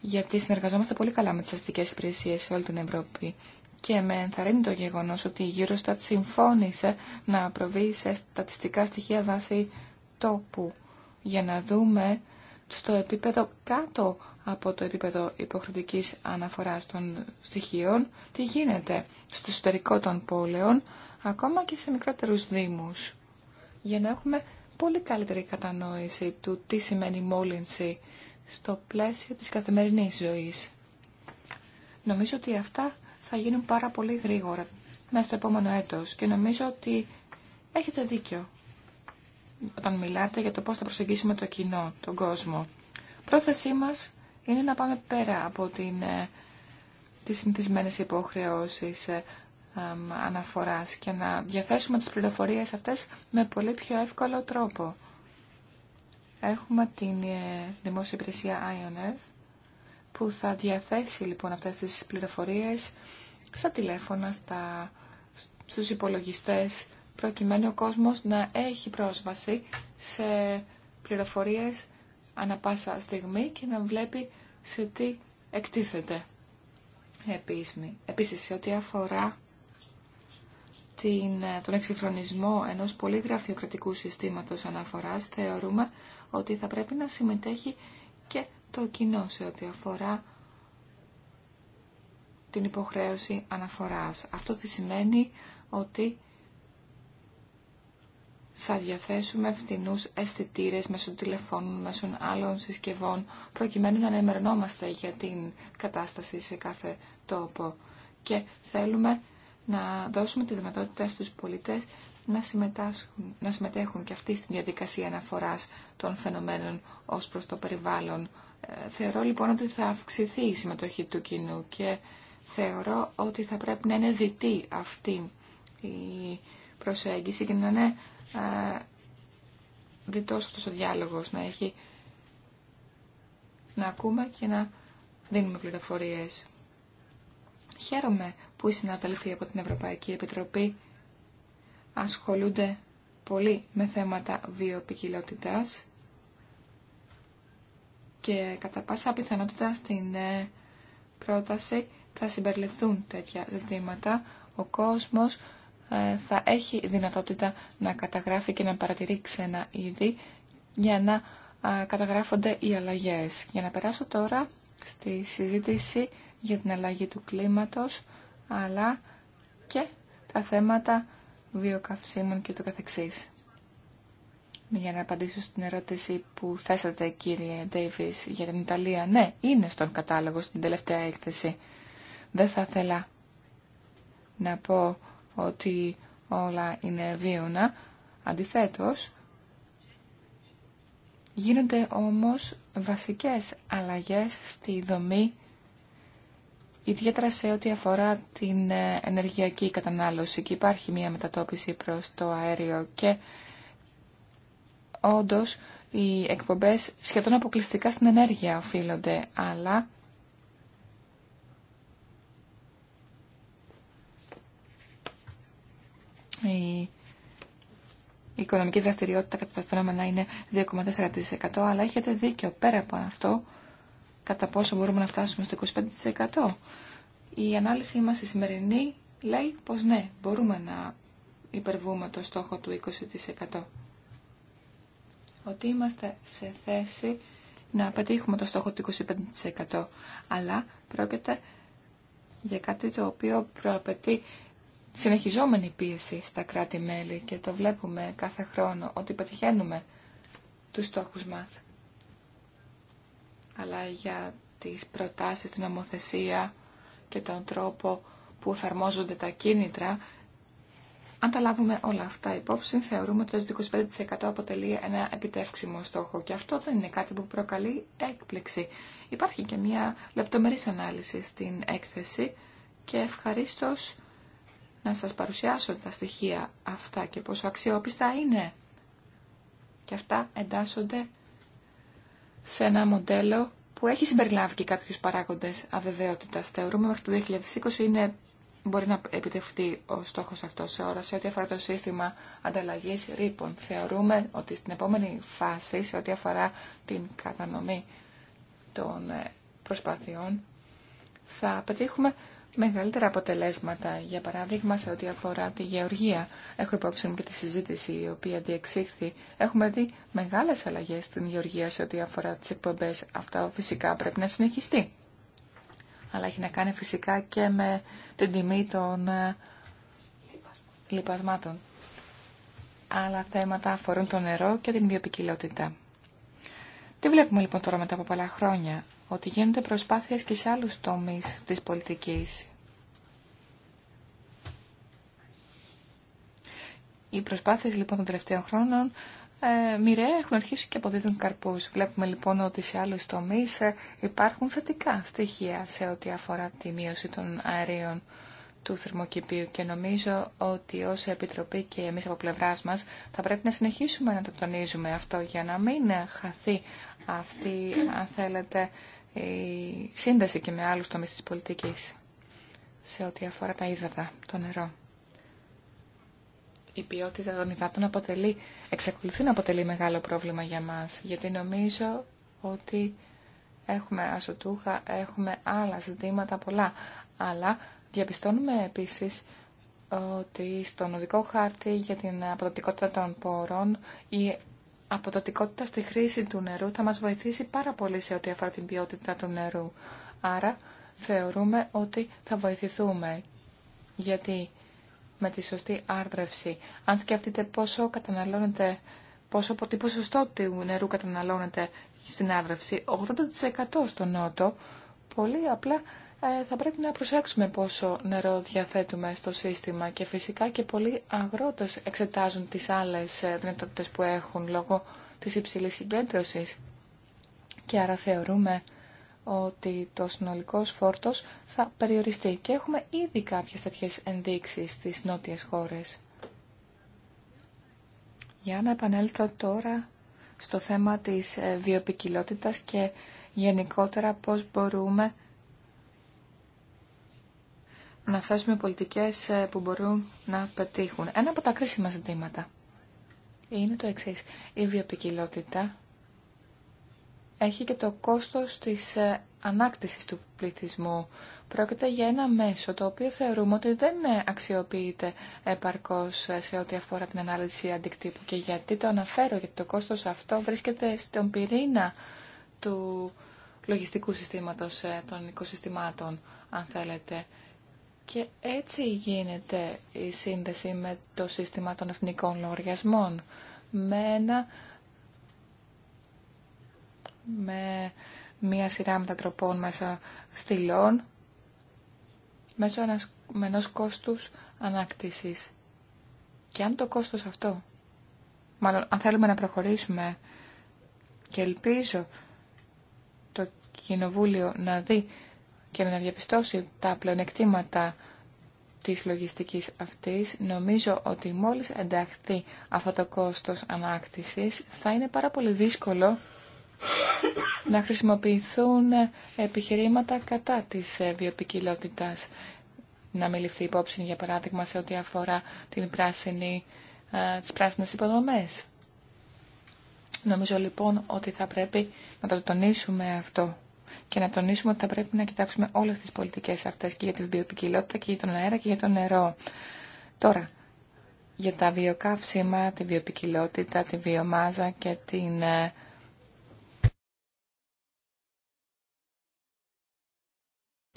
γιατί συνεργαζόμαστε πολύ καλά με τις αστικές υπηρεσίες σε όλη την Ευρώπη και με ενθαρρύνει το γεγονός ότι η Eurostat συμφώνησε να προβεί σε στατιστικά στοιχεία βάση τόπου για να δούμε στο επίπεδο κάτω από το επίπεδο υποχρεωτικής αναφοράς των στοιχείων, τι γίνεται στο εσωτερικό των πόλεων, ακόμα και σε μικρότερους δήμους, για να έχουμε πολύ καλύτερη κατανόηση του τι σημαίνει μόλυνση στο πλαίσιο της καθημερινής ζωής. Νομίζω ότι αυτά θα γίνουν πάρα πολύ γρήγορα μέσα στο επόμενο έτος και νομίζω ότι έχετε δίκιο όταν μιλάτε για το πώς θα προσεγγίσουμε το κοινό, τον κόσμο. Πρόθεσή μας είναι να πάμε πέρα από την, ε, τις συνηθισμένες υποχρεώσεις ε, αναφοράς και να διαθέσουμε τις πληροφορίες αυτές με πολύ πιο εύκολο τρόπο. Έχουμε την ε, δημόσια υπηρεσία Ion Earth που θα διαθέσει λοιπόν αυτές τις πληροφορίες στα τηλέφωνα, στα, στους υπολογιστές προκειμένου ο κόσμος να έχει πρόσβαση σε πληροφορίες ανά πάσα στιγμή και να βλέπει σε τι εκτίθεται. επίσημη. Επίσης, σε ό,τι αφορά την, ε, τον εξυγχρονισμό ενός πολύ γραφειοκρατικού συστήματος αναφοράς, θεωρούμε ότι θα πρέπει να συμμετέχει και το κοινό σε ό,τι αφορά την υποχρέωση αναφοράς. Αυτό τι σημαίνει ότι θα διαθέσουμε φθηνού αισθητήρε μέσω τηλεφώνου, μέσω άλλων συσκευών, προκειμένου να ενημερωνόμαστε για την κατάσταση σε κάθε τόπο. Και θέλουμε να δώσουμε τη δυνατότητα στους πολίτες να, συμμετάσχουν, να συμμετέχουν και αυτοί στην διαδικασία αναφοράς των φαινομένων ως προς το περιβάλλον. Ε, θεωρώ λοιπόν ότι θα αυξηθεί η συμμετοχή του κοινού και θεωρώ ότι θα πρέπει να είναι δυτή αυτή η προσέγγιση και να είναι διτός αυτός ο διάλογος, να έχει να ακούμε και να δίνουμε πληροφορίες. Χαίρομαι που οι συναδελφοί από την Ευρωπαϊκή Επιτροπή ασχολούνται πολύ με θέματα βιοπικιλότητας και κατά πάσα πιθανότητα στην ε, πρόταση θα συμπεριληφθούν τέτοια ζητήματα. Ο κόσμος ε, θα έχει δυνατότητα να καταγράφει και να παρατηρεί ξένα είδη για να ε, καταγράφονται οι αλλαγές. Για να περάσω τώρα στη συζήτηση για την αλλαγή του κλίματος, αλλά και τα θέματα βιοκαυσίμων και του καθεξής. Για να απαντήσω στην ερώτηση που θέσατε κύριε Ντέιβις για την Ιταλία. Ναι, είναι στον κατάλογο στην τελευταία έκθεση. Δεν θα ήθελα να πω ότι όλα είναι βίωνα. Αντιθέτως, γίνονται όμως βασικές αλλαγές στη δομή, ιδιαίτερα σε ό,τι αφορά την ε, ενεργειακή κατανάλωση και υπάρχει μια μετατόπιση προς το αέριο και όντως οι εκπομπές σχεδόν αποκλειστικά στην ενέργεια οφείλονται, αλλά η οικονομική δραστηριότητα κατά τα φαινόμενα είναι 2,4% αλλά έχετε δίκιο πέρα από αυτό κατά πόσο μπορούμε να φτάσουμε στο 25%. Η ανάλυση μας η σημερινή λέει πως ναι, μπορούμε να υπερβούμε το στόχο του 20%. Ότι είμαστε σε θέση να πετύχουμε το στόχο του 25%. Αλλά πρόκειται για κάτι το οποίο προαπαιτεί συνεχιζόμενη πίεση στα κράτη-μέλη και το βλέπουμε κάθε χρόνο ότι πετυχαίνουμε τους στόχους μας. Αλλά για τις προτάσεις, την ομοθεσία και τον τρόπο που εφαρμόζονται τα κίνητρα, αν τα λάβουμε όλα αυτά υπόψη, θεωρούμε ότι το 25% αποτελεί ένα επιτεύξιμο στόχο και αυτό δεν είναι κάτι που προκαλεί έκπληξη. Υπάρχει και μια λεπτομερής ανάλυση στην έκθεση και ευχαρίστως να σας παρουσιάσω τα στοιχεία αυτά και πόσο αξιόπιστα είναι. Και αυτά εντάσσονται σε ένα μοντέλο που έχει συμπεριλάβει και κάποιους παράγοντες αβεβαιότητας. Θεωρούμε μέχρι το 2020 είναι, μπορεί να επιτευχθεί ο στόχος αυτό σε ώρα σε ό,τι αφορά το σύστημα ανταλλαγής ρήπων. Θεωρούμε ότι στην επόμενη φάση, σε ό,τι αφορά την κατανομή των ε, προσπαθειών, θα πετύχουμε μεγαλύτερα αποτελέσματα. Για παράδειγμα, σε ό,τι αφορά τη γεωργία, έχω υπόψη μου και τη συζήτηση η οποία διεξήχθη. Έχουμε δει μεγάλες αλλαγές στην γεωργία σε ό,τι αφορά τις εκπομπές. Αυτό φυσικά πρέπει να συνεχιστεί. Αλλά έχει να κάνει φυσικά και με την τιμή των ε, λιπασμάτων. Άλλα θέματα αφορούν το νερό και την βιοπικιλότητα. Τι βλέπουμε λοιπόν τώρα μετά από πολλά χρόνια ότι γίνονται προσπάθειες και σε άλλους τομείς της πολιτικής. Οι προσπάθειες λοιπόν των τελευταίων χρόνων ε, μοιραία έχουν αρχίσει και αποδίδουν καρπούς. Βλέπουμε λοιπόν ότι σε άλλους τομείς ε, υπάρχουν θετικά στοιχεία σε ό,τι αφορά τη μείωση των αερίων του θερμοκηπίου και νομίζω ότι ως Επιτροπή και εμείς από πλευράς μας θα πρέπει να συνεχίσουμε να το τονίζουμε αυτό για να μην χαθεί αυτή, αν θέλετε, η σύνδεση και με άλλους τομείς της πολιτικής σε ό,τι αφορά τα ύδατα, το νερό. Η ποιότητα των υδάτων αποτελεί, εξακολουθεί να αποτελεί μεγάλο πρόβλημα για μας, γιατί νομίζω ότι έχουμε ασωτούχα, έχουμε άλλα ζητήματα πολλά, αλλά διαπιστώνουμε επίσης ότι στον οδικό χάρτη για την αποδοτικότητα των πόρων η αποδοτικότητα στη χρήση του νερού θα μας βοηθήσει πάρα πολύ σε ό,τι αφορά την ποιότητα του νερού. Άρα θεωρούμε ότι θα βοηθηθούμε γιατί με τη σωστή άρδρευση, αν σκεφτείτε πόσο καταναλώνεται, πόσο, από ποσοστό του νερού καταναλώνεται στην άρδρευση, 80% στο νότο, πολύ απλά ε, θα πρέπει να προσέξουμε πόσο νερό διαθέτουμε στο σύστημα και φυσικά και πολλοί αγρότες εξετάζουν τις άλλες ε, δυνατότητες που έχουν λόγω της υψηλής συγκέντρωσης. Και άρα θεωρούμε ότι το συνολικό φόρτος θα περιοριστεί και έχουμε ήδη κάποιες τέτοιες ενδείξεις στις νότιες χώρες. Για να επανέλθω τώρα στο θέμα της ε, βιοπικιλότητας και γενικότερα πώς μπορούμε να θέσουμε πολιτικές ε, που μπορούν να πετύχουν. Ένα από τα κρίσιμα ζητήματα είναι το εξή. Η βιοπικιλότητα έχει και το κόστος της ε, ανάκτησης του πληθυσμού. Πρόκειται για ένα μέσο το οποίο θεωρούμε ότι δεν ε, αξιοποιείται επαρκώς σε ό,τι αφορά την ανάλυση αντικτύπου. Και γιατί το αναφέρω, γιατί το κόστος αυτό βρίσκεται στον πυρήνα του λογιστικού συστήματος των οικοσυστημάτων, αν θέλετε. Και έτσι γίνεται η σύνδεση με το σύστημα των εθνικών λογαριασμών. Με ένα... με μία σειρά μετατροπών μέσα στυλών μέσω ένας, με ενός κόστους ανάκτησης. Και αν το κόστος αυτό, μάλλον αν θέλουμε να προχωρήσουμε και ελπίζω το Κοινοβούλιο να δει και να διαπιστώσει τα πλεονεκτήματα της λογιστικής αυτής, νομίζω ότι μόλις ενταχθεί αυτό το κόστος ανάκτησης θα είναι πάρα πολύ δύσκολο να χρησιμοποιηθούν επιχειρήματα κατά της βιοπικιλότητας. Να μην ληφθεί υπόψη, για παράδειγμα, σε ό,τι αφορά την πράσινη, ε, τις πράσινες υποδομές. Νομίζω λοιπόν ότι θα πρέπει να το τονίσουμε αυτό και να τονίσουμε ότι θα πρέπει να κοιτάξουμε όλες τις πολιτικές αυτές και για την βιοπικιλότητα και για τον αέρα και για το νερό. Τώρα, για τα βιοκαύσιμα, τη βιοπικιλότητα, τη βιομάζα και την... Ε,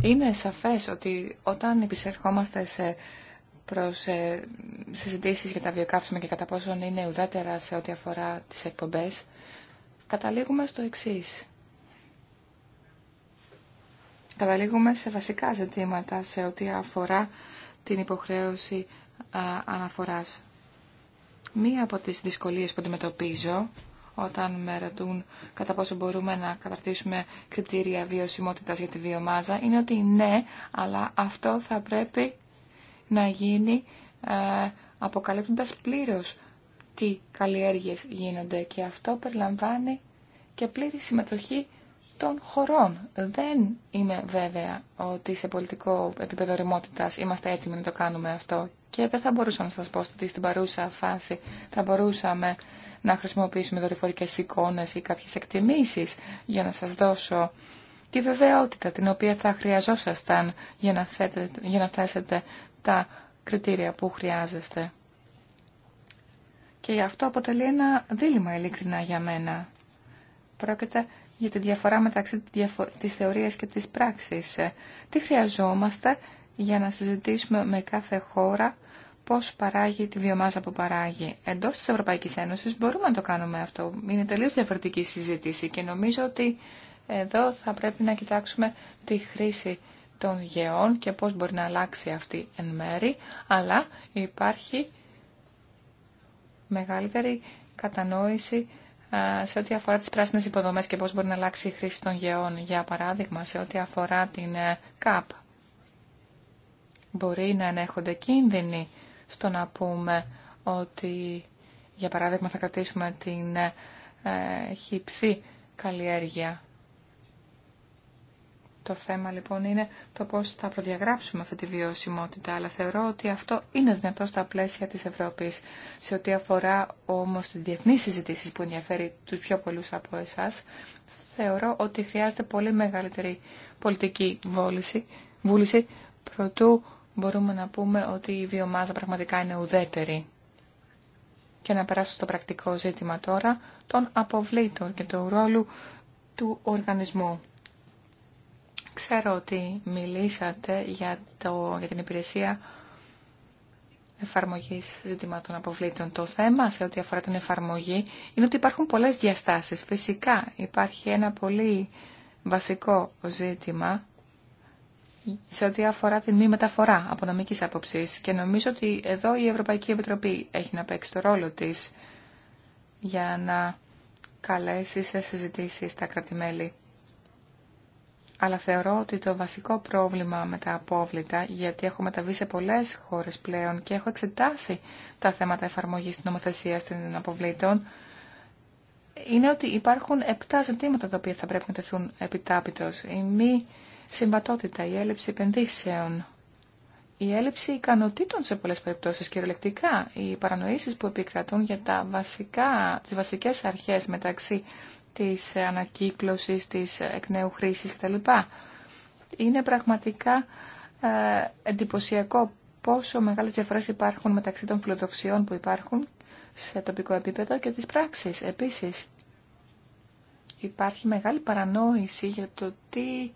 είναι σαφές ότι όταν επισερχόμαστε σε προς ε, συζητήσεις για τα βιοκαύσιμα και κατά πόσον είναι ουδέτερα σε ό,τι αφορά τις εκπομπές, καταλήγουμε στο εξής καταλήγουμε σε βασικά ζητήματα σε ό,τι αφορά την υποχρέωση αναφοράς. Μία από τις δυσκολίες που αντιμετωπίζω όταν με ρωτούν κατά πόσο μπορούμε να καταρτήσουμε κριτήρια βιωσιμότητας για τη βιομάζα είναι ότι ναι, αλλά αυτό θα πρέπει να γίνει ε, αποκαλύπτοντας πλήρως τι καλλιέργειες γίνονται και αυτό περιλαμβάνει και πλήρη συμμετοχή των χωρών. Δεν είμαι βέβαια ότι σε πολιτικό επίπεδο ρημότητας είμαστε έτοιμοι να το κάνουμε αυτό και δεν θα μπορούσα να σας πω ότι στην παρούσα φάση θα μπορούσαμε να χρησιμοποιήσουμε δορυφορικές εικόνες ή κάποιες εκτιμήσεις για να σας δώσω τη βεβαιότητα την οποία θα χρειαζόσασταν για να, θέσετε τα κριτήρια που χρειάζεστε. Και αυτό αποτελεί ένα δίλημα ειλικρινά για μένα. Πρόκειται για τη διαφορά μεταξύ της θεωρίας και της πράξης. Ε, τι χρειαζόμαστε για να συζητήσουμε με κάθε χώρα πώς παράγει τη βιομάζα που παράγει. Εντός της Ευρωπαϊκής Ένωσης μπορούμε να το κάνουμε αυτό. Είναι τελείως διαφορετική συζήτηση και νομίζω ότι εδώ θα πρέπει να κοιτάξουμε τη χρήση των γεών και πώς μπορεί να αλλάξει αυτή εν μέρη, αλλά υπάρχει μεγαλύτερη κατανόηση ε, σε ό,τι αφορά τις πράσινες υποδομές και πώς μπορεί να αλλάξει η χρήση των γεών, για παράδειγμα, σε ό,τι αφορά την ε, ΚΑΠ. Μπορεί να ενέχονται κίνδυνοι στο να πούμε ότι, για παράδειγμα, θα κρατήσουμε την ε, χυψή καλλιέργεια το θέμα λοιπόν είναι το πώς θα προδιαγράψουμε αυτή τη βιωσιμότητα, αλλά θεωρώ ότι αυτό είναι δυνατό στα πλαίσια της Ευρώπης. Σε ό,τι αφορά όμως τις διεθνείς συζητήσεις που ενδιαφέρει τους πιο πολλούς από εσάς, θεωρώ ότι χρειάζεται πολύ μεγαλύτερη πολιτική βούληση, βούληση προτού μπορούμε να πούμε ότι η βιομάζα πραγματικά είναι ουδέτερη. Και να περάσω στο πρακτικό ζήτημα τώρα των αποβλήτων και του ρόλου του οργανισμού. Ξέρω ότι μιλήσατε για, το, για την υπηρεσία εφαρμογής ζητημάτων αποβλήτων. Το θέμα σε ό,τι αφορά την εφαρμογή είναι ότι υπάρχουν πολλές διαστάσεις. Φυσικά υπάρχει ένα πολύ βασικό ζήτημα σε ό,τι αφορά την μη μεταφορά από νομικής άποψης. Και νομίζω ότι εδώ η Ευρωπαϊκή Επιτροπή έχει να παίξει το ρόλο της για να καλέσει σε συζητήσεις τα κρατημέλη αλλά θεωρώ ότι το βασικό πρόβλημα με τα απόβλητα, γιατί έχω μεταβεί σε πολλέ χώρε πλέον και έχω εξετάσει τα θέματα εφαρμογή της νομοθεσίας των αποβλήτων, είναι ότι υπάρχουν επτά ζητήματα τα οποία θα πρέπει να τεθούν επιτάπητο. Η μη συμβατότητα, η έλλειψη επενδύσεων, η έλλειψη ικανοτήτων σε πολλές περιπτώσεις κυριολεκτικά, οι παρανοήσεις που επικρατούν για τα βασικά, τις βασικές αρχές μεταξύ της ανακύκλωσης, της εκ νέου χρήσης κτλ. Είναι πραγματικά ε, εντυπωσιακό πόσο μεγάλες διαφορές υπάρχουν μεταξύ των φιλοδοξιών που υπάρχουν σε τοπικό επίπεδο και της πράξης. Επίσης, υπάρχει μεγάλη παρανόηση για το τι,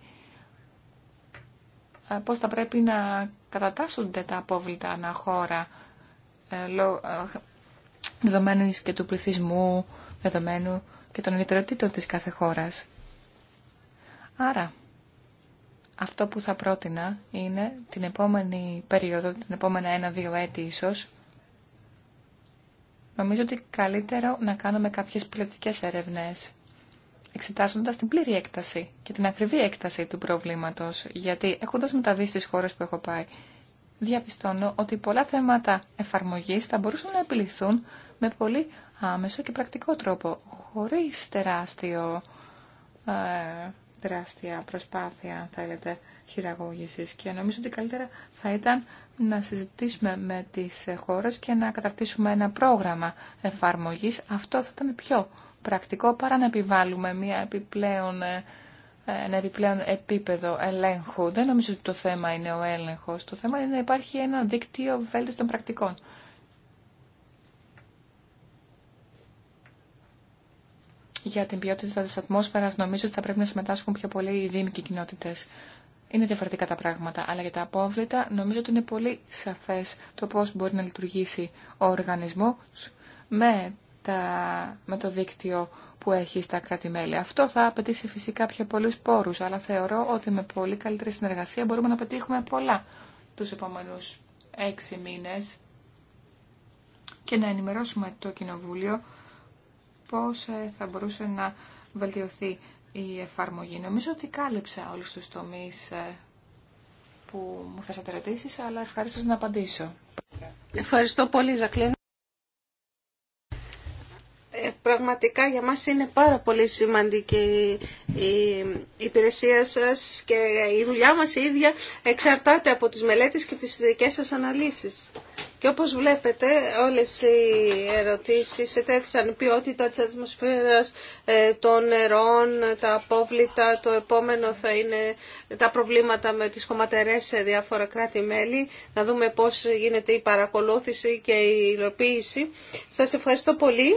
ε, πώς θα πρέπει να κατατάσσονται τα απόβλητα ανά χώρα, ε, δεδομένου και του πληθυσμού, δεδομένου και των ιδιωτήτων της κάθε χώρας. Άρα, αυτό που θα πρότεινα είναι την επόμενη περίοδο, την επόμενα ένα-δύο έτη ίσως, νομίζω ότι καλύτερο να κάνουμε κάποιες πιλωτικές έρευνες, εξετάζοντας την πλήρη έκταση και την ακριβή έκταση του προβλήματος, γιατί έχοντας μεταβεί στις χώρες που έχω πάει, διαπιστώνω ότι πολλά θέματα εφαρμογής θα μπορούσαν να επιληθούν με πολύ άμεσο και πρακτικό τρόπο, χωρίς τεράστιο, ε, τεράστια προσπάθεια, αν θέλετε, χειραγώγησης. Και νομίζω ότι καλύτερα θα ήταν να συζητήσουμε με τις χώρες και να καταρτήσουμε ένα πρόγραμμα εφαρμογής. Αυτό θα ήταν πιο πρακτικό παρά να επιβάλλουμε μια επιπλέον ε, ένα επιπλέον επίπεδο ελέγχου. Δεν νομίζω ότι το θέμα είναι ο έλεγχος. Το θέμα είναι να υπάρχει ένα δίκτυο βέλτιστων πρακτικών. για την ποιότητα τη ατμόσφαιρας νομίζω ότι θα πρέπει να συμμετάσχουν πιο πολύ οι δήμοι και οι κοινότητες. Είναι διαφορετικά τα πράγματα, αλλά για τα απόβλητα νομίζω ότι είναι πολύ σαφές το πώς μπορεί να λειτουργήσει ο οργανισμός με, με το δίκτυο που έχει στα κράτη-μέλη. Αυτό θα απαιτήσει φυσικά πιο πολλούς πόρους, αλλά θεωρώ ότι με πολύ καλύτερη συνεργασία μπορούμε να πετύχουμε πολλά τους επόμενους έξι μήνες και να ενημερώσουμε το Κοινοβούλιο πώς ε, θα μπορούσε να βελτιωθεί η εφαρμογή. Νομίζω ότι κάλυψα όλους τους τομείς ε, που μου θέσατε ερωτήσεις, αλλά ευχαριστώ να απαντήσω. Ευχαριστώ πολύ, Ζακλίνα. Ε, πραγματικά για μας είναι πάρα πολύ σημαντική η υπηρεσία σας και η δουλειά μας η ίδια εξαρτάται από τις μελέτες και τις δικές σας αναλύσεις. Και όπως βλέπετε όλες οι ερωτήσεις ετέθησαν ποιότητα της ατμοσφαίρας, ε, των νερών, τα απόβλητα, το επόμενο θα είναι τα προβλήματα με τις κομματερές σε διάφορα κράτη-μέλη, να δούμε πώς γίνεται η παρακολούθηση και η υλοποίηση. Σας ευχαριστώ πολύ.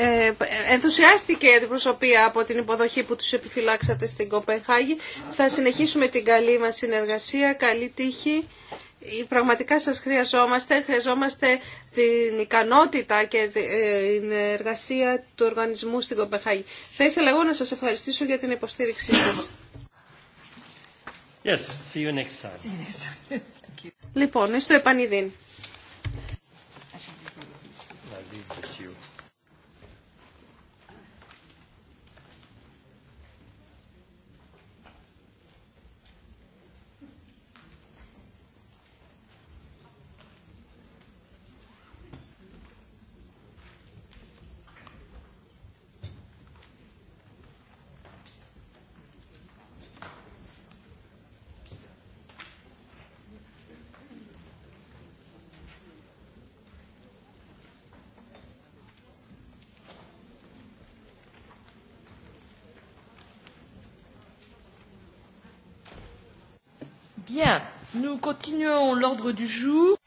Ε, ενθουσιάστηκε η αντιπροσωπεία από την υποδοχή που τους επιφυλάξατε στην Κοπεχάγη. Θα συνεχίσουμε την καλή μας συνεργασία, καλή τύχη. Πραγματικά σας χρειαζόμαστε, χρειαζόμαστε την ικανότητα και ε, την εργασία του οργανισμού στην Κοπεχάγη. Θα ήθελα εγώ να σας ευχαριστήσω για την υποστήριξή σας. Yes, see you next time. See you λοιπόν, είστε επανειδήν.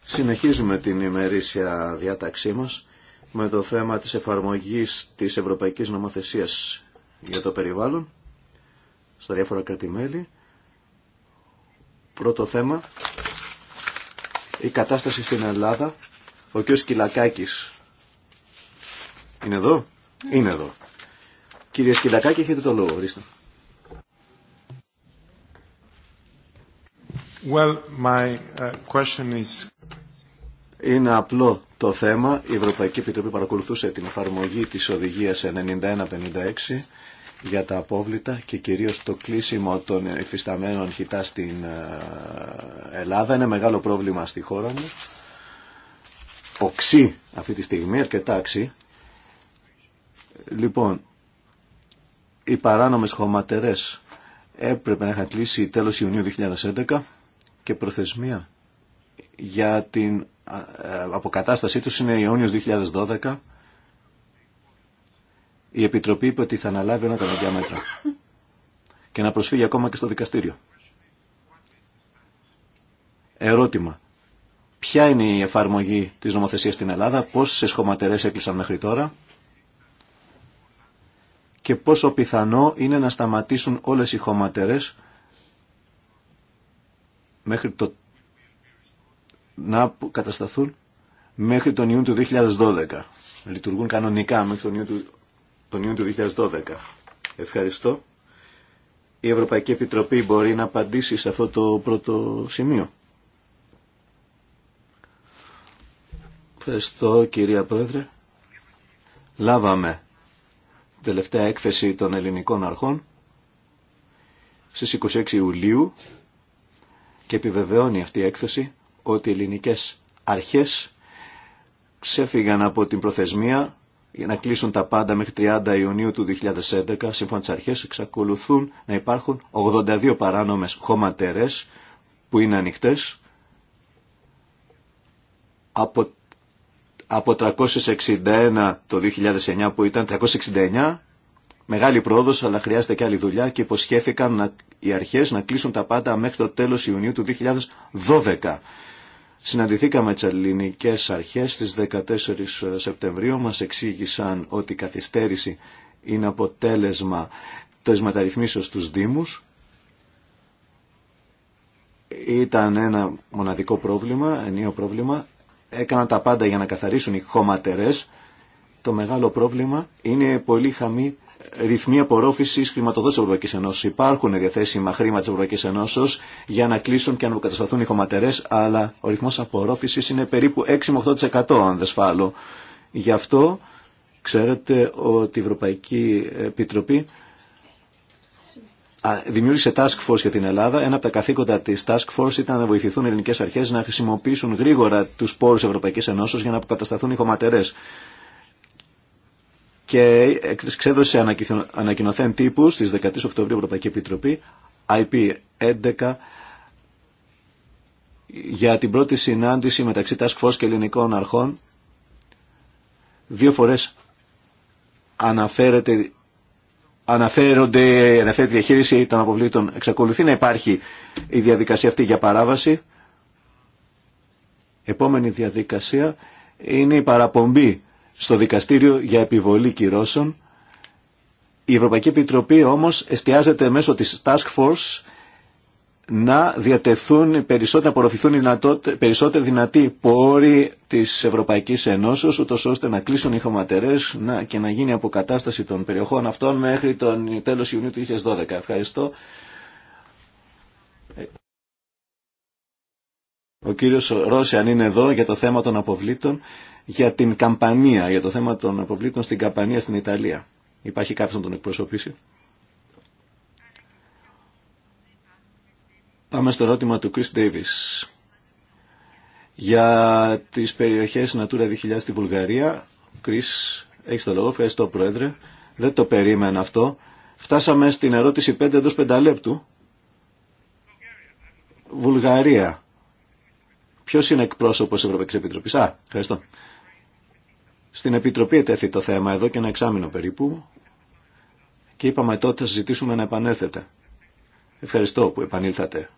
Συνεχίζουμε την ημερήσια διάταξή μας με το θέμα της εφαρμογής της Ευρωπαϊκής Νομοθεσίας για το περιβάλλον στα διάφορα Πρώτο θέμα, η κατάσταση στην Ελλάδα. Ο κ. Σκυλακάκης είναι εδώ. Ναι. Είναι εδώ. Κύριε Σκυλακάκη, έχετε το λόγο. Ορίστε. Well, my uh, is... Είναι απλό το θέμα. Η Ευρωπαϊκή Επιτροπή παρακολουθούσε την εφαρμογή της οδηγίας 9156 για τα απόβλητα και κυρίως το κλείσιμο των εφισταμένων χιτά στην ε, Ελλάδα. Είναι μεγάλο πρόβλημα στη χώρα μου. Οξύ αυτή τη στιγμή, αρκετά οξύ. Λοιπόν, οι παράνομες χωματερές έπρεπε να είχαν κλείσει τέλος Ιουνίου 2011 και προθεσμία για την ε, αποκατάστασή τους είναι Ιούνιος 2012. Η Επιτροπή είπε ότι θα αναλάβει ένα τα μέτρα και να προσφύγει ακόμα και στο δικαστήριο. Ερώτημα. Ποια είναι η εφαρμογή της νομοθεσίας στην Ελλάδα, πόσες χωματερές έκλεισαν μέχρι τώρα και πόσο πιθανό είναι να σταματήσουν όλες οι χωματερές μέχρι το να κατασταθούν μέχρι τον Ιούνιο του 2012. Λειτουργούν κανονικά μέχρι τον Ιούνιο του, τον του 2012. Ευχαριστώ. Η Ευρωπαϊκή Επιτροπή μπορεί να απαντήσει σε αυτό το πρώτο σημείο. Ευχαριστώ κυρία Πρόεδρε. Λάβαμε την τελευταία έκθεση των ελληνικών αρχών στις 26 Ιουλίου και επιβεβαιώνει αυτή η έκθεση ότι οι ελληνικές αρχές ξέφυγαν από την προθεσμία για να κλείσουν τα πάντα μέχρι 30 Ιουνίου του 2011. Σύμφωνα τις αρχές εξακολουθούν να υπάρχουν 82 παράνομες χωματερές που είναι ανοιχτές από, από 361 το 2009 που ήταν 369 Μεγάλη πρόοδος, αλλά χρειάζεται και άλλη δουλειά και υποσχέθηκαν οι αρχές να κλείσουν τα πάντα μέχρι το τέλος Ιουνίου του 2012. Συναντηθήκαμε με τις ελληνικές αρχές στις 14 Σεπτεμβρίου, μας εξήγησαν ότι η καθυστέρηση είναι αποτέλεσμα της μεταρρυθμίσεως στους Δήμους. Ήταν ένα μοναδικό πρόβλημα, ενίο πρόβλημα. Έκαναν τα πάντα για να καθαρίσουν οι χωματερές. Το μεγάλο πρόβλημα είναι πολύ χαμή ρυθμοί απορρόφηση χρηματοδότηση τη Ευρωπαϊκή Ενώση. Υπάρχουν διαθέσιμα χρήματα τη Ευρωπαϊκή Ένωση για να κλείσουν και να αποκατασταθούν οι χωματερέ, αλλά ο ρυθμό απορρόφηση είναι περίπου 6 8% αν δεν σφάλω. Γι' αυτό ξέρετε ότι η Ευρωπαϊκή Επιτροπή δημιούργησε task force για την Ελλάδα. Ένα από τα καθήκοντα τη task force ήταν να βοηθηθούν οι ελληνικέ αρχέ να χρησιμοποιήσουν γρήγορα του πόρου Ευρωπαϊκή Ενώση για να αποκατασταθούν οι χωματερέ και εξέδωσε ανακοινωθέν τύπου στις 13 Οκτωβρίου Ευρωπαϊκή Επιτροπή IP 11 για την πρώτη συνάντηση μεταξύ Task Force και ελληνικών αρχών. Δύο φορές αναφέρεται, αναφέρονται, αναφέρεται η διαχείριση των αποβλήτων. Εξακολουθεί να υπάρχει η διαδικασία αυτή για παράβαση. Επόμενη διαδικασία είναι η παραπομπή στο δικαστήριο για επιβολή κυρώσεων. Η Ευρωπαϊκή Επιτροπή όμως εστιάζεται μέσω της Task Force να διατεθούν περισσότερο, να απορροφηθούν περισσότερο δυνατοί πόροι της Ευρωπαϊκής Ενώσεως, ούτως ώστε να κλείσουν οι χωματερές να, και να γίνει αποκατάσταση των περιοχών αυτών μέχρι τον τέλος Ιουνίου του 2012. Ευχαριστώ. Ο κύριος Ρώση αν είναι εδώ για το θέμα των αποβλήτων για την καμπανία, για το θέμα των αποβλήτων στην καμπανία στην Ιταλία. Υπάρχει κάποιος να τον εκπροσωπήσει. Πάμε στο ερώτημα του Chris Davis. Για τις περιοχές Natura 2000 στη Βουλγαρία, Chris, έχει το λόγο, ευχαριστώ Πρόεδρε. Δεν το περίμενα αυτό. Φτάσαμε στην ερώτηση 5 εντός 5 Βουλγαρία. Ποιος είναι εκπρόσωπος της Ευρωπαϊκής Επιτροπής. Α, ευχαριστώ. Στην Επιτροπή ετέθη το θέμα εδώ και ένα εξάμεινο περίπου και είπαμε τότε θα ζητήσουμε να επανέλθετε. Ευχαριστώ που επανήλθατε.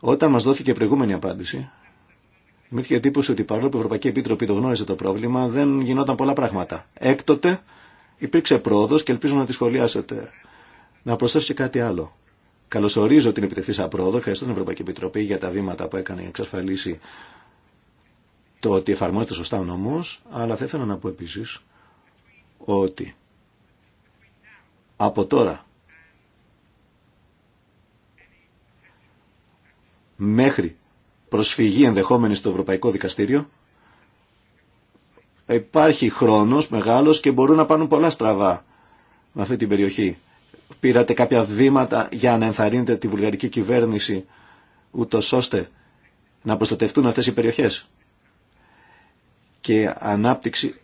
Όταν μας δόθηκε προηγούμενη απάντηση, μου είχε εντύπωση ότι παρόλο που η Ευρωπαϊκή Επίτροπη το γνώριζε το πρόβλημα, δεν γινόταν πολλά πράγματα. Έκτοτε υπήρξε πρόοδο και ελπίζω να τη σχολιάσετε. Να προσθέσω και κάτι άλλο. Καλωσορίζω την επιτεθήσα πρόοδο. Ευχαριστώ την Ευρωπαϊκή Επιτροπή για τα βήματα που έκανε για εξασφαλίσει το ότι εφαρμόζεται σωστά ο νόμος, αλλά θα ήθελα να πω επίσης ότι από τώρα μέχρι προσφυγή ενδεχόμενη στο Ευρωπαϊκό Δικαστήριο υπάρχει χρόνος μεγάλος και μπορούν να πάνουν πολλά στραβά με αυτή την περιοχή. Πήρατε κάποια βήματα για να ενθαρρύνετε τη βουλγαρική κυβέρνηση ούτως ώστε να προστατευτούν αυτές οι περιοχές και ανάπτυξη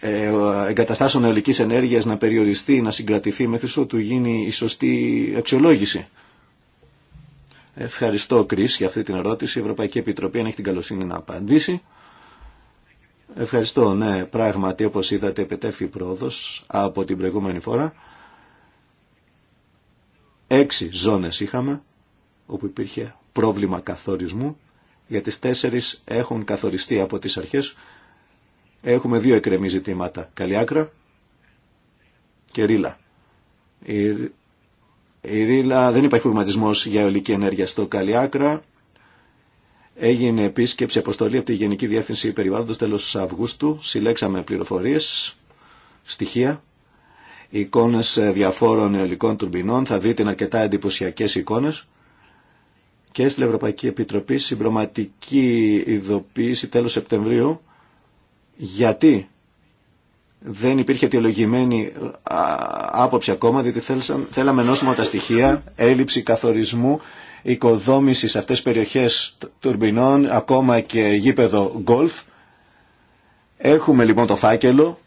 ε, εγκαταστάσεων αιωλικής ενέργειας να περιοριστεί, να συγκρατηθεί μέχρι ότου γίνει η σωστή αξιολόγηση. Ευχαριστώ, Κρίς, για αυτή την ερώτηση. Η Ευρωπαϊκή Επιτροπή, αν έχει την καλοσύνη να απαντήσει. Ευχαριστώ, ναι, πράγματι, όπως είδατε, επιτεύχθη πρόοδος από την προηγούμενη φορά. Έξι ζώνες είχαμε, όπου υπήρχε πρόβλημα καθορισμού, για τις τέσσερις έχουν καθοριστεί από τις αρχές Έχουμε δύο εκρεμή ζητήματα. Καλλιάκρα και Ρίλα. Η, η Ρίλα δεν υπάρχει προγραμματισμό για ολική ενέργεια στο Καλλιάκρα. Έγινε επίσκεψη αποστολή από τη Γενική Διεύθυνση Περιβάλλοντος τέλος Αυγούστου. Συλλέξαμε πληροφορίες, στοιχεία, εικόνες διαφόρων αιωλικών τουρμπινών. Θα δείτε αρκετά εντυπωσιακέ εικόνες. Και στην Ευρωπαϊκή Επιτροπή συμπροματική ειδοποίηση τέλος Σεπτεμβρίου γιατί δεν υπήρχε αιτιολογημένη άποψη ακόμα, διότι θέλαμε νόσημα τα στοιχεία, έλλειψη καθορισμού, οικοδόμηση σε αυτές τις περιοχές τουρμπινών, ακόμα και γήπεδο γκολφ. Έχουμε λοιπόν το φάκελο,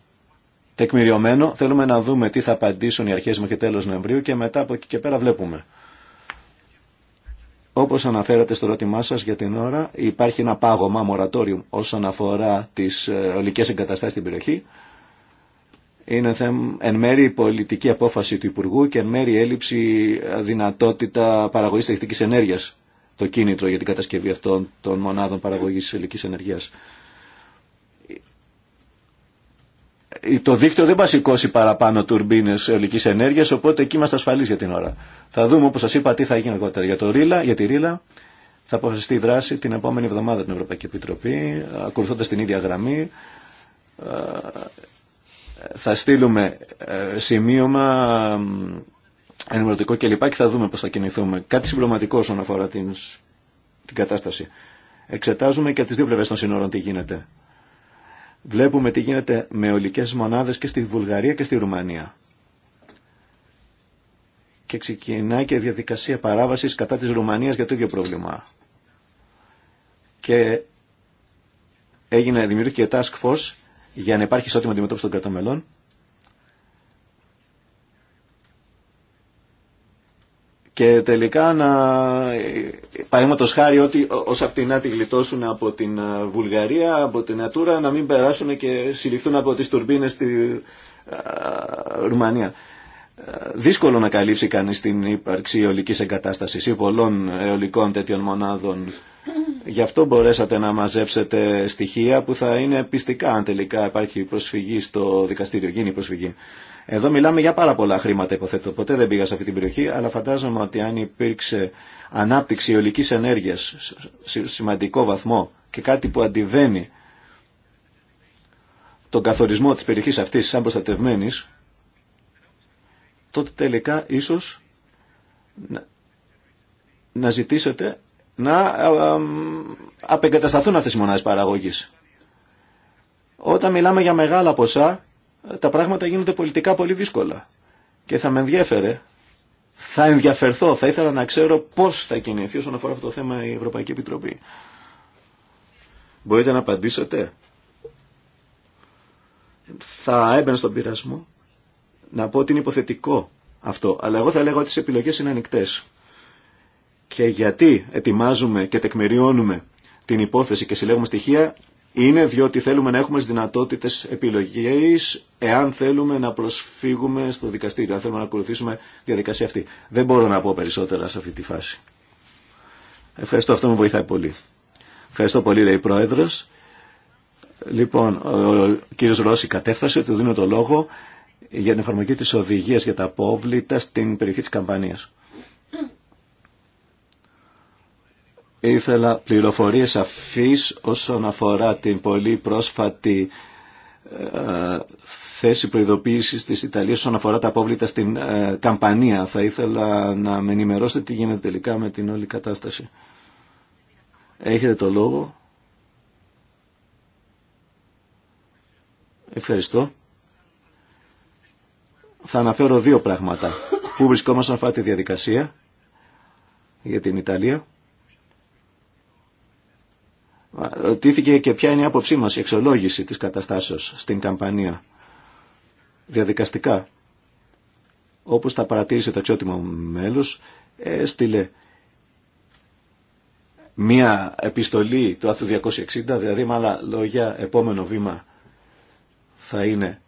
τεκμηριωμένο, θέλουμε να δούμε τι θα απαντήσουν οι αρχές μέχρι τέλος Νοεμβρίου και μετά από εκεί και πέρα βλέπουμε. Όπως αναφέρατε στο ερώτημά σας για την ώρα, υπάρχει ένα πάγωμα μορατόριου όσον αφορά τις ε, ολικές εγκαταστάσεις στην περιοχή. Είναι εν μέρη η πολιτική απόφαση του Υπουργού και εν μέρη έλλειψη δυνατότητα παραγωγής τεχνικής ενέργειας το κίνητρο για την κατασκευή αυτών των μονάδων παραγωγής ηλικής ενεργείας. το δίκτυο δεν θα σηκώσει παραπάνω τουρμπίνε ολική ενέργεια, οπότε εκεί είμαστε ασφαλεί για την ώρα. Θα δούμε, όπω σα είπα, τι θα γίνει αργότερα. Για, το Ρίλα, για τη Ρίλα θα αποφασιστεί η δράση την επόμενη εβδομάδα την Ευρωπαϊκή Επιτροπή, ακολουθώντα την ίδια γραμμή. Ε, θα στείλουμε ε, σημείωμα ε, ενημερωτικό κλπ. Και, θα δούμε πώ θα κινηθούμε. Κάτι συμπληρωματικό όσον αφορά την, την κατάσταση. Εξετάζουμε και από τι δύο πλευρέ των σύνορων τι γίνεται. Βλέπουμε τι γίνεται με ολικές μονάδες και στη Βουλγαρία και στη Ρουμανία. Και ξεκινάει και διαδικασία παράβασης κατά της Ρουμανίας για το ίδιο πρόβλημα. Και έγινε, δημιουργήθηκε task force για να υπάρχει ισότιμη αντιμετώπιση των μελών. και τελικά να παραδείγματο χάρη ότι ως πτηνά τη γλιτώσουν από την ε, Βουλγαρία, από την Ατούρα να μην περάσουν και συλληφθούν από τις τουρμπίνες στη ε, Ρουμανία. Ε, δύσκολο να καλύψει κανείς την ύπαρξη αιωλικής εγκατάστασης ή πολλών αιωλικών τέτοιων μονάδων. Γι' αυτό μπορέσατε να μαζέψετε στοιχεία που θα είναι πιστικά αν τελικά υπάρχει προσφυγή στο δικαστήριο, γίνει προσφυγή. Εδώ μιλάμε για πάρα πολλά χρήματα, υποθέτω. Ποτέ δεν πήγα σε αυτή την περιοχή, αλλά φαντάζομαι ότι αν υπήρξε ανάπτυξη ολικής ενέργειας σε σημαντικό βαθμό και κάτι που αντιβαίνει τον καθορισμό της περιοχής αυτής σαν προστατευμένη, τότε τελικά ίσως να ζητήσετε να απεγκατασταθούν αυτές οι μονάδες παραγωγής. Όταν μιλάμε για μεγάλα ποσά, τα πράγματα γίνονται πολιτικά πολύ δύσκολα. Και θα με ενδιαφέρε, θα ενδιαφερθώ, θα ήθελα να ξέρω πώς θα κινηθεί όσον αφορά αυτό το θέμα η Ευρωπαϊκή Επιτροπή. Μπορείτε να απαντήσετε. Θα έμπαινε στον πειρασμό να πω ότι είναι υποθετικό αυτό. Αλλά εγώ θα λέγω ότι τι επιλογές είναι ανοιχτέ. Και γιατί ετοιμάζουμε και τεκμηριώνουμε την υπόθεση και συλλέγουμε στοιχεία είναι διότι θέλουμε να έχουμε δυνατότητες επιλογής εάν θέλουμε να προσφύγουμε στο δικαστήριο, αν θέλουμε να ακολουθήσουμε διαδικασία αυτή. Δεν μπορώ να πω περισσότερα σε αυτή τη φάση. Ευχαριστώ, αυτό με βοηθάει πολύ. Ευχαριστώ πολύ, λέει η Πρόεδρος. Λοιπόν, ο κύριο Ρώση κατέφτασε, του δίνω το λόγο για την εφαρμογή τη οδηγία για τα απόβλητα στην περιοχή τη καμπάνια. Ήθελα πληροφορίες αφής όσον αφορά την πολύ πρόσφατη ε, θέση προειδοποίησης της Ιταλίας όσον αφορά τα απόβλητα στην ε, Καμπανία. Θα ήθελα να με ενημερώσετε τι γίνεται τελικά με την όλη κατάσταση. Έχετε το λόγο. Ευχαριστώ. Θα αναφέρω δύο πράγματα. Πού βρισκόμαστε αφορά τη διαδικασία για την Ιταλία Ρωτήθηκε και ποια είναι η άποψή μας, η εξολόγηση της καταστάσεως στην καμπανία διαδικαστικά. Όπως τα παρατήρησε το αξιότιμο μέλος, έστειλε μία επιστολή του άθου 260, δηλαδή με άλλα λόγια επόμενο βήμα θα είναι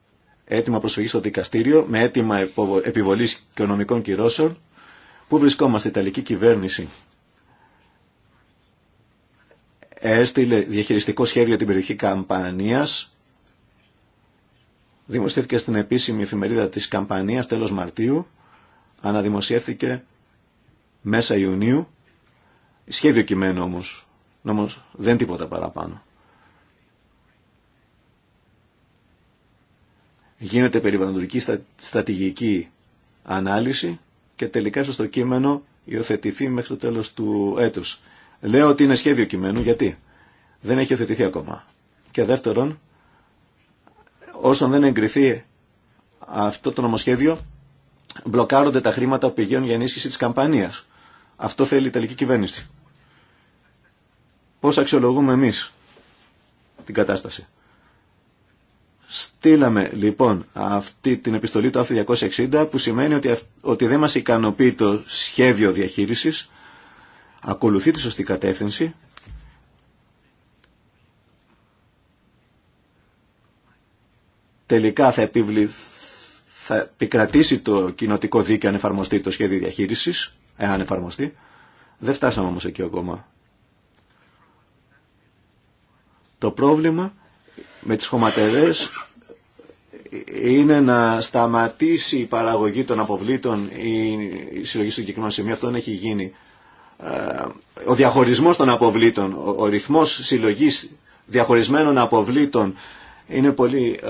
έτοιμα προσφυγής στο δικαστήριο με έτοιμα επιβολής οικονομικών κυρώσεων. Πού βρισκόμαστε η Ιταλική κυβέρνηση έστειλε διαχειριστικό σχέδιο την περιοχή Καμπανίας. Δημοσιεύτηκε στην επίσημη εφημερίδα της Καμπανίας τέλος Μαρτίου. Αναδημοσιεύθηκε μέσα Ιουνίου. Σχέδιο κειμένο όμως. Όμως δεν τίποτα παραπάνω. Γίνεται περιβαλλοντική στρατηγική ανάλυση και τελικά στο κείμενο υιοθετηθεί μέχρι το τέλος του έτους. Λέω ότι είναι σχέδιο κειμένου γιατί δεν έχει οθετηθεί ακόμα. Και δεύτερον, όσον δεν εγκριθεί αυτό το νομοσχέδιο, μπλοκάρονται τα χρήματα που πηγαίνουν για ενίσχυση της καμπανίας. Αυτό θέλει η τελική κυβέρνηση. Πώς αξιολογούμε εμείς την κατάσταση. Στείλαμε λοιπόν αυτή την επιστολή του άρθρου 260 που σημαίνει ότι, ότι δεν μας ικανοποιεί το σχέδιο διαχείρισης ακολουθεί τη σωστή κατεύθυνση τελικά θα, θα επικρατήσει το κοινοτικό δίκαιο αν εφαρμοστεί το σχέδιο διαχείρισης, εάν εφαρμοστεί. Δεν φτάσαμε όμως εκεί ακόμα. Το πρόβλημα με τις χωματερές είναι να σταματήσει η παραγωγή των αποβλήτων η συλλογή στο συγκεκριμένο σημείο. Αυτό δεν έχει γίνει ο διαχωρισμός των αποβλήτων, ο, ο ρυθμός συλλογής διαχωρισμένων αποβλήτων είναι πολύ ε,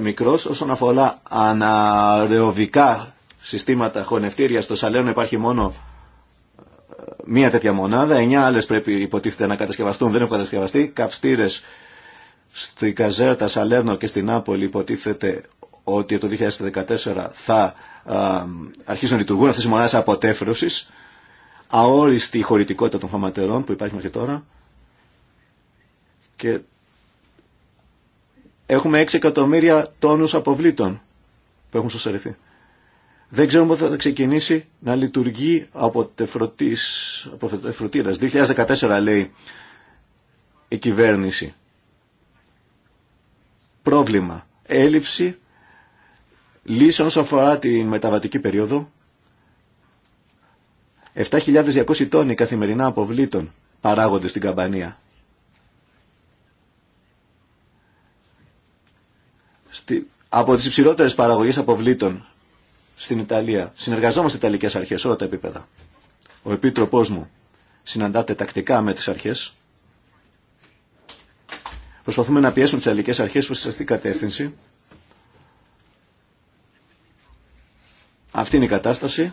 μικρός όσον αφορά αναρεοβικά συστήματα χωνευτήρια στο Σαλέρνο υπάρχει μόνο ε, μία τέτοια μονάδα, εννιά άλλες πρέπει υποτίθεται να κατασκευαστούν, δεν έχουν κατασκευαστεί, καυστήρες στη Καζέρτα, Σαλέρνο και στην Νάπολη υποτίθεται ότι το 2014 θα ε, αρχίσουν να λειτουργούν αυτές οι μονάδες αποτέφρωσης αόριστη η χωρητικότητα των χωματερών που υπάρχει μέχρι τώρα και έχουμε 6 εκατομμύρια τόνους αποβλήτων που έχουν σωσαρευτεί. Δεν ξέρουμε πότε θα ξεκινήσει να λειτουργεί από τεφρωτής, από τεφρωτήρας. 2014 λέει η κυβέρνηση. Πρόβλημα. Έλλειψη λύσεων όσον αφορά τη μεταβατική περίοδο 7.200 τόνοι καθημερινά αποβλήτων παράγονται στην καμπανία. Στη, από τις υψηλότερες παραγωγές αποβλήτων στην Ιταλία. Συνεργαζόμαστε Ιταλικές αρχές σε όλα τα επίπεδα. Ο Επίτροπός μου συναντάται τακτικά με τις αρχές. Προσπαθούμε να πιέσουμε τις Ιταλικές αρχές προς τη σωστή κατεύθυνση. Αυτή είναι η κατάσταση.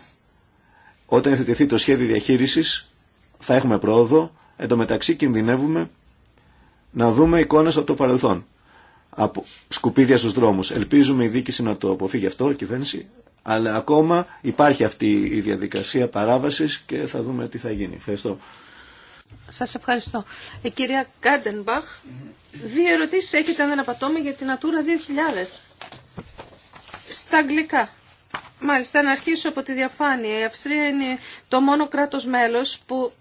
Όταν εθετηθεί το σχέδιο διαχείρισης θα έχουμε πρόοδο, εν τω μεταξύ κινδυνεύουμε να δούμε εικόνες από το παρελθόν, από σκουπίδια στους δρόμους. Ελπίζουμε η δίκηση να το αποφύγει αυτό, η κυβέρνηση, αλλά ακόμα υπάρχει αυτή η διαδικασία παράβαση και θα δούμε τι θα γίνει. Ευχαριστώ. Σας ευχαριστώ. Ε, κυρία Κάντενμπαχ, δύο ερωτήσει έχετε αν δεν απατώμε για την Natura 2000. Στα αγγλικά. Μάλιστα, να αρχίσω από τη διαφάνεια. Η Αυστρία είναι το μόνο κράτος μέλος που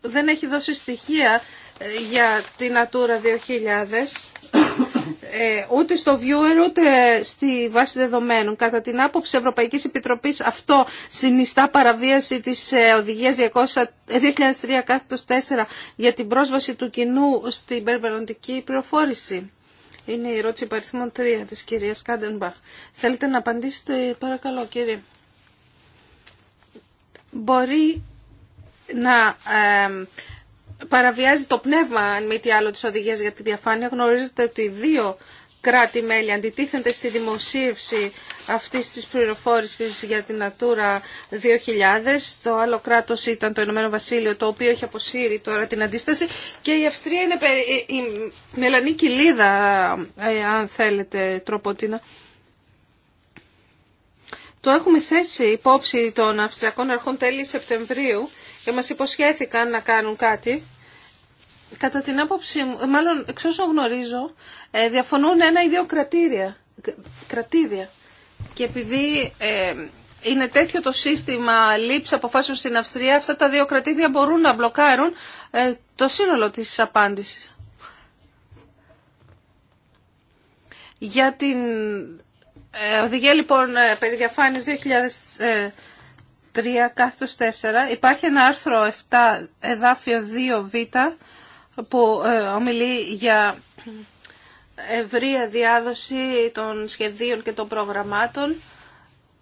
δεν έχει δώσει στοιχεία ε, για την Natura 2000 ε, ούτε στο viewer ούτε στη βάση δεδομένων. Κατά την άποψη Ευρωπαϊκής Επιτροπής αυτό συνιστά παραβίαση της ε, οδηγίας 2003 4 για την πρόσβαση του κοινού στην περιβαλλοντική πληροφόρηση. Είναι η ερώτηση παριθμών 3 της κυρίας Κάντενμπαχ. Θέλετε να απαντήσετε, παρακαλώ κύριε. Μπορεί να ε, παραβιάζει το πνεύμα, αν μη τι άλλο, τις οδηγίες για τη διαφάνεια. Γνωρίζετε ότι δύο κράτη-μέλη αντιτίθενται στη δημοσίευση αυτής της πληροφόρησης για την Natura 2000. Το άλλο κράτος ήταν το Ηνωμένο Βασίλειο, το οποίο έχει αποσύρει τώρα την αντίσταση. Και η Αυστρία είναι η μελανή κοιλίδα, ε, αν θέλετε, τροποτίνα. Το έχουμε θέσει υπόψη των Αυστριακών Αρχών τέλη Σεπτεμβρίου και μας υποσχέθηκαν να κάνουν κάτι. Κατά την άποψή μου, ε, μάλλον εξ όσων γνωρίζω, ε, διαφωνούν ένα ή δύο κρατήρια. κρατήδια. Και επειδή ε, είναι τέτοιο το σύστημα λήψη αποφάσεων στην Αυστρία, αυτά τα δύο κρατήδια μπορούν να μπλοκάρουν το σύνολο της απάντησης. Για την ε, οδηγία λοιπόν περί διαφάνειας 2003 4 υπάρχει ένα άρθρο 7 εδάφιο 2β που ε, ομιλεί για ευρία διάδοση των σχεδίων και των προγραμμάτων.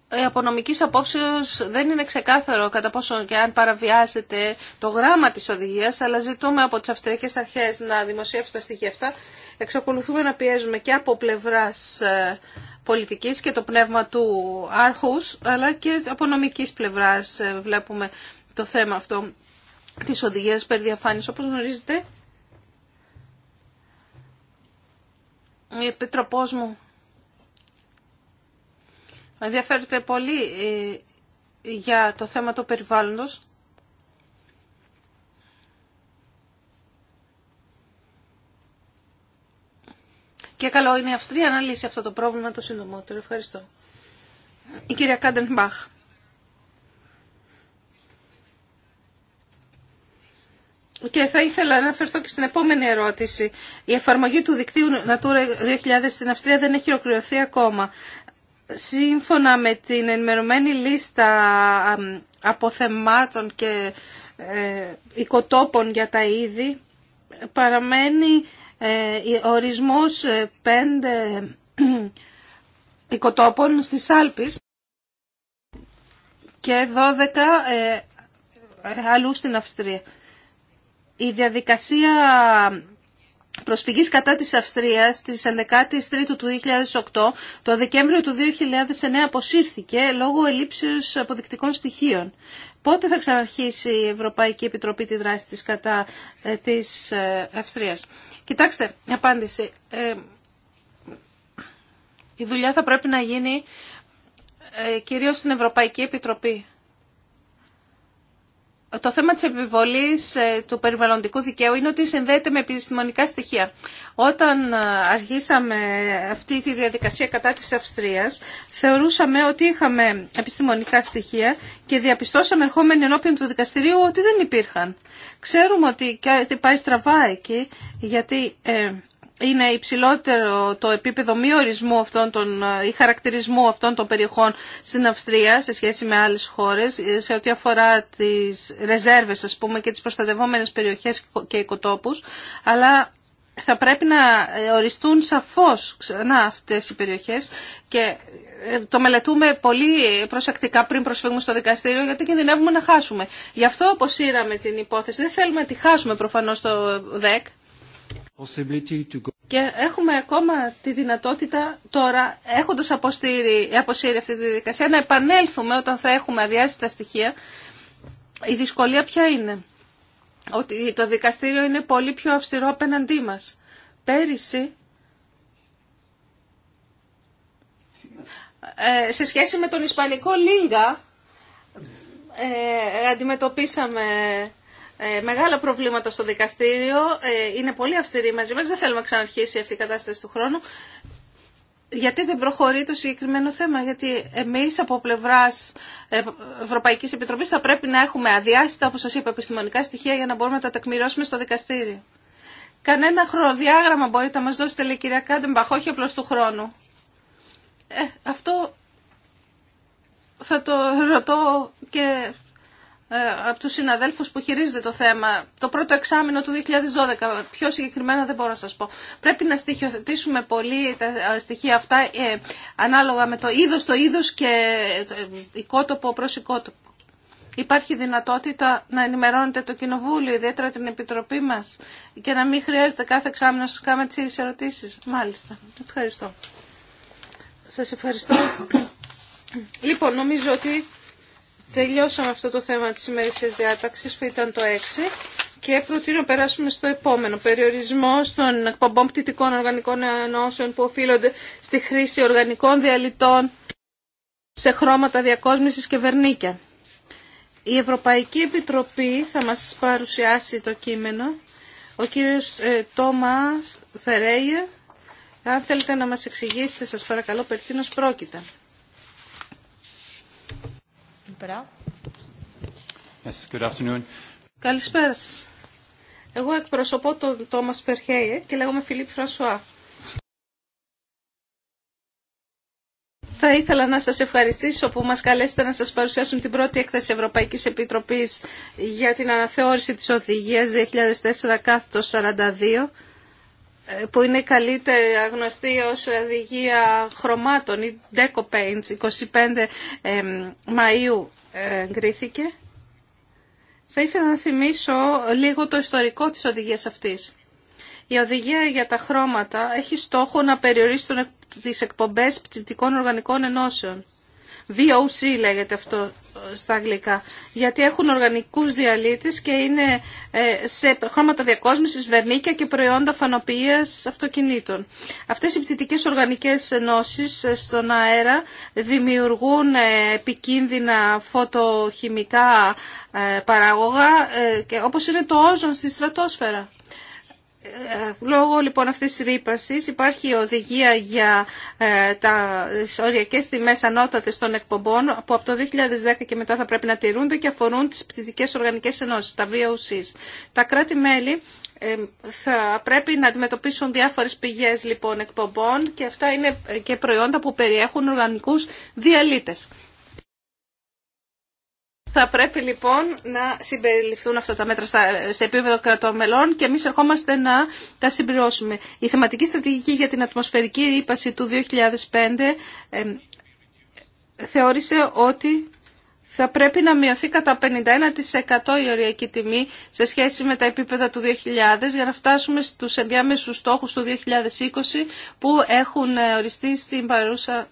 Ε, από απονομική απόψεως δεν είναι ξεκάθαρο κατά πόσο και αν παραβιάζεται το γράμμα της οδηγίας, αλλά ζητούμε από τις αυστριακές αρχές να δημοσιεύσουν τα στοιχεία αυτά. Εξακολουθούμε να πιέζουμε και από πλευράς ε, πολιτικής και το πνεύμα του άρχους, αλλά και από νομικής πλευράς βλέπουμε το θέμα αυτό της οδηγίας περί διαφάνειας. Όπως γνωρίζετε, η Επίτροπός μου ενδιαφέρεται πολύ ε, για το θέμα του περιβάλλοντος. Και καλό είναι η Αυστρία να λύσει αυτό το πρόβλημα το συντομότερο. Ευχαριστώ. Η κυρία μπαχ. Και θα ήθελα να αναφερθώ και στην επόμενη ερώτηση. Η εφαρμογή του δικτύου Natura 2000 στην Αυστρία δεν έχει ολοκληρωθεί ακόμα. Σύμφωνα με την ενημερωμένη λίστα αποθεμάτων και ε, οικοτόπων για τα είδη, παραμένει ο ε, ορισμός ε, πέντε οικοτόπων στις Άλπεις και 12 αλλού στην Αυστρία η διαδικασία προσφυγής κατά της Αυστρίας της 11 η του 2008 το Δεκέμβριο του 2009 αποσύρθηκε λόγω ελλείψεως αποδεικτικών στοιχείων. Πότε θα ξαναρχίσει η Ευρωπαϊκή Επιτροπή τη δράση της κατά ε, της ε, Αυστρίας. Κοιτάξτε, απάντηση. Ε, η δουλειά θα πρέπει να γίνει ε, κυρίως στην Ευρωπαϊκή Επιτροπή το θέμα της επιβολής ε, του περιβαλλοντικού δικαίου είναι ότι συνδέεται με επιστημονικά στοιχεία. Όταν ε, αρχίσαμε αυτή τη διαδικασία κατά της Αυστρίας, θεωρούσαμε ότι είχαμε επιστημονικά στοιχεία και διαπιστώσαμε ερχόμενοι ενώπιον του δικαστηρίου ότι δεν υπήρχαν. Ξέρουμε ότι πάει στραβά εκεί, γιατί... Ε, είναι υψηλότερο το επίπεδο μη ορισμού αυτών των, ε, ή χαρακτηρισμού αυτών των περιοχών στην Αυστρία σε σχέση με άλλες χώρες ε, σε ό,τι αφορά τις ρεζέρβες ας πούμε και τις προστατευόμενες περιοχές και οικοτόπους αλλά θα πρέπει να ε, οριστούν σαφώς ξανά αυτές οι περιοχές και το μελετούμε πολύ προσεκτικά πριν προσφύγουμε στο δικαστήριο γιατί κινδυνεύουμε να χάσουμε. Γι' αυτό αποσύραμε την υπόθεση. Δεν θέλουμε να τη χάσουμε προφανώς το ΔΕΚ και έχουμε ακόμα τη δυνατότητα τώρα, έχοντας αποσύρει αυτή τη διαδικασία, να επανέλθουμε όταν θα έχουμε αδειάσει τα στοιχεία. Η δυσκολία ποια είναι. Ότι το δικαστήριο είναι πολύ πιο αυστηρό απέναντί μας. Πέρυσι, ε, σε σχέση με τον Ισπανικό Λίγκα, ε, αντιμετωπίσαμε ε, μεγάλα προβλήματα στο δικαστήριο, ε, είναι πολύ αυστηρή μαζί μας, δεν θέλουμε να ξαναρχίσει αυτή η κατάσταση του χρόνου. Γιατί δεν προχωρεί το συγκεκριμένο θέμα, γιατί εμείς από πλευράς ε, Ευρωπαϊκής Επιτροπής θα πρέπει να έχουμε αδιάστα, όπως σας είπα, επιστημονικά στοιχεία για να μπορούμε να τα τεκμηρώσουμε στο δικαστήριο. Κανένα χρονοδιάγραμμα μπορεί να μας δώσετε, λέει κυρία Κάντεμπαχ, όχι απλώς του χρόνου. Ε, αυτό θα το ρωτώ και ε, από τους συναδέλφους που χειρίζονται το θέμα το πρώτο εξάμεινο του 2012 πιο συγκεκριμένα δεν μπορώ να σας πω πρέπει να στοιχειοθετήσουμε πολύ τα ε, στοιχεία αυτά ε, ανάλογα με το είδος το είδος και οικότοπο προς οικότοπο υπάρχει δυνατότητα να ενημερώνετε το Κοινοβούλιο, ιδιαίτερα την Επιτροπή μας και να μην χρειάζεται κάθε εξάμεινο να σας κάνουμε τις ερωτήσεις. Μάλιστα. Ευχαριστώ. Σας ευχαριστώ. λοιπόν, νομίζω ότι Τελειώσαμε αυτό το θέμα της ημερήσιας διάταξης που ήταν το 6 και προτείνω να περάσουμε στο επόμενο. Περιορισμό των εκπομπών πτυτικών οργανικών ενώσεων που οφείλονται στη χρήση οργανικών διαλυτών σε χρώματα διακόσμησης και βερνίκια. Η Ευρωπαϊκή Επιτροπή θα μας παρουσιάσει το κείμενο. Ο κύριος ε, Τόμας Φερέιε, αν θέλετε να μας εξηγήσετε, σας παρακαλώ, περί πρόκειται. Yes, good afternoon. Καλησπέρα σας. Εγώ εκπροσωπώ τον Τόμας Περχέιε και λέγομαι Φιλίπ Φρανσουά. Θα ήθελα να σας ευχαριστήσω που μας καλέσετε να σας παρουσιάσουμε την πρώτη έκθεση Ευρωπαϊκής Επιτροπής για την αναθεώρηση της οδηγίας 2004 42 ε, που είναι καλύτερα γνωστή ως οδηγία χρωμάτων, η Deco Paints, 25 Μαΐου ε, εγκρίθηκε. Θα ήθελα να θυμίσω λίγο το ιστορικό της οδηγίας αυτής. Η οδηγία για τα χρώματα έχει στόχο να περιορίσει τις εκπομπές πτυτικών οργανικών ενώσεων. VOC λέγεται αυτό στα αγγλικά, γιατί έχουν οργανικούς διαλύτες και είναι ε, σε χρώματα διακόσμησης, βερνίκια και προϊόντα φανοποιίας αυτοκινήτων. Αυτές οι πτυτικές οργανικές ενώσεις ε, στον αέρα δημιουργούν ε, επικίνδυνα φωτοχημικά παράγωγα, όπως είναι το όζον στη στρατόσφαιρα. Ε, λόγω λοιπόν αυτής της ρήπασης υπάρχει οδηγία για ε, τα οριακές τιμές ανώτατες των εκπομπών που από το 2010 και μετά θα πρέπει να τηρούνται και αφορούν τις πτυτικές οργανικές ενώσεις, τα VOCs. Τα κράτη-μέλη ε, θα πρέπει να αντιμετωπίσουν διάφορες πηγές λοιπόν εκπομπών και αυτά είναι και προϊόντα που περιέχουν οργανικούς διαλύτες. Θα πρέπει λοιπόν να συμπεριληφθούν αυτά τα μέτρα στα, σε επίπεδο κρατών μελών και εμεί ερχόμαστε να τα συμπληρώσουμε. Η θεματική στρατηγική για την ατμοσφαιρική ρήπαση του 2005 θεώρησε ότι θα πρέπει να μειωθεί κατά 51% η οριακή τιμή σε σχέση με τα επίπεδα του 2000 για να φτάσουμε στους ενδιάμεσους στόχους του 2020 που έχουν ε, οριστεί στην παρούσα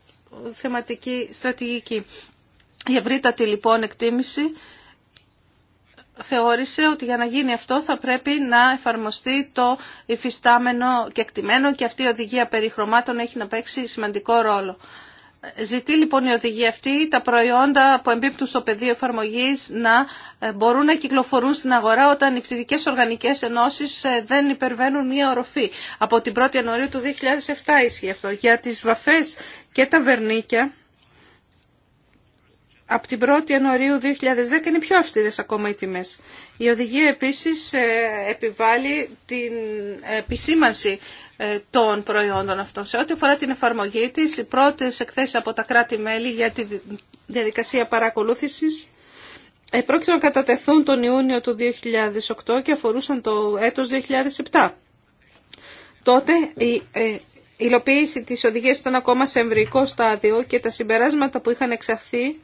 θεματική στρατηγική. Η ευρύτατη λοιπόν εκτίμηση θεώρησε ότι για να γίνει αυτό θα πρέπει να εφαρμοστεί το υφιστάμενο και εκτιμένο και αυτή η οδηγία περί χρωμάτων έχει να παίξει σημαντικό ρόλο. Ζητεί λοιπόν η οδηγία αυτή τα προϊόντα που εμπίπτουν στο πεδίο εφαρμογή να ε, μπορούν να κυκλοφορούν στην αγορά όταν οι φυτικέ οργανικέ ενώσει ε, δεν υπερβαίνουν μία οροφή. Από την 1η Ιανουαρίου του 2007 ισχύει αυτό. Για τι βαφέ και τα βερνίκια από την 1η Ιανουαρίου 2010 είναι πιο αυστηρές ακόμα οι τιμές. Η οδηγία επίσης ε, επιβάλλει την επισήμανση ε, των προϊόντων αυτών. Σε ό,τι αφορά την εφαρμογή της, οι πρώτες εκθέσεις από τα κράτη-μέλη για τη διαδικασία παρακολούθησης πρόκειται να κατατεθούν τον Ιούνιο του 2008 και αφορούσαν το έτος 2007. Τότε ε, η υλοποίηση της οδηγίας ήταν ακόμα σε εμβρυϊκό στάδιο και τα συμπεράσματα που είχαν εξαχθεί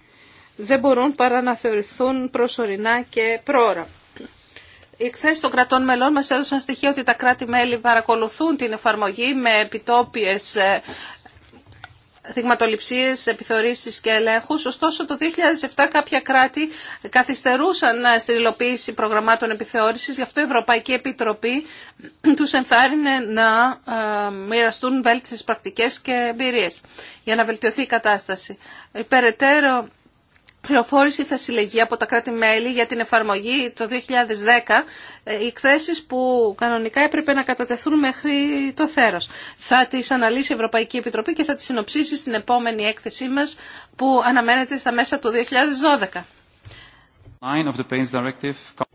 δεν μπορούν παρά να θεωρηθούν προσωρινά και πρόωρα. Οι εκθέσει των κρατών μελών μα έδωσαν στοιχεία ότι τα κράτη-μέλη παρακολουθούν την εφαρμογή με επιτόπιε ε, δειγματοληψίες, επιθεωρήσεις και ελέγχους. Ωστόσο το 2007 κάποια κράτη καθυστερούσαν ε, στην υλοποίηση προγραμμάτων επιθεώρησης. Γι' αυτό η Ευρωπαϊκή Επιτροπή τους ενθάρρυνε να ε, μοιραστούν βέλτιστες πρακτικές και εμπειρίες για να βελτιωθεί η κατάσταση. Περαιτέρω πληροφόρηση θα συλλεγεί από τα κράτη-μέλη για την εφαρμογή το 2010 ε, οι εκθέσει που κανονικά έπρεπε να κατατεθούν μέχρι το θέρο. Θα τι αναλύσει η Ευρωπαϊκή Επιτροπή και θα τις συνοψίσει στην επόμενη έκθεσή μας που αναμένεται στα μέσα του 2012.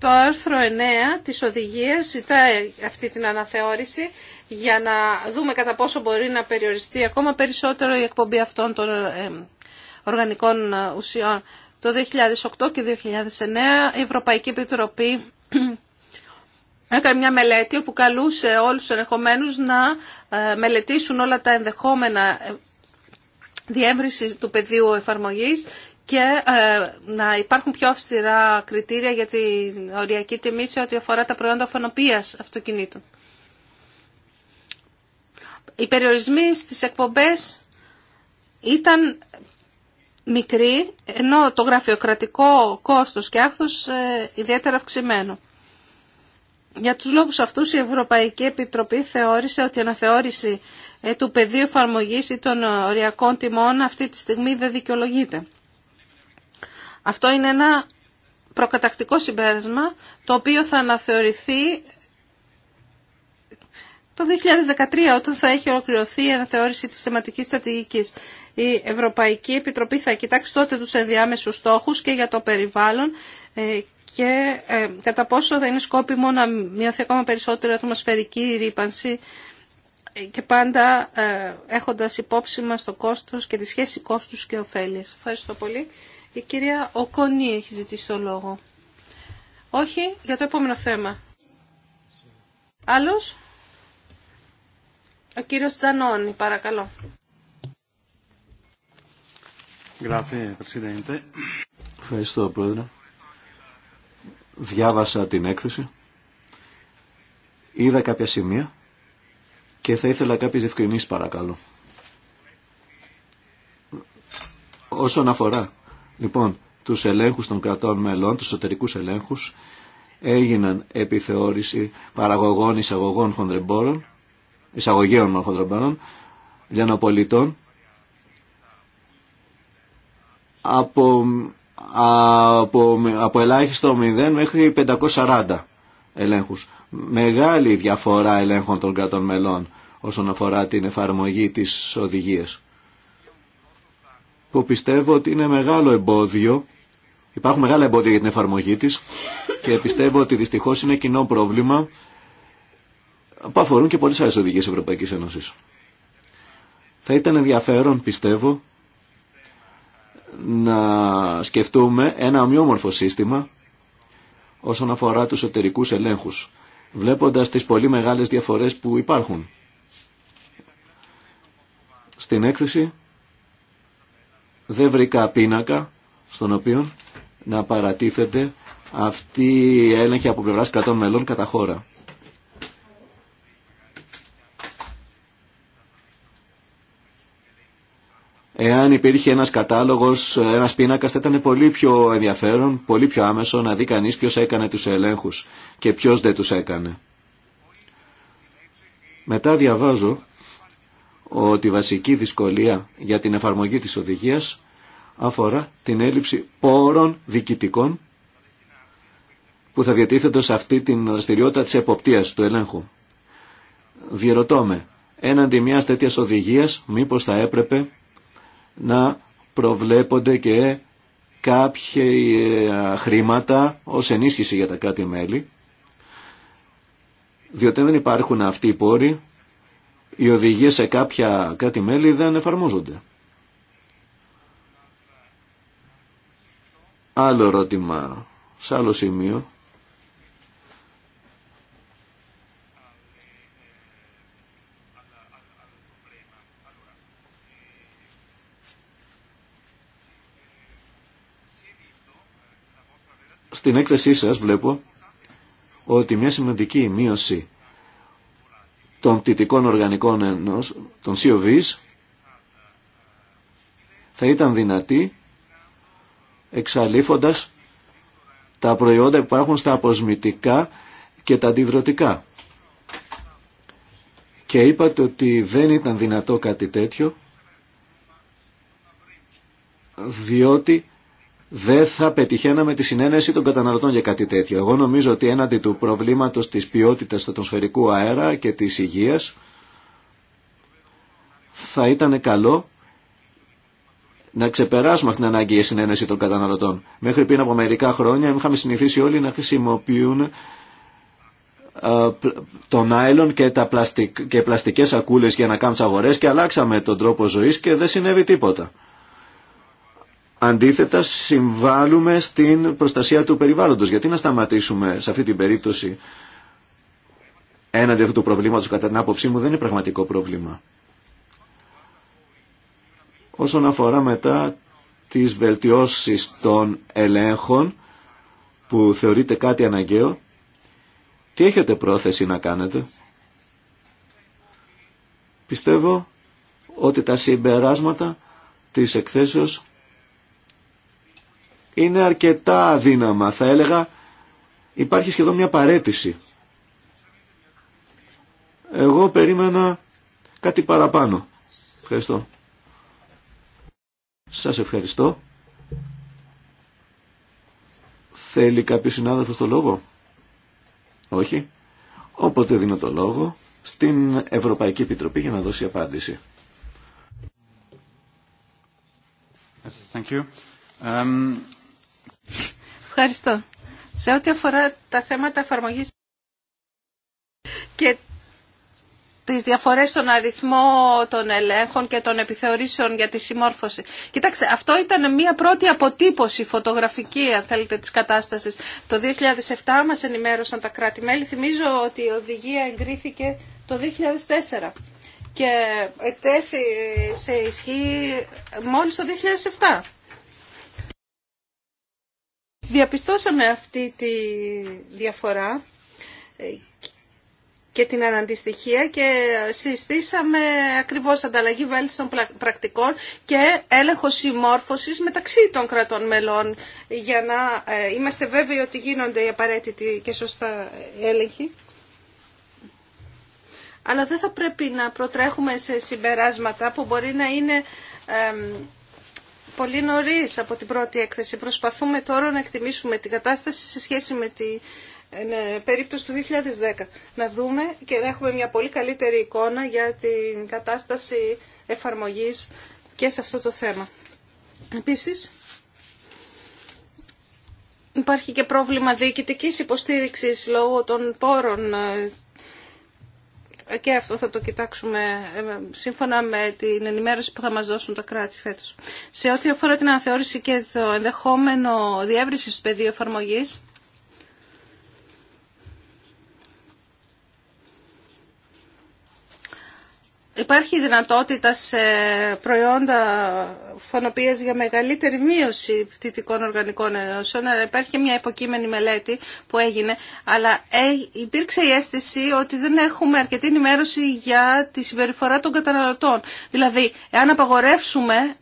Το άρθρο 9 της οδηγίας ζητάει αυτή την αναθεώρηση για να δούμε κατά πόσο μπορεί να περιοριστεί ακόμα περισσότερο η εκπομπή αυτών των ε, οργανικών ε, ουσιών. Το 2008 και 2009 η Ευρωπαϊκή Επιτροπή έκανε μια μελέτη που καλούσε όλους τους ενεχομένους να ε, μελετήσουν όλα τα ενδεχόμενα ε, διεύρυνση του πεδίου εφαρμογής και να υπάρχουν πιο αυστηρά κριτήρια για την οριακή τιμή σε ό,τι αφορά τα προϊόντα φωνοποίησης αυτοκινήτων. Οι περιορισμοί στις εκπομπές ήταν μικρή, ενώ το γραφειοκρατικό κόστος και άχθος ε, ιδιαίτερα αυξημένο. Για τους λόγους αυτούς η Ευρωπαϊκή Επιτροπή θεώρησε ότι η αναθεώρηση ε, του πεδίου εφαρμογή ή των οριακών τιμών αυτή τη στιγμή δεν δικαιολογείται. Αυτό είναι ένα προκατακτικό συμπέρασμα το οποίο θα αναθεωρηθεί το 2013 όταν θα έχει ολοκληρωθεί η αναθεώρηση της θεματικής στρατηγικής η Ευρωπαϊκή Επιτροπή θα κοιτάξει τότε τους ενδιάμεσους στόχους και για το περιβάλλον ε, και ε, κατά πόσο θα είναι σκόπιμο να μειωθεί ακόμα περισσότερο η ατμοσφαιρική ρήπανση ε, και πάντα έχοντας υπόψη μας το κόστος και τη σχέση κόστους και ωφέλειας. Ευχαριστώ πολύ. Η κυρία Οκονή έχει ζητήσει το λόγο. Όχι, για το επόμενο θέμα. Άλλος? Ο κύριος Τζανώνη, παρακαλώ. Ευχαριστώ, Πρόεδρε. Διάβασα την έκθεση. Είδα κάποια σημεία και θα ήθελα κάποιες διευκρινήσεις, παρακαλώ. Όσον αφορά, λοιπόν, τους ελέγχους των κρατών μελών, τους εσωτερικούς ελέγχους, έγιναν επιθεώρηση παραγωγών εισαγωγών χονδρεμπόρων, εισαγωγέων χονδρεμπόρων, λιανοπολιτών από, από, από ελάχιστο 0 μέχρι 540 ελέγχους. Μεγάλη διαφορά ελέγχων των κρατών μελών όσον αφορά την εφαρμογή της οδηγίας. Που πιστεύω ότι είναι μεγάλο εμπόδιο, υπάρχουν μεγάλα εμπόδια για την εφαρμογή της και πιστεύω ότι δυστυχώς είναι κοινό πρόβλημα που αφορούν και πολλές άλλες οδηγίες Ευρωπαϊκής Ένωσης. Θα ήταν ενδιαφέρον, πιστεύω, να σκεφτούμε ένα ομοιόμορφο σύστημα όσον αφορά τους εσωτερικούς ελέγχους, βλέποντας τις πολύ μεγάλες διαφορές που υπάρχουν. Στην έκθεση δεν βρήκα πίνακα στον οποίο να παρατίθεται αυτή η έλεγχη από πλευράς μελών κατά χώρα. Εάν υπήρχε ένας κατάλογος, ένας πίνακας θα ήταν πολύ πιο ενδιαφέρον, πολύ πιο άμεσο να δει κανείς ποιος έκανε τους ελέγχους και ποιος δεν τους έκανε. Μετά διαβάζω ότι η βασική δυσκολία για την εφαρμογή της οδηγίας αφορά την έλλειψη πόρων διοικητικών που θα διατίθεται σε αυτή την δραστηριότητα της εποπτείας του ελέγχου. Διερωτώ με, έναντι μιας τέτοιας οδηγίας μήπως θα έπρεπε να προβλέπονται και κάποια ε, χρήματα ως ενίσχυση για τα κάτι μελη διότι δεν υπάρχουν αυτοί οι πόροι, οι οδηγίες σε καποια κάτι κράτη-μέλη δεν εφαρμόζονται. Άλλο ερώτημα, σε άλλο σημείο, Στην έκθεσή σας βλέπω ότι μια σημαντική μείωση των πτυτικών οργανικών ενός, των COVs, θα ήταν δυνατή εξαλείφοντας τα προϊόντα που υπάρχουν στα αποσμητικά και τα αντιδροτικά. Και είπατε ότι δεν ήταν δυνατό κάτι τέτοιο, διότι δεν θα πετυχαίναμε τη συνένεση των καταναλωτών για κάτι τέτοιο. Εγώ νομίζω ότι έναντι του προβλήματος της ποιότητας του ατμοσφαιρικού αέρα και της υγείας θα ήταν καλό να ξεπεράσουμε αυτήν την ανάγκη για συνένεση των καταναλωτών. Μέχρι πριν από μερικά χρόνια είχαμε συνηθίσει όλοι να χρησιμοποιούν ε, το νάιλον και, τα πλαστικ, και πλαστικές σακούλες για να κάνουν τις αγορές και αλλάξαμε τον τρόπο ζωής και δεν συνέβη τίποτα. Αντίθετα, συμβάλλουμε στην προστασία του περιβάλλοντος. Γιατί να σταματήσουμε σε αυτή την περίπτωση έναντι αυτού του προβλήματος, κατά την άποψή μου, δεν είναι πραγματικό πρόβλημα. Όσον αφορά μετά τις βελτιώσεις των ελέγχων, που θεωρείτε κάτι αναγκαίο, τι έχετε πρόθεση να κάνετε. Πιστεύω ότι τα συμπεράσματα της εκθέσεως είναι αρκετά αδύναμα. Θα έλεγα υπάρχει σχεδόν μια παρέτηση. Εγώ περίμενα κάτι παραπάνω. Ευχαριστώ. Σας ευχαριστώ. Θέλει κάποιος συνάδελφος το λόγο. Όχι. Όποτε δίνω το λόγο στην Ευρωπαϊκή Επιτροπή για να δώσει απάντηση. Thank um, Ευχαριστώ. Σε ό,τι αφορά τα θέματα εφαρμογή και τις διαφορές στον αριθμό των ελέγχων και των επιθεωρήσεων για τη συμμόρφωση. Κοιτάξτε, αυτό ήταν μια πρώτη αποτύπωση φωτογραφική, αν θέλετε, της κατάστασης. Το 2007 μας ενημέρωσαν τα κράτη-μέλη. Θυμίζω ότι η οδηγία εγκρίθηκε το 2004 και ετέθη σε ισχύ μόλις το 2007. Διαπιστώσαμε αυτή τη διαφορά ε, και την αναντιστοιχία και συστήσαμε ακριβώς ανταλλαγή βέλτιστων πρακτικών και έλεγχο συμμόρφωσης μεταξύ των κρατών μελών για να ε, είμαστε βέβαιοι ότι γίνονται οι απαραίτητοι και σωστά έλεγχοι. Αλλά δεν θα πρέπει να προτρέχουμε σε συμπεράσματα που μπορεί να είναι πολύ νωρί από την πρώτη έκθεση. Προσπαθούμε τώρα να εκτιμήσουμε την κατάσταση σε σχέση με την περίπτωση του 2010. Να δούμε και να έχουμε μια πολύ καλύτερη εικόνα για την κατάσταση εφαρμογής και σε αυτό το θέμα. Επίσης, υπάρχει και πρόβλημα διοικητικής υποστήριξης λόγω των πόρων ε, και αυτό θα το κοιτάξουμε ε, σύμφωνα με την ενημέρωση που θα μας δώσουν τα κράτη φέτος. Σε ό,τι αφορά την αναθεώρηση και το ενδεχόμενο διεύρυνση του πεδίου εφαρμογής, Υπάρχει δυνατότητα σε προϊόντα φωνοποίησης για μεγαλύτερη μείωση πτυτικών οργανικών ενώσεων, υπάρχει μια υποκείμενη μελέτη που έγινε, αλλά ε, υπήρξε η αίσθηση ότι δεν έχουμε αρκετή ενημέρωση για τη συμπεριφορά των καταναλωτών. Δηλαδή, εάν απαγορεύσουμε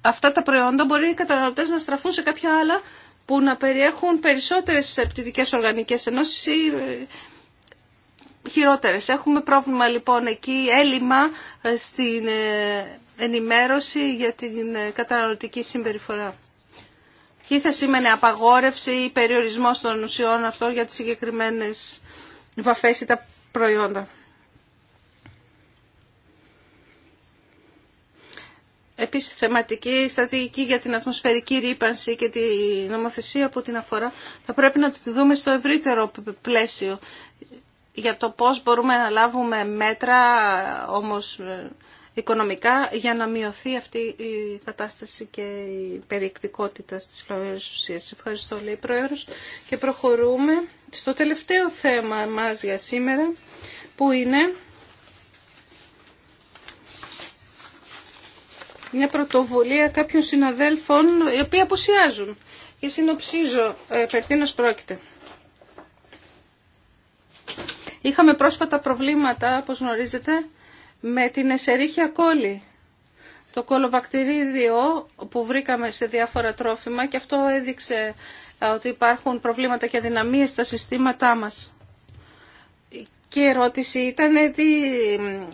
αυτά τα προϊόντα, μπορεί οι καταναλωτές να στραφούν σε κάποια άλλα που να περιέχουν περισσότερες πτυτικές οργανικές ενώσεις ε, χειρότερες. Έχουμε πρόβλημα λοιπόν εκεί, έλλειμμα ε, στην ε, ενημέρωση για την ε, καταναλωτική συμπεριφορά. Και θα σήμαινε απαγόρευση ή περιορισμό των ουσιών αυτών για τις συγκεκριμένες βαφές ή τα προϊόντα. Επίσης θεματική στρατηγική για την ατμοσφαιρική ρήπανση και τη νομοθεσία που την αφορά θα πρέπει να τη δούμε στο ευρύτερο πλαίσιο για το πώς μπορούμε να λάβουμε μέτρα όμως ε, οικονομικά για να μειωθεί αυτή η κατάσταση και η περιεκτικότητα στις φλαβερές ουσίες. Ευχαριστώ λέει Πρόεδρος και προχωρούμε στο τελευταίο θέμα μας για σήμερα που είναι μια πρωτοβουλία κάποιων συναδέλφων οι οποίοι αποσιάζουν και συνοψίζω ε, περτίνως πρόκειται. Είχαμε πρόσφατα προβλήματα, όπως γνωρίζετε, με την εσερίχια κόλλη. Το κολοβακτηρίδιο που βρήκαμε σε διάφορα τρόφιμα και αυτό έδειξε ότι υπάρχουν προβλήματα και αδυναμίες στα συστήματά μας. Και η ερώτηση ήταν ε, τι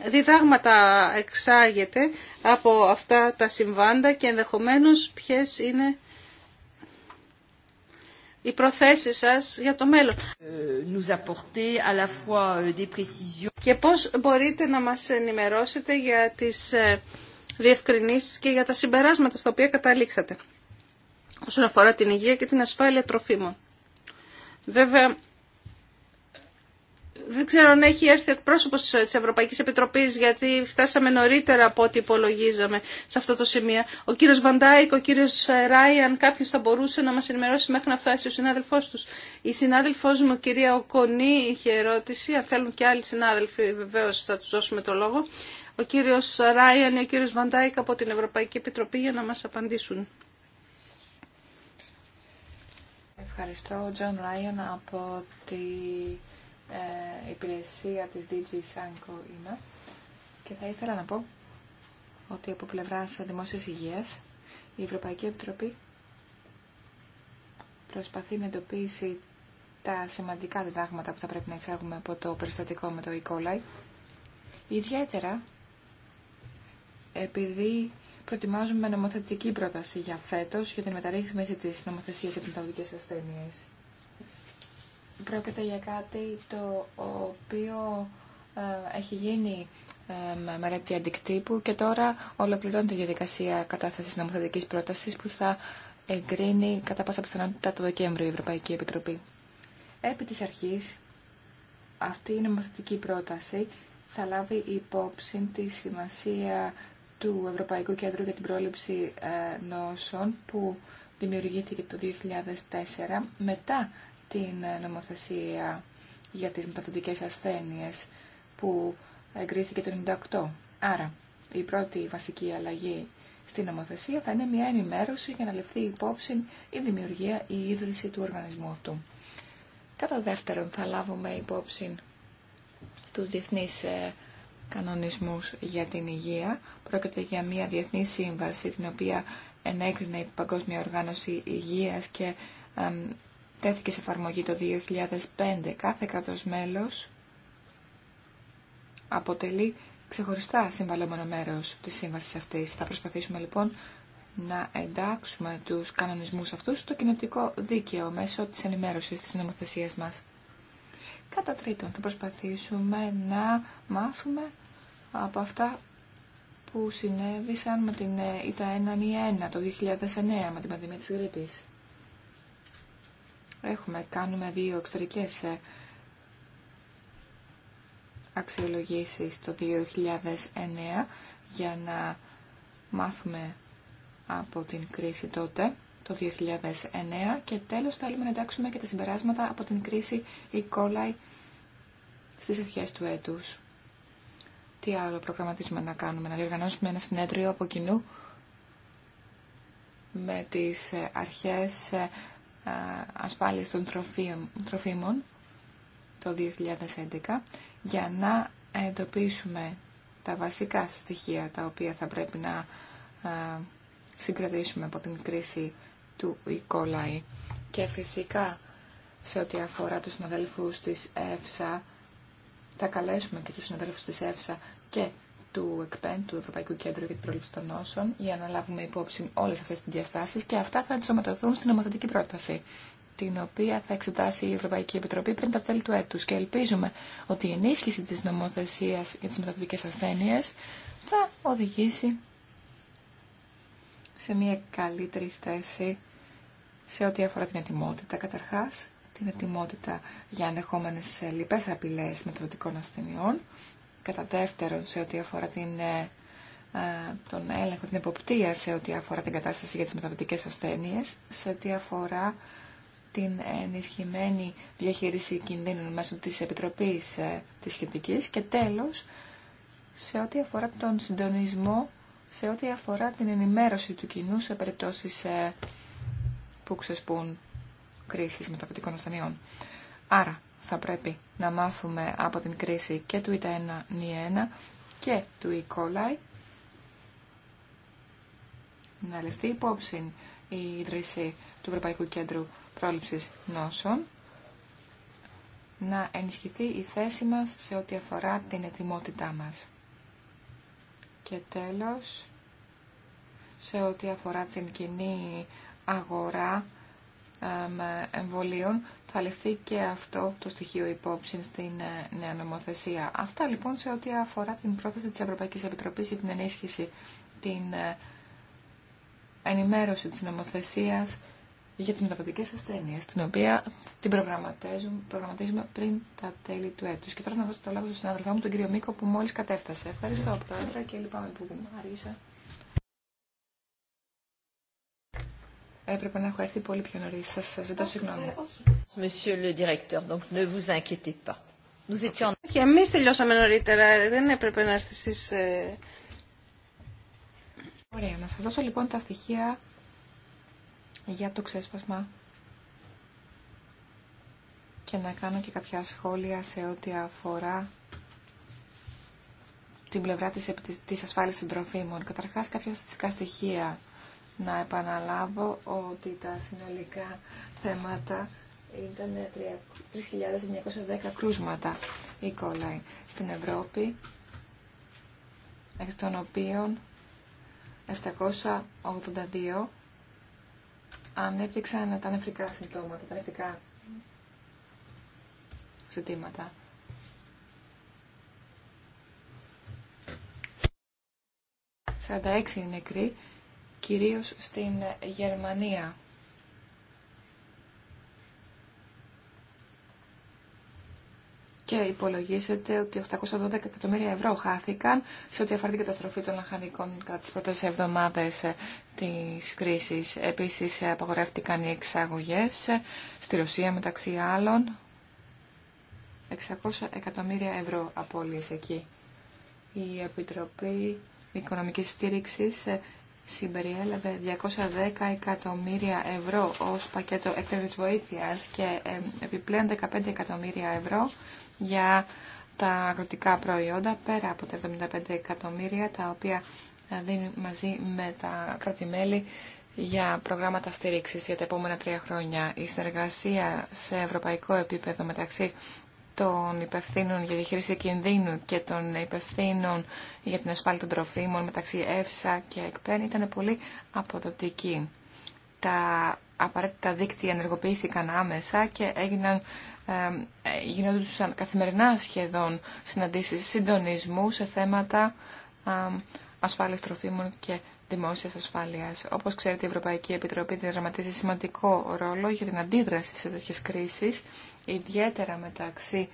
διδάγματα εξάγεται από αυτά τα συμβάντα και ενδεχομένως ποιες είναι οι προθέσεις σας για το μέλλον. Euh, και πώς μπορείτε να μας ενημερώσετε για τις ε, διευκρινήσεις και για τα συμπεράσματα στα οποία καταλήξατε όσον αφορά την υγεία και την ασφάλεια τροφίμων. Βέβαια, δεν ξέρω αν έχει έρθει εκπρόσωπο τη Ευρωπαϊκή Επιτροπή, γιατί φτάσαμε νωρίτερα από ό,τι υπολογίζαμε σε αυτό το σημείο. Ο κύριο Βαντάικ, ο κύριο Ράιαν, κάποιο θα μπορούσε να μα ενημερώσει μέχρι να φτάσει ο συνάδελφό του. Η συνάδελφό μου, κυρία Οκονή, είχε ερώτηση. Αν θέλουν και άλλοι συνάδελφοι, βεβαίω θα του δώσουμε το λόγο. Ο κύριο Ράιαν ή ο κύριο Βαντάικ από την Ευρωπαϊκή Επιτροπή για να μα απαντήσουν. Ευχαριστώ, Τζον από ε, υπηρεσία της DG Sanko είμαι και θα ήθελα να πω ότι από πλευράς δημόσιας υγείας η Ευρωπαϊκή Επιτροπή προσπαθεί να εντοπίσει τα σημαντικά διδάγματα που θα πρέπει να εξάγουμε από το περιστατικό με το E. coli. Ιδιαίτερα επειδή προετοιμάζουμε νομοθετική πρόταση για φέτος για την μεταρρύθμιση της νομοθεσίας για ασθένειες. Πρόκειται για κάτι το οποίο ε, έχει γίνει ε, με μελέτη αντικτύπου και τώρα ολοκληρώνεται η διαδικασία κατάθεσης νομοθετικής πρότασης που θα εγκρίνει κατά πάσα πιθανότητα το Δεκέμβριο η Ευρωπαϊκή Επιτροπή. Επί της αρχής, αυτή η νομοθετική πρόταση θα λάβει υπόψη τη σημασία του Ευρωπαϊκού Κέντρου για την Πρόληψη ε, Νόσων που δημιουργήθηκε το 2004 μετά την νομοθεσία για τις μεταδοτικές ασθένειες που εγκρίθηκε το 1998. Άρα, η πρώτη βασική αλλαγή στην νομοθεσία θα είναι μια ενημέρωση για να ληφθεί υπόψη η δημιουργία ή η ίδρυση του οργανισμού αυτού. Κατά δεύτερον, θα λάβουμε υπόψη του διεθνείς ε, κανονισμούς για την υγεία. Πρόκειται για μια διεθνή σύμβαση την οποία ενέκρινε η Παγκόσμια Οργάνωση Υγείας και ε, τέθηκε σε εφαρμογή το 2005. Κάθε κράτος μέλος αποτελεί ξεχωριστά συμβαλλομένο μέρος της σύμβασης αυτής. Θα προσπαθήσουμε λοιπόν να εντάξουμε τους κανονισμούς αυτούς στο κοινωτικό δίκαιο μέσω της ενημέρωσης της νομοθεσίας μας. Κατά τρίτον, θα προσπαθήσουμε να μάθουμε από αυτά που συνέβησαν με την ΙΤΑ 1 1 το 2009 με την πανδημία της γρήπης. Έχουμε, κάνουμε δύο εξωτερικές ε, αξιολογήσεις το 2009 για να μάθουμε από την κρίση τότε, το 2009 και τέλος θέλουμε να εντάξουμε και τα συμπεράσματα από την κρίση η κόλαη στις αρχές του έτους. Τι άλλο προγραμματίζουμε να κάνουμε, να διοργανώσουμε ένα συνέδριο από κοινού με τις ε, αρχές ε, ε, ασφάλειας των τροφίμων το 2011 για να εντοπίσουμε τα βασικά στοιχεία τα οποία θα πρέπει να ε, συγκρατήσουμε από την κρίση του E. Και φυσικά σε ό,τι αφορά τους συναδέλφους της ΕΦΣΑ θα καλέσουμε και τους συναδέλφους της ΕΦΣΑ και του ΕΚΠΕΝ, του Ευρωπαϊκού Κέντρου για την Πρόληψη των Νόσων, για να λάβουμε υπόψη όλε αυτέ τι διαστάσει και αυτά θα ενσωματωθούν στην νομοθετική πρόταση, την οποία θα εξετάσει η Ευρωπαϊκή Επιτροπή πριν τα τέλη του έτους και ελπίζουμε ότι η ενίσχυση της νομοθεσίας για τις μεταδοτικέ ασθένειες θα οδηγήσει σε μια καλύτερη θέση σε ό,τι αφορά την ετοιμότητα καταρχάς, την ετοιμότητα για ενδεχόμενε ε, λοιπές απειλές μεταδοτικών ασθενειών Κατά δεύτερον, σε ό,τι αφορά την, ε, ε, τον έλεγχο, την εποπτεία, σε ό,τι αφορά την κατάσταση για τις μεταβατικές ασθένειες, σε ό,τι αφορά την ενισχυμένη διαχείριση κινδύνων μέσω της Επιτροπής ε, της Σχετικής και τέλος, σε ό,τι αφορά τον συντονισμό, σε ό,τι αφορά την ενημέρωση του κοινού σε περιπτώσεις που ξεσπούν κρίσεις μεταβλητικών ασθενειών. Άρα, θα πρέπει να μάθουμε από την κρίση και του ιτα 1 και του ΙΚΟΛΑΙ e. Να λεφτεί υπόψη η ίδρυση του Ευρωπαϊκού Κέντρου Πρόληψης Νόσων. Να ενισχυθεί η θέση μας σε ό,τι αφορά την ετοιμότητά μας. Και τέλος, σε ό,τι αφορά την κοινή αγορά εμβολίων θα ληφθεί και αυτό το στοιχείο υπόψη στην ε, νέα νομοθεσία. Αυτά λοιπόν σε ό,τι αφορά την πρόταση της Ευρωπαϊκής Επιτροπής για την ενίσχυση, την ε, ενημέρωση της νομοθεσίας για τις μεταβατικές ασθένειες, την οποία την προγραμματίζουμε, προγραμματίζουμε πριν τα τέλη του έτους. Και τώρα να δώσω το λάβω στον συνάδελφό μου, τον κύριο Μίκο, που μόλις κατέφτασε. Ευχαριστώ, Πρόεδρε, και λυπάμαι που μου άργησα. Έπρεπε να έχω έρθει πολύ πιο νωρί. Σα ζητώ συγγνώμη. Και εμεί τελειώσαμε νωρίτερα. Δεν έπρεπε να έρθει εσεί. Ε. Ωραία. Να σα δώσω λοιπόν τα στοιχεία για το ξέσπασμα και να κάνω και κάποια σχόλια σε ό,τι αφορά την πλευρά της, της ασφάλισης των τροφίμων. Καταρχάς, κάποια στοιχεία να επαναλάβω ότι τα συνολικά θέματα ήταν 3.910 κρούσματα η κόλαη στην Ευρώπη, εκ των οποίων 782 ανέπτυξαν τα νεφρικά συμπτώματα, τα νεφρικά ζητήματα. ...46 νεκροί κυρίως στην Γερμανία. Και υπολογίζεται ότι 812 εκατομμύρια ευρώ χάθηκαν σε ό,τι αφορά την καταστροφή των λαχανικών κατά τις πρώτες εβδομάδες ε, της κρίσης. Επίσης ε, απαγορεύτηκαν οι εξαγωγές ε, στη Ρωσία μεταξύ άλλων. 600 εκατομμύρια ευρώ απώλειες εκεί. Η Επιτροπή Οικονομικής Στήριξης συμπεριέλαβε 210 εκατομμύρια ευρώ ως πακέτο έκτακτης βοήθειας και επιπλέον 15 εκατομμύρια ευρώ για τα αγροτικά προϊόντα πέρα από τα 75 εκατομμύρια τα οποία ε, δίνει μαζί με τα κρατημέλη για προγράμματα στήριξης για τα επόμενα τρία χρόνια. Η συνεργασία σε ευρωπαϊκό επίπεδο μεταξύ των υπευθύνων για διαχείριση κινδύνου και των υπευθύνων για την ασφάλεια των τροφίμων μεταξύ ΕΦΣΑ και ΕΚΠΕΝ ήταν πολύ αποδοτική. Τα απαραίτητα δίκτυα ενεργοποιήθηκαν άμεσα και έγιναν ε, καθημερινά σχεδόν συναντήσεις συντονισμού σε θέματα ασφάλειας τροφίμων και δημόσιας ασφάλειας. Όπως ξέρετε, η Ευρωπαϊκή Επιτροπή διαδραματίζει σημαντικό ρόλο για την αντίδραση σε τέτοιες κρίσεις ιδιαίτερα μεταξύ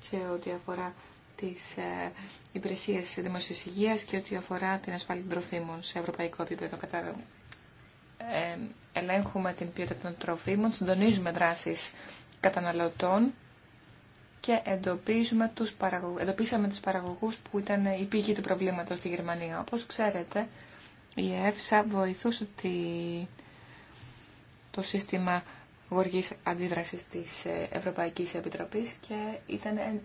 σε ό,τι αφορά τις ε, υπηρεσίες δημοσίας υγείας και ό,τι αφορά την ασφάλεια των τροφίμων σε ευρωπαϊκό επίπεδο. ε, ελέγχουμε την ποιότητα των τροφίμων, συντονίζουμε δράσεις καταναλωτών και εντοπίζουμε τους παραγωγούς. εντοπίσαμε τους παραγωγούς που ήταν η πηγή του προβλήματος στη Γερμανία. Όπως ξέρετε, η ΕΦΣΑ βοηθούσε τη... το σύστημα γοργής αντίδρασης της ε, Ευρωπαϊκής Επιτροπής και ήταν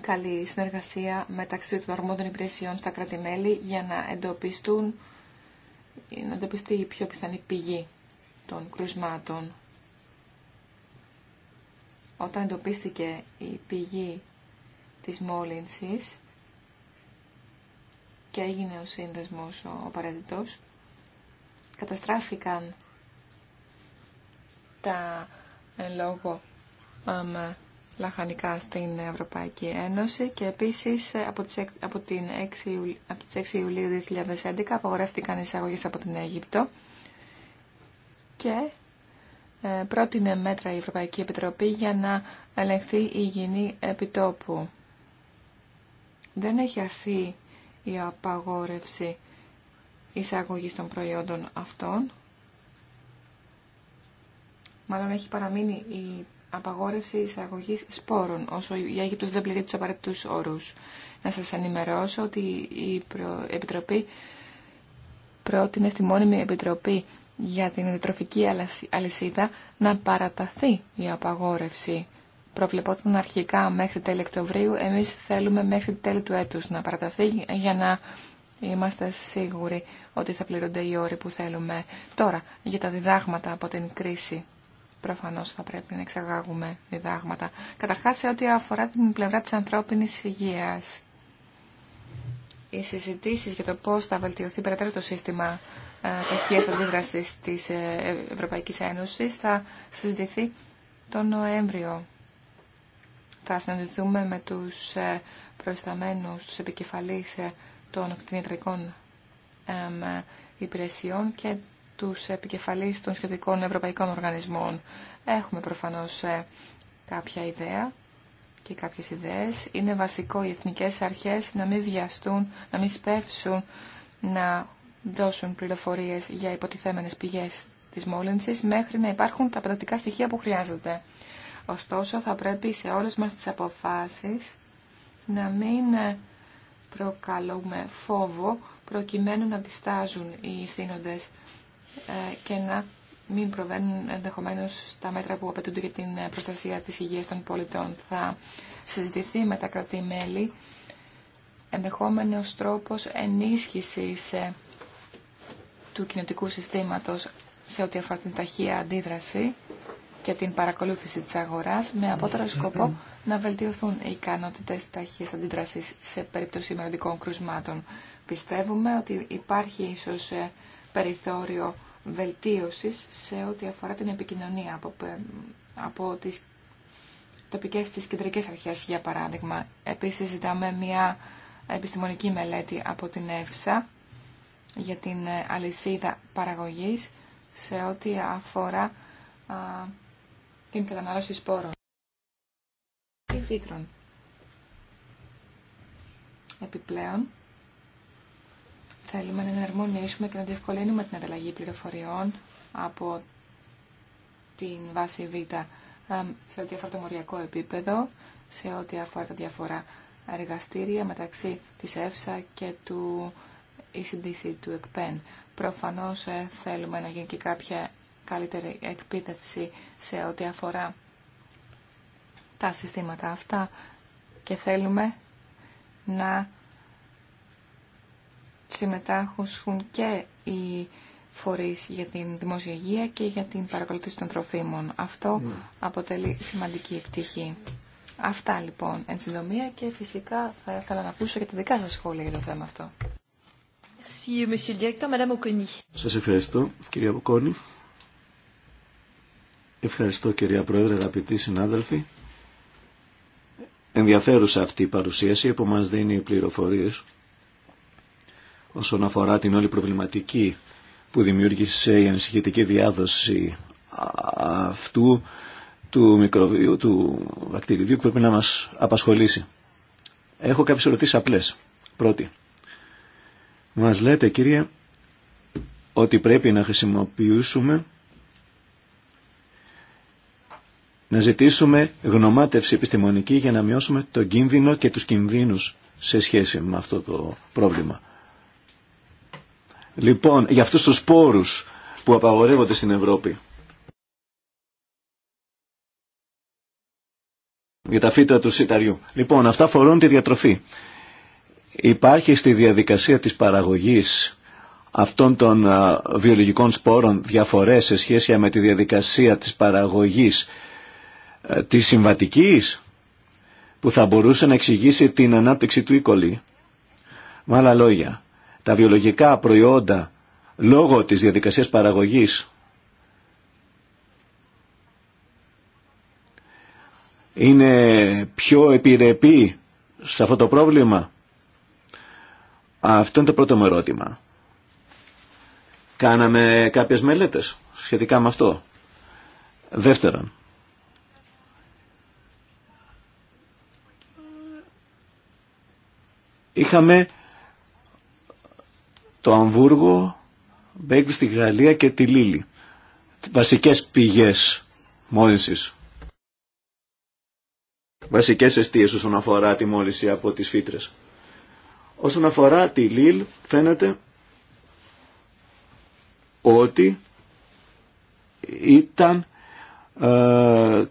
καλή συνεργασία μεταξύ των αρμόδιων υπηρεσιών στα κράτη-μέλη για να εντοπιστούν να εντοπιστεί η πιο πιθανή πηγή των κρουσμάτων. Όταν εντοπίστηκε η πηγή της μόλυνσης και έγινε ο σύνδεσμος ο απαραίτητος, καταστράφηκαν τα ε, λόγω λαχανικά στην Ευρωπαϊκή Ένωση και επίσης ε, από τις, από, την 6 Ιουλίου, από τις 6 Ιουλίου 2011 απογορεύτηκαν εισαγωγές από την Αίγυπτο και ε, πρότεινε μέτρα η Ευρωπαϊκή Επιτροπή για να ελεγχθεί η υγιεινή επιτόπου. Δεν έχει αρθεί η απαγόρευση εισαγωγής των προϊόντων αυτών, μάλλον έχει παραμείνει η απαγόρευση εισαγωγή σπόρων, όσο η Αίγυπτο δεν πληρεί του απαραίτητου όρου. Να σα ενημερώσω ότι η Επιτροπή πρότεινε στη μόνιμη Επιτροπή για την εντετροφική αλυσίδα να παραταθεί η απαγόρευση. Προβλεπόταν αρχικά μέχρι τέλη Οκτωβρίου, εμεί θέλουμε μέχρι τέλη του έτου να παραταθεί για να είμαστε σίγουροι ότι θα πληρούνται οι όροι που θέλουμε. Τώρα, για τα διδάγματα από την κρίση. Προφανώ θα πρέπει να εξαγάγουμε διδάγματα. Καταρχάς σε ό,τι αφορά την πλευρά της ανθρώπινης υγείας. Οι συζητήσει για το πώ θα βελτιωθεί περαιτέρω το σύστημα ε, της αντίδραση ε, της Ευρωπαϊκής Ένωσης θα συζητηθεί τον Νοέμβριο. Θα συναντηθούμε με του ε, προϊσταμένους, του επικεφαλεί των κτηνιατρικών υπηρεσιών και τους επικεφαλείς των σχετικών ευρωπαϊκών οργανισμών. Έχουμε προφανώς ε, κάποια ιδέα και κάποιες ιδέες. Είναι βασικό οι εθνικές αρχές να μην βιαστούν, να μην σπεύσουν, να δώσουν πληροφορίες για υποτιθέμενες πηγές της μόλυνσης μέχρι να υπάρχουν τα παιδευτικά στοιχεία που χρειάζονται. Ωστόσο θα πρέπει σε όλες μας τις αποφάσεις να μην ε, προκαλούμε φόβο προκειμένου να διστάζουν οι ε, και να μην προβαίνουν ενδεχομένω στα μέτρα που απαιτούνται για την ε, προστασία της υγείας των πολιτών. Θα συζητηθεί με τα κρατή-μέλη ενδεχόμενος τρόπος ενίσχυσης ε, του κοινωτικού συστήματος σε ό,τι αφορά την ταχεία αντίδραση και την παρακολούθηση της αγοράς με απότερο σκοπό να βελτιωθούν οι ικανότητες ταχείας αντίδρασης σε περίπτωση μελλοντικών κρουσμάτων. Πιστεύουμε ότι υπάρχει ίσως περιθώριο βελτίωσης σε ό,τι αφορά την επικοινωνία από, από τις τοπικές τις κεντρικές αρχές, για παράδειγμα. Επίσης, ζητάμε μια επιστημονική μελέτη από την ΕΦΣΑ για την ε, αλυσίδα παραγωγής σε ό,τι αφορά α, την κατανάλωση σπόρων και Επιπλέον, Θέλουμε να εναρμονίσουμε και να διευκολύνουμε την ανταλλαγή πληροφοριών από την βάση Β ε, σε ό,τι αφορά το μοριακό επίπεδο, σε ό,τι αφορά τα διαφορά εργαστήρια μεταξύ της ΕΦΣΑ και του ECDC, του ΕΚΠΕΝ. Προφανώς ε, θέλουμε να γίνει και κάποια καλύτερη εκπίδευση σε ό,τι αφορά τα συστήματα αυτά και θέλουμε να συμμετάχουν και οι φορείς για την δημόσια υγεία και για την παρακολουθήση των τροφίμων. Αυτό ναι. αποτελεί σημαντική επιτυχή. Αυτά λοιπόν εν συντομία και φυσικά θα ήθελα να ακούσω και τα δικά σας σχόλια για το θέμα αυτό. Σας ευχαριστώ κυρία Μποκόνη. Ευχαριστώ κυρία Πρόεδρε, αγαπητοί συνάδελφοι. Ενδιαφέρουσα αυτή η παρουσίαση που μας δίνει πληροφορίες όσον αφορά την όλη προβληματική που δημιούργησε η ανησυχητική διάδοση αυτού του μικροβίου, του βακτηριδίου που πρέπει να μας απασχολήσει. Έχω κάποιες ερωτήσεις απλές. Πρώτη, μας λέτε κύριε ότι πρέπει να χρησιμοποιήσουμε να ζητήσουμε γνωμάτευση επιστημονική για να μειώσουμε τον κίνδυνο και τους κινδύνους σε σχέση με αυτό το πρόβλημα. Λοιπόν, για αυτούς τους σπόρους που απαγορεύονται στην Ευρώπη. Για τα φύτρα του σιταριού. Λοιπόν, αυτά φορούν τη διατροφή. Υπάρχει στη διαδικασία της παραγωγής αυτών των βιολογικών σπόρων διαφορές σε σχέση με τη διαδικασία της παραγωγής ε, της συμβατικής που θα μπορούσε να εξηγήσει την ανάπτυξη του οίκολη. E. Με άλλα λόγια, τα βιολογικά προϊόντα λόγω της διαδικασίας παραγωγής είναι πιο επιρρεπή σε αυτό το πρόβλημα. Αυτό είναι το πρώτο μου ερώτημα. Κάναμε κάποιες μελέτες σχετικά με αυτό. Δεύτερον, είχαμε το Αμβούργο, Μπέγκλ στη Γαλλία και τη Λίλη. Βασικές πηγές μόλυνσης. Βασικές αιστείες όσον αφορά τη μόλυνση από τις φύτρες. Όσον αφορά τη Λίλ φαίνεται ότι ήταν ε,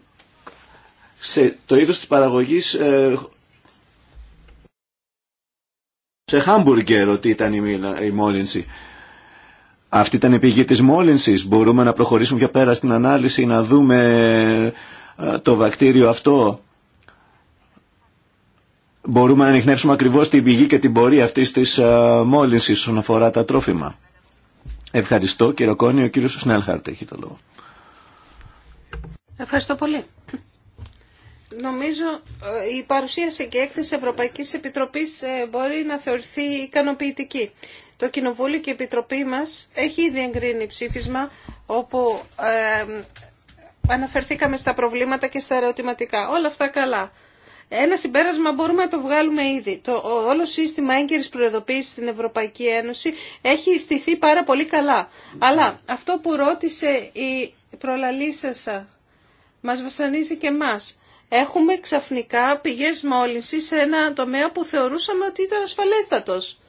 σε το είδος της παραγωγής ε, σε Χάμπουργκερ ότι ήταν η μόλυνση. Αυτή ήταν η πηγή της μόλυνσης. Μπορούμε να προχωρήσουμε πιο πέρα στην ανάλυση, να δούμε ε, το βακτήριο αυτό. Μπορούμε να ανοιχνεύσουμε ακριβώς την πηγή και την πορεία αυτής της ε, μόλυνσης όσον αφορά τα τρόφιμα. Ευχαριστώ κύριο Κόνη, ο κύριος Σνέλχαρτ έχει το λόγο. Ευχαριστώ πολύ. Νομίζω ε, η παρουσίαση και έκθεση Ευρωπαϊκής Επιτροπής ε, μπορεί να θεωρηθεί ικανοποιητική. Το Κοινοβούλιο και η Επιτροπή μας έχει ήδη εγκρίνει ψήφισμα όπου ε, αναφερθήκαμε στα προβλήματα και στα ερωτηματικά. Όλα αυτά καλά. Ένα συμπέρασμα μπορούμε να το βγάλουμε ήδη. Το όλο σύστημα έγκαιρης προεδοποίησης στην Ευρωπαϊκή Ένωση έχει στηθεί πάρα πολύ καλά. Αλλά αυτό που ρώτησε η προλαλήσασα μας βασανίζει και μας έχουμε ξαφνικά πηγές μόλυνσης σε ένα τομέα που θεωρούσαμε ότι ήταν ασφαλέστατος.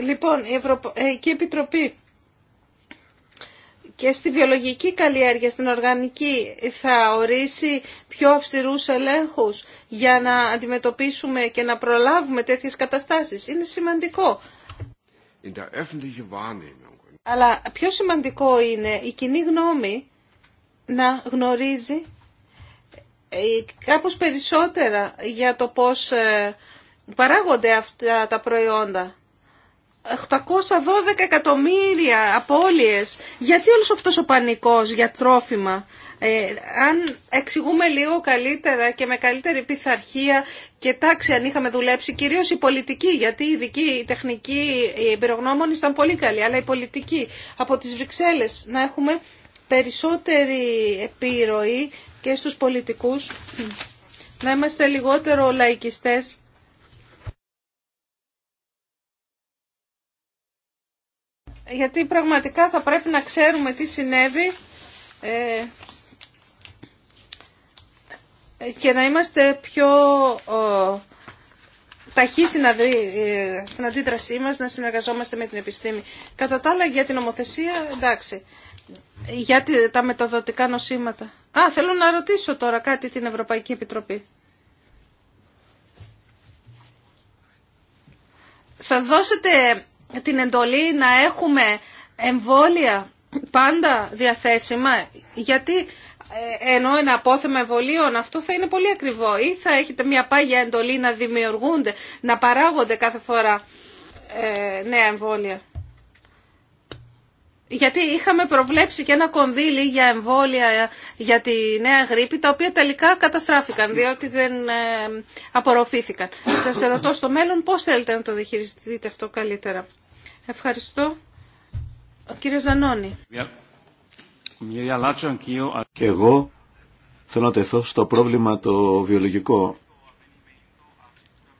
Λοιπόν, η Ευρωπαϊκή Επιτροπή και στη βιολογική καλλιέργεια, στην οργανική, θα ορίσει πιο αυστηρούς ελέγχους για να αντιμετωπίσουμε και να προλάβουμε τέτοιες καταστάσεις. Είναι σημαντικό. In αλλά πιο σημαντικό είναι η κοινή γνώμη να γνωρίζει ε, κάπως περισσότερα για το πώς ε, παράγονται αυτά τα προϊόντα. 812 εκατομμύρια απώλειες. Γιατί όλος αυτός ο πανικός για τρόφιμα. Ε, αν εξηγούμε λίγο καλύτερα και με καλύτερη πειθαρχία και τάξη αν είχαμε δουλέψει, κυρίως οι πολιτικοί, γιατί οι ειδικοί, οι τεχνικοί, οι εμπειρογνώμονες ήταν πολύ καλοί, αλλά οι πολιτικοί από τις Βρυξέλλες να έχουμε περισσότερη επίρροη και στους πολιτικούς, να είμαστε λιγότερο λαϊκιστές γιατί πραγματικά θα πρέπει να ξέρουμε τι συνέβη ε, και να είμαστε πιο ταχύ ε, στην αντίδρασή μας, να συνεργαζόμαστε με την επιστήμη. Κατά τα άλλα για την ομοθεσία, εντάξει, για τα μεταδοτικά νοσήματα. Α, θέλω να ρωτήσω τώρα κάτι την Ευρωπαϊκή Επιτροπή. Θα δώσετε την εντολή να έχουμε εμβόλια πάντα διαθέσιμα, γιατί ε, ενώ ένα απόθεμα εμβολίων αυτό θα είναι πολύ ακριβό ή θα έχετε μια πάγια εντολή να δημιουργούνται, να παράγονται κάθε φορά ε, νέα εμβόλια. Γιατί είχαμε προβλέψει και ένα κονδύλι για εμβόλια για τη νέα γρήπη, τα οποία τελικά καταστράφηκαν, διότι δεν ε, απορροφήθηκαν. Σας ερωτώ στο μέλλον πώς θέλετε να το διχειριστείτε αυτό καλύτερα. Ευχαριστώ. Ο κύριος Ζανώνη. Και εγώ θέλω να τεθώ στο πρόβλημα το βιολογικό.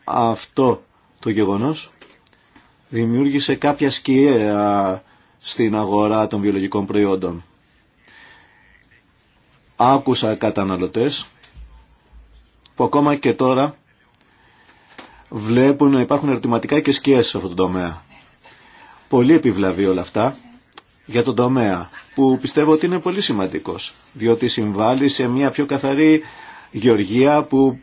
Αυτό το γεγονός δημιούργησε κάποια σκιέα στην αγορά των βιολογικών προϊόντων. Άκουσα καταναλωτές που ακόμα και τώρα βλέπουν να υπάρχουν ερωτηματικά και σκιές σε αυτό το τομέα. Πολύ επιβλαβή όλα αυτά για τον τομέα που πιστεύω ότι είναι πολύ σημαντικός διότι συμβάλλει σε μια πιο καθαρή γεωργία που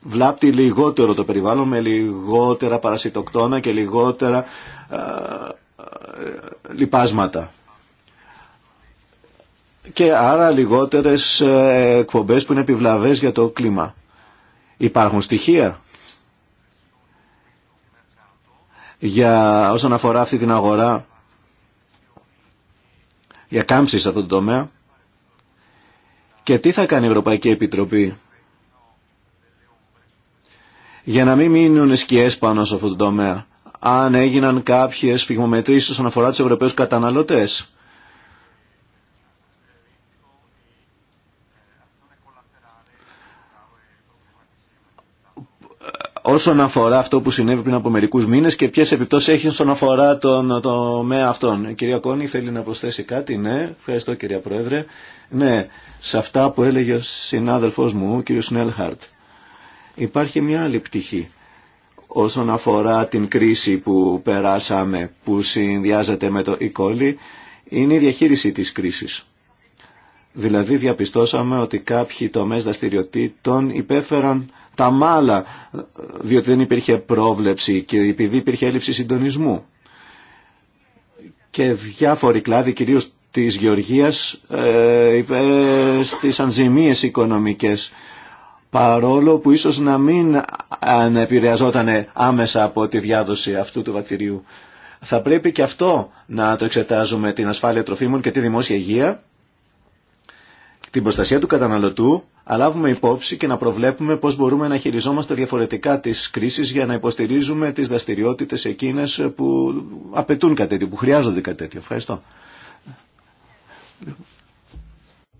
βλάπτει λιγότερο το περιβάλλον με λιγότερα παρασιτοκτόνα και λιγότερα ε, λιπάσματα και άρα λιγότερες ε, εκπομπές που είναι επιβλαβές για το κλίμα. Υπάρχουν στοιχεία για όσον αφορά αυτή την αγορά για κάμψη σε αυτό το τομέα και τι θα κάνει η Ευρωπαϊκή Επιτροπή για να μην μείνουν σκιές πάνω σε αυτό το τομέα αν έγιναν κάποιες σφιγμομετρήσεις όσον αφορά τους Ευρωπαίους καταναλωτές. όσον αφορά αυτό που συνέβη πριν από μερικούς μήνες και ποιες επιπτώσεις έχει όσον αφορά τον τομέα αυτών. Η κυρία Κόνη θέλει να προσθέσει κάτι, ναι, ευχαριστώ κυρία Πρόεδρε. Ναι, σε αυτά που έλεγε ο συνάδελφός μου, ο κύριος Νέλχαρτ, υπάρχει μια άλλη πτυχή όσον αφορά την κρίση που περάσαμε που συνδυάζεται με το e είναι η διαχείριση της κρίσης. Δηλαδή διαπιστώσαμε ότι κάποιοι τομές δραστηριοτήτων υπέφεραν τα μάλα διότι δεν υπήρχε πρόβλεψη και επειδή υπήρχε έλλειψη συντονισμού. Και διάφοροι κλάδοι, κυρίως της γεωργίας, ε, στις οικονομικές παρόλο που ίσως να μην επηρεαζόταν άμεσα από τη διάδοση αυτού του βακτηρίου. Θα πρέπει και αυτό να το εξετάζουμε την ασφάλεια τροφίμων και τη δημόσια υγεία, την προστασία του καταναλωτού, αλλά λάβουμε υπόψη και να προβλέπουμε πώς μπορούμε να χειριζόμαστε διαφορετικά τις κρίσεις για να υποστηρίζουμε τις δραστηριότητες εκείνες που απαιτούν κάτι τέτοιο, που χρειάζονται κάτι τέτοιο. Ευχαριστώ.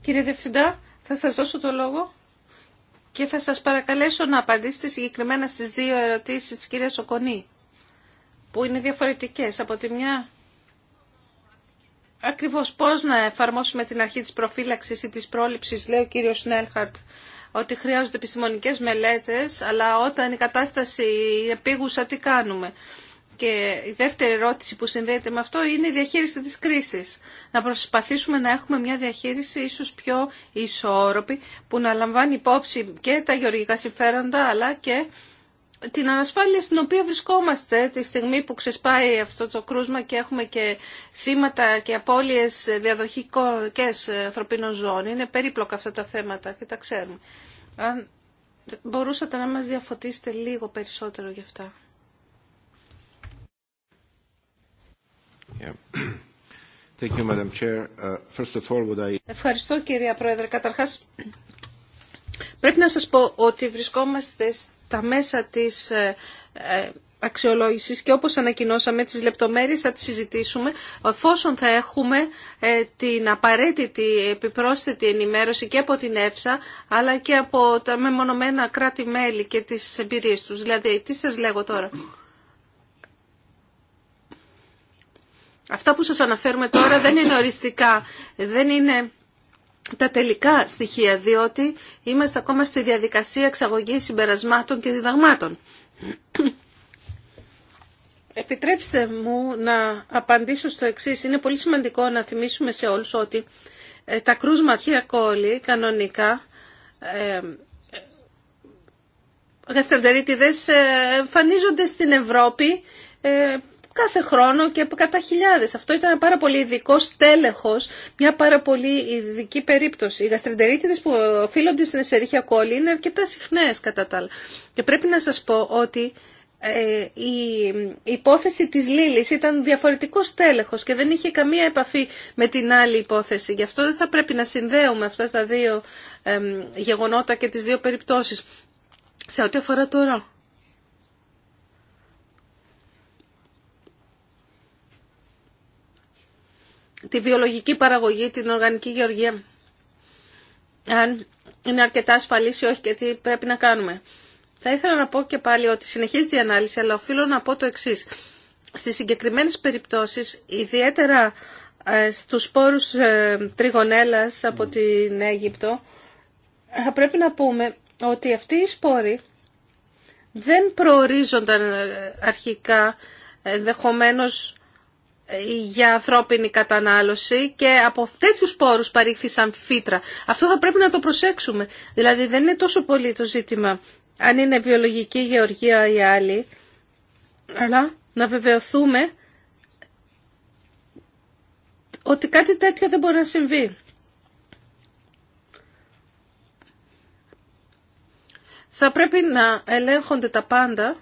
Κύριε Διευθυντά, θα σας δώσω το λόγο. Και θα σας παρακαλέσω να απαντήσετε συγκεκριμένα στις δύο ερωτήσεις της κυρίας Οκονή, που είναι διαφορετικές. Από τη μια, ακριβώς πώς να εφαρμόσουμε την αρχή της προφύλαξης ή της πρόληψης, λέει ο κύριος Σνέλχαρτ, ότι χρειάζονται επιστημονικές μελέτες, αλλά όταν η κατάσταση είναι πήγουσα, τι κάνουμε και η δεύτερη ερώτηση που συνδέεται με αυτό είναι η διαχείριση της κρίσης. Να προσπαθήσουμε να έχουμε μια διαχείριση ίσως πιο ισόρροπη που να λαμβάνει υπόψη και τα γεωργικά συμφέροντα αλλά και την ανασφάλεια στην οποία βρισκόμαστε τη στιγμή που ξεσπάει αυτό το κρούσμα και έχουμε και θύματα και απώλειες διαδοχικές ανθρωπίνων ζώων. Είναι περίπλοκα αυτά τα θέματα και τα ξέρουμε. Αν μπορούσατε να μας διαφωτίσετε λίγο περισσότερο γι' αυτά. Ευχαριστώ κυρία Πρόεδρε. Καταρχάς πρέπει να σας πω ότι βρισκόμαστε στα μέσα της ε, ε, αξιολόγησης και όπως ανακοινώσαμε τις λεπτομέρειες θα τις συζητήσουμε εφόσον θα έχουμε ε, την απαραίτητη επιπρόσθετη ενημέρωση και από την ΕΦΣΑ αλλά και από τα μεμονωμένα κράτη-μέλη και τις εμπειρίες τους. Δηλαδή, τι σας λέγω τώρα. Αυτά που σας αναφέρουμε τώρα δεν είναι οριστικά, δεν είναι τα τελικά στοιχεία, διότι είμαστε ακόμα στη διαδικασία εξαγωγής συμπερασμάτων και διδαγμάτων. Επιτρέψτε μου να απαντήσω στο εξής. Είναι πολύ σημαντικό να θυμίσουμε σε όλους ότι ε, τα κρούσματια κόλλη κανονικά ε, γαστρεντερίτιδες ε, εμφανίζονται στην Ευρώπη ε, κάθε χρόνο και κατά χιλιάδες. Αυτό ήταν ένα πάρα πολύ ειδικό στέλεχο, μια πάρα πολύ ειδική περίπτωση. Οι γαστρεντερίτιδες που οφείλονται στην εσερίχια κόλλη είναι αρκετά συχνέ κατά τα άλλα. Και πρέπει να σα πω ότι ε, η υπόθεση της Λίλης ήταν διαφορετικό στέλεχος και δεν είχε καμία επαφή με την άλλη υπόθεση. Γι' αυτό δεν θα πρέπει να συνδέουμε αυτά τα δύο γεγονότα και τις δύο περιπτώσεις. Σε ό,τι αφορά τώρα τη βιολογική παραγωγή, την οργανική γεωργία. Αν είναι αρκετά ασφαλή ή όχι και τι πρέπει να κάνουμε. Θα ήθελα να πω και πάλι ότι συνεχίζει η ανάλυση, αλλά οφείλω να πω το εξής. Στις συγκεκριμένες περιπτώσεις, ιδιαίτερα ε, στους σπόρους ε, τριγωνέλα από mm. την Αίγυπτο, θα πρέπει να πούμε ότι αυτοί οι σπόροι δεν προορίζονταν ε, αρχικά ενδεχομένω για ανθρώπινη κατανάλωση και από τέτοιου πόρους παρήχθησαν φύτρα. Αυτό θα πρέπει να το προσέξουμε. Δηλαδή δεν είναι τόσο πολύ το ζήτημα αν είναι βιολογική γεωργία ή άλλη, αλλά να βεβαιωθούμε ότι κάτι τέτοιο δεν μπορεί να συμβεί. Θα πρέπει να ελέγχονται τα πάντα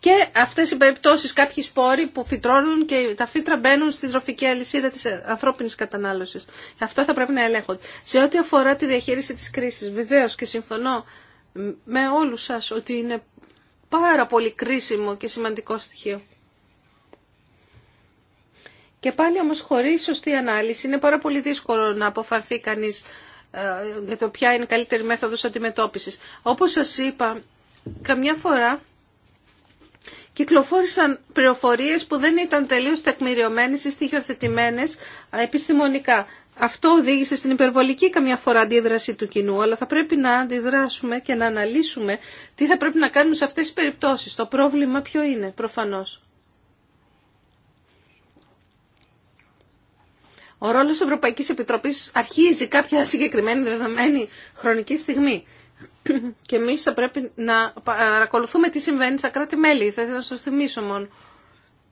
και αυτέ οι περιπτώσει κάποιοι σπόροι που φυτρώνουν και τα φύτρα μπαίνουν στη τροφική αλυσίδα της ανθρώπινη κατανάλωση. Αυτό θα πρέπει να ελέγχονται. Σε ό,τι αφορά τη διαχείριση τη κρίση, βεβαίω και συμφωνώ με όλου σα ότι είναι πάρα πολύ κρίσιμο και σημαντικό στοιχείο. Και πάλι όμω χωρί σωστή ανάλυση είναι πάρα πολύ δύσκολο να αποφανθεί κανεί ε, για το ποια είναι η καλύτερη μέθοδος αντιμετώπισης. Όπως σας είπα, καμιά φορά κυκλοφόρησαν πληροφορίε που δεν ήταν τελείως τεκμηριωμένες ή στοιχειοθετημένε επιστημονικά. Αυτό οδήγησε στην υπερβολική καμιά φορά αντίδραση του κοινού, αλλά θα πρέπει να αντιδράσουμε και να αναλύσουμε τι θα πρέπει να κάνουμε σε αυτές τις περιπτώσεις. Το πρόβλημα ποιο είναι, προφανώς. Ο ρόλος Ευρωπαϊκής Επιτροπής αρχίζει κάποια συγκεκριμένη δεδομένη χρονική στιγμή. Και εμεί θα πρέπει να παρακολουθούμε τι συμβαίνει στα κράτη-μέλη. Θα ήθελα να σα θυμίσω μόνο.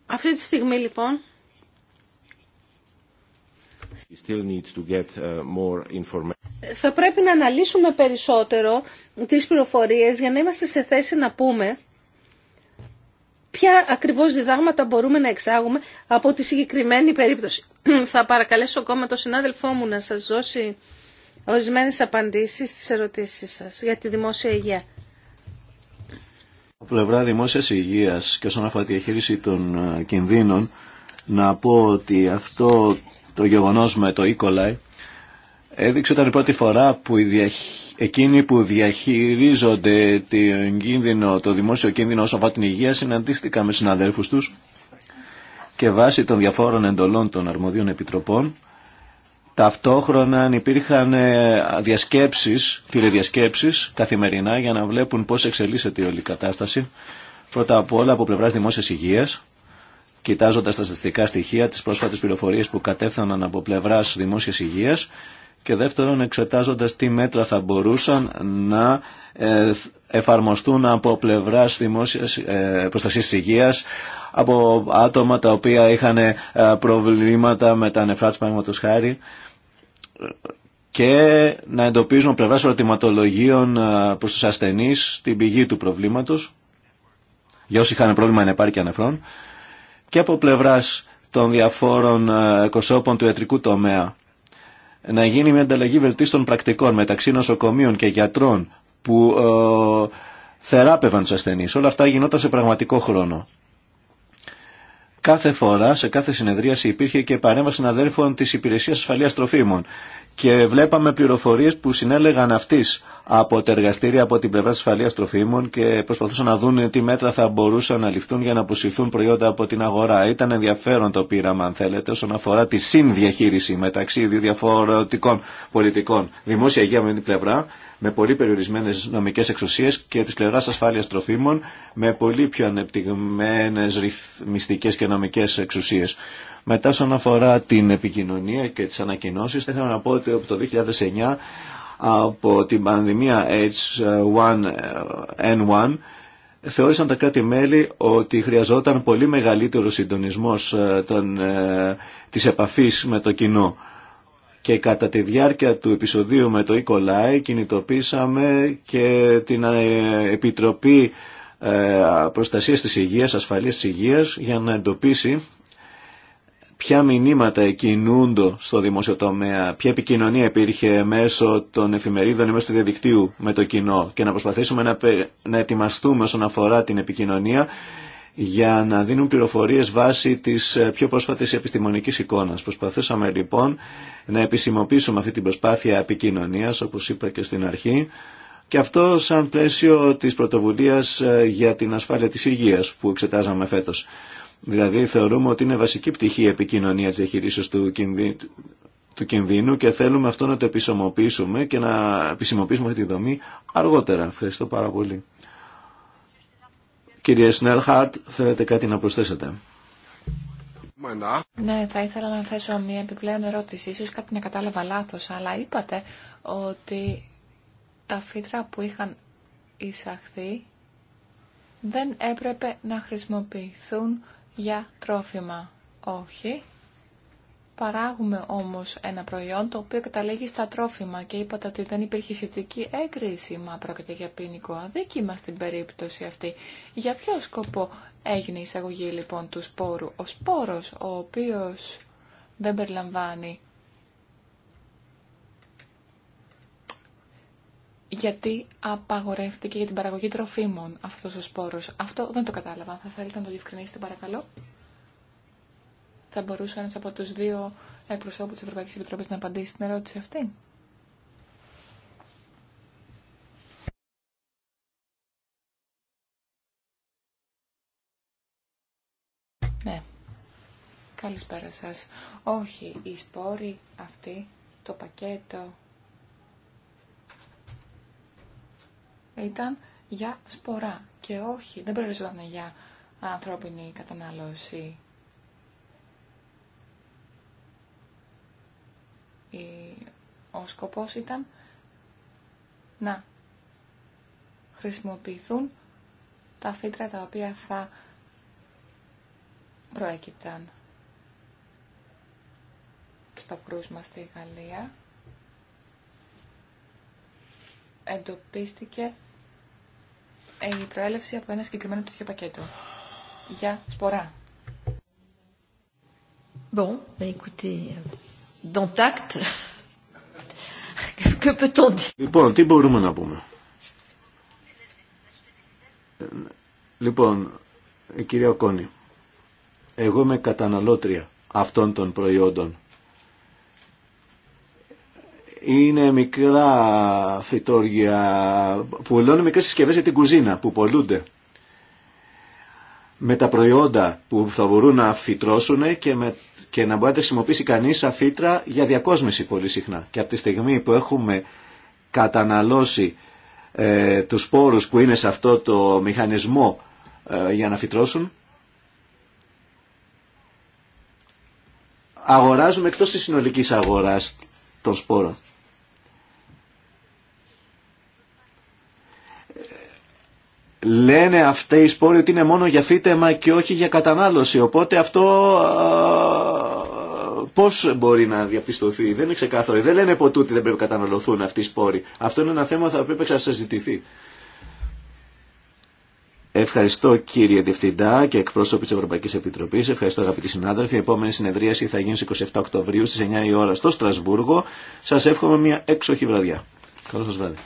Αυτή τη στιγμή λοιπόν... Uh, θα πρέπει να αναλύσουμε περισσότερο τις πληροφορίες για να είμαστε σε θέση να πούμε ποια ακριβώς διδάγματα μπορούμε να εξάγουμε από τη συγκεκριμένη περίπτωση. Θα παρακαλέσω ακόμα τον συνάδελφό μου να σας δώσει Ορισμένε απαντήσει στις ερωτήσει σα για τη δημόσια υγεία. Από πλευρά δημόσια υγεία και όσον αφορά τη διαχείριση των ε, κινδύνων, να πω ότι αυτό το γεγονό με το E. έδειξε ότι ήταν η πρώτη φορά που οι εκείνοι που διαχειρίζονται κίνδυνο, το δημόσιο κίνδυνο όσον αφορά την υγεία συναντήστηκαν με συναδέλφους τους και βάσει των διαφόρων εντολών των αρμοδίων επιτροπών Ταυτόχρονα υπήρχαν ε, διασκέψεις, τηλεδιασκέψεις καθημερινά για να βλέπουν πώς εξελίσσεται η όλη κατάσταση. Πρώτα απ' όλα από πλευράς δημόσιας υγείας, κοιτάζοντας τα στατιστικά στοιχεία, τις πρόσφατες πληροφορίες που κατέφθαναν από πλευράς δημόσιας υγείας και δεύτερον εξετάζοντας τι μέτρα θα μπορούσαν να ε, εφαρμοστούν από πλευράς δημόσιας ε, προστασίας υγείας από άτομα τα οποία είχαν ε, προβλήματα με τα νεφρά του χάρη και να εντοπίζουμε πλευράς ερωτηματολογίων ε, προς τους ασθενείς την πηγή του προβλήματος για όσοι είχαν πρόβλημα ανεπάρκεια νεφρών και από πλευράς των διαφόρων ε, εκοσώπων του ιατρικού τομέα να γίνει μια ανταλλαγή βελτίστων πρακτικών μεταξύ νοσοκομείων και γιατρών που ε, θεράπευαν τους ασθενείς. Όλα αυτά γινόταν σε πραγματικό χρόνο. Κάθε φορά, σε κάθε συνεδρίαση υπήρχε και παρέμβαση συναδέλφων της Υπηρεσίας Ασφαλείας Τροφίμων και βλέπαμε πληροφορίες που συνέλεγαν αυτής από τα εργαστήρια από την πλευρά της ασφαλείας τροφίμων και προσπαθούσαν να δουν τι μέτρα θα μπορούσαν να ληφθούν για να αποσυρθούν προϊόντα από την αγορά. Ήταν ενδιαφέρον το πείραμα αν θέλετε όσον αφορά τη συνδιαχείριση μεταξύ δύο διαφορετικών πολιτικών. Δημόσια υγεία με την πλευρά με πολύ περιορισμένες νομικές εξουσίες και τη πλευράς ασφάλεια τροφίμων με πολύ πιο ανεπτυγμένε ρυθμιστικέ και νομικές εξουσίες. Μετά όσον αφορά την επικοινωνία και τι ανακοινώσει, θα ήθελα να πω ότι από το 2009 από την πανδημία H1N1 θεώρησαν τα κράτη-μέλη ότι χρειαζόταν πολύ μεγαλύτερο συντονισμό ε, ε, της με το κοινό και κατά τη διάρκεια του επεισοδίου με το E. κινητοποίησαμε και την ε, Επιτροπή ε, Προστασίας της Υγείας, Ασφαλής της Υγείας για να εντοπίσει ποια μηνύματα κινούνται στο δημόσιο τομέα, ποια επικοινωνία υπήρχε μέσω των εφημερίδων ή μέσω του διαδικτύου με το κοινό και να προσπαθήσουμε να, να ετοιμαστούμε όσον αφορά την επικοινωνία για να δίνουν πληροφορίες βάσει της ε, πιο πρόσφατης επιστημονικής εικόνας. Προσπαθήσαμε λοιπόν να επισημοποιήσουμε αυτή την προσπάθεια επικοινωνίας, όπως είπα και στην αρχή, και αυτό σαν πλαίσιο της πρωτοβουλίας ε, για την ασφάλεια της υγείας που εξετάζαμε φέτος. Δηλαδή θεωρούμε ότι είναι βασική πτυχή η επικοινωνία της διαχειρίσεως του, του κινδύνου και θέλουμε αυτό να το επισημοποιήσουμε και να επισημοποιήσουμε αυτή τη δομή αργότερα. Ευχαριστώ πάρα πολύ. Κύριε Σνέλχαρτ, θέλετε κάτι να προσθέσετε. Ναι, θα ήθελα να θέσω μια επιπλέον ερώτηση. Ίσως κάτι να κατάλαβα λάθος, αλλά είπατε ότι τα φύτρα που είχαν εισαχθεί δεν έπρεπε να χρησιμοποιηθούν για τρόφιμα. Όχι. Παράγουμε όμως ένα προϊόν το οποίο καταλήγει στα τρόφιμα και είπατε ότι δεν υπήρχε σχετική έγκριση, μα πρόκειται για ποινικό αδίκημα στην περίπτωση αυτή. Για ποιο σκοπό έγινε η εισαγωγή λοιπόν του σπόρου. Ο σπόρος ο οποίος δεν περιλαμβάνει. Γιατί απαγορεύτηκε για την παραγωγή τροφίμων αυτός ο σπόρος. Αυτό δεν το κατάλαβα. Θα θέλετε να το διευκρινίσετε παρακαλώ. Θα μπορούσε ένας από τους δύο εκπροσώπους της Ευρωπαϊκής Επιτροπής να απαντήσει στην ερώτηση αυτή. Ναι. Καλησπέρα σας. Όχι, οι σπόροι αυτοί, το πακέτο ήταν για σπορά και όχι, δεν προοριζόταν για ανθρώπινη κατανάλωση. ο σκοπός ήταν να χρησιμοποιηθούν τα φύτρα τα οποία θα προέκυπταν στο κρούσμα στη Γαλλία. Εντοπίστηκε η προέλευση από ένα συγκεκριμένο τέτοιο πακέτο για σπορά. Bon, bah écoutez, euh, Λοιπόν, τι μπορούμε να πούμε. Λοιπόν, κυρία Κόνη, εγώ είμαι καταναλώτρια αυτών των προϊόντων. Είναι μικρά φυτόργια, πουλώνουν μικρές συσκευές για την κουζίνα που πολλούνται. Με τα προϊόντα που θα μπορούν να φυτρώσουν και με και να μπορεί να χρησιμοποιήσει κανεί σαν φύτρα για διακόσμηση πολύ συχνά. Και από τη στιγμή που έχουμε καταναλώσει ε, τους σπόρους που είναι σε αυτό το μηχανισμό ε, για να φυτρώσουν, αγοράζουμε εκτός τη συνολική αγοράς των σπόρων. λένε αυτέ οι σπόροι ότι είναι μόνο για φύτεμα και όχι για κατανάλωση. Οπότε αυτό πώς μπορεί να διαπιστωθεί. Δεν είναι ξεκάθαρο. Δεν λένε ποτέ ότι δεν πρέπει να καταναλωθούν αυτοί οι σπόροι. Αυτό είναι ένα θέμα που θα πρέπει να συζητηθεί. Ευχαριστώ κύριε Διευθυντά και εκπρόσωποι τη Ευρωπαϊκή Επιτροπή. Ευχαριστώ αγαπητοί συνάδελφοι. Η επόμενη συνεδρίαση θα γίνει στι 27 Οκτωβρίου στι 9 η ώρα στο Στρασβούργο. Σα εύχομαι μια έξοχη βραδιά. Καλό σα βράδυ.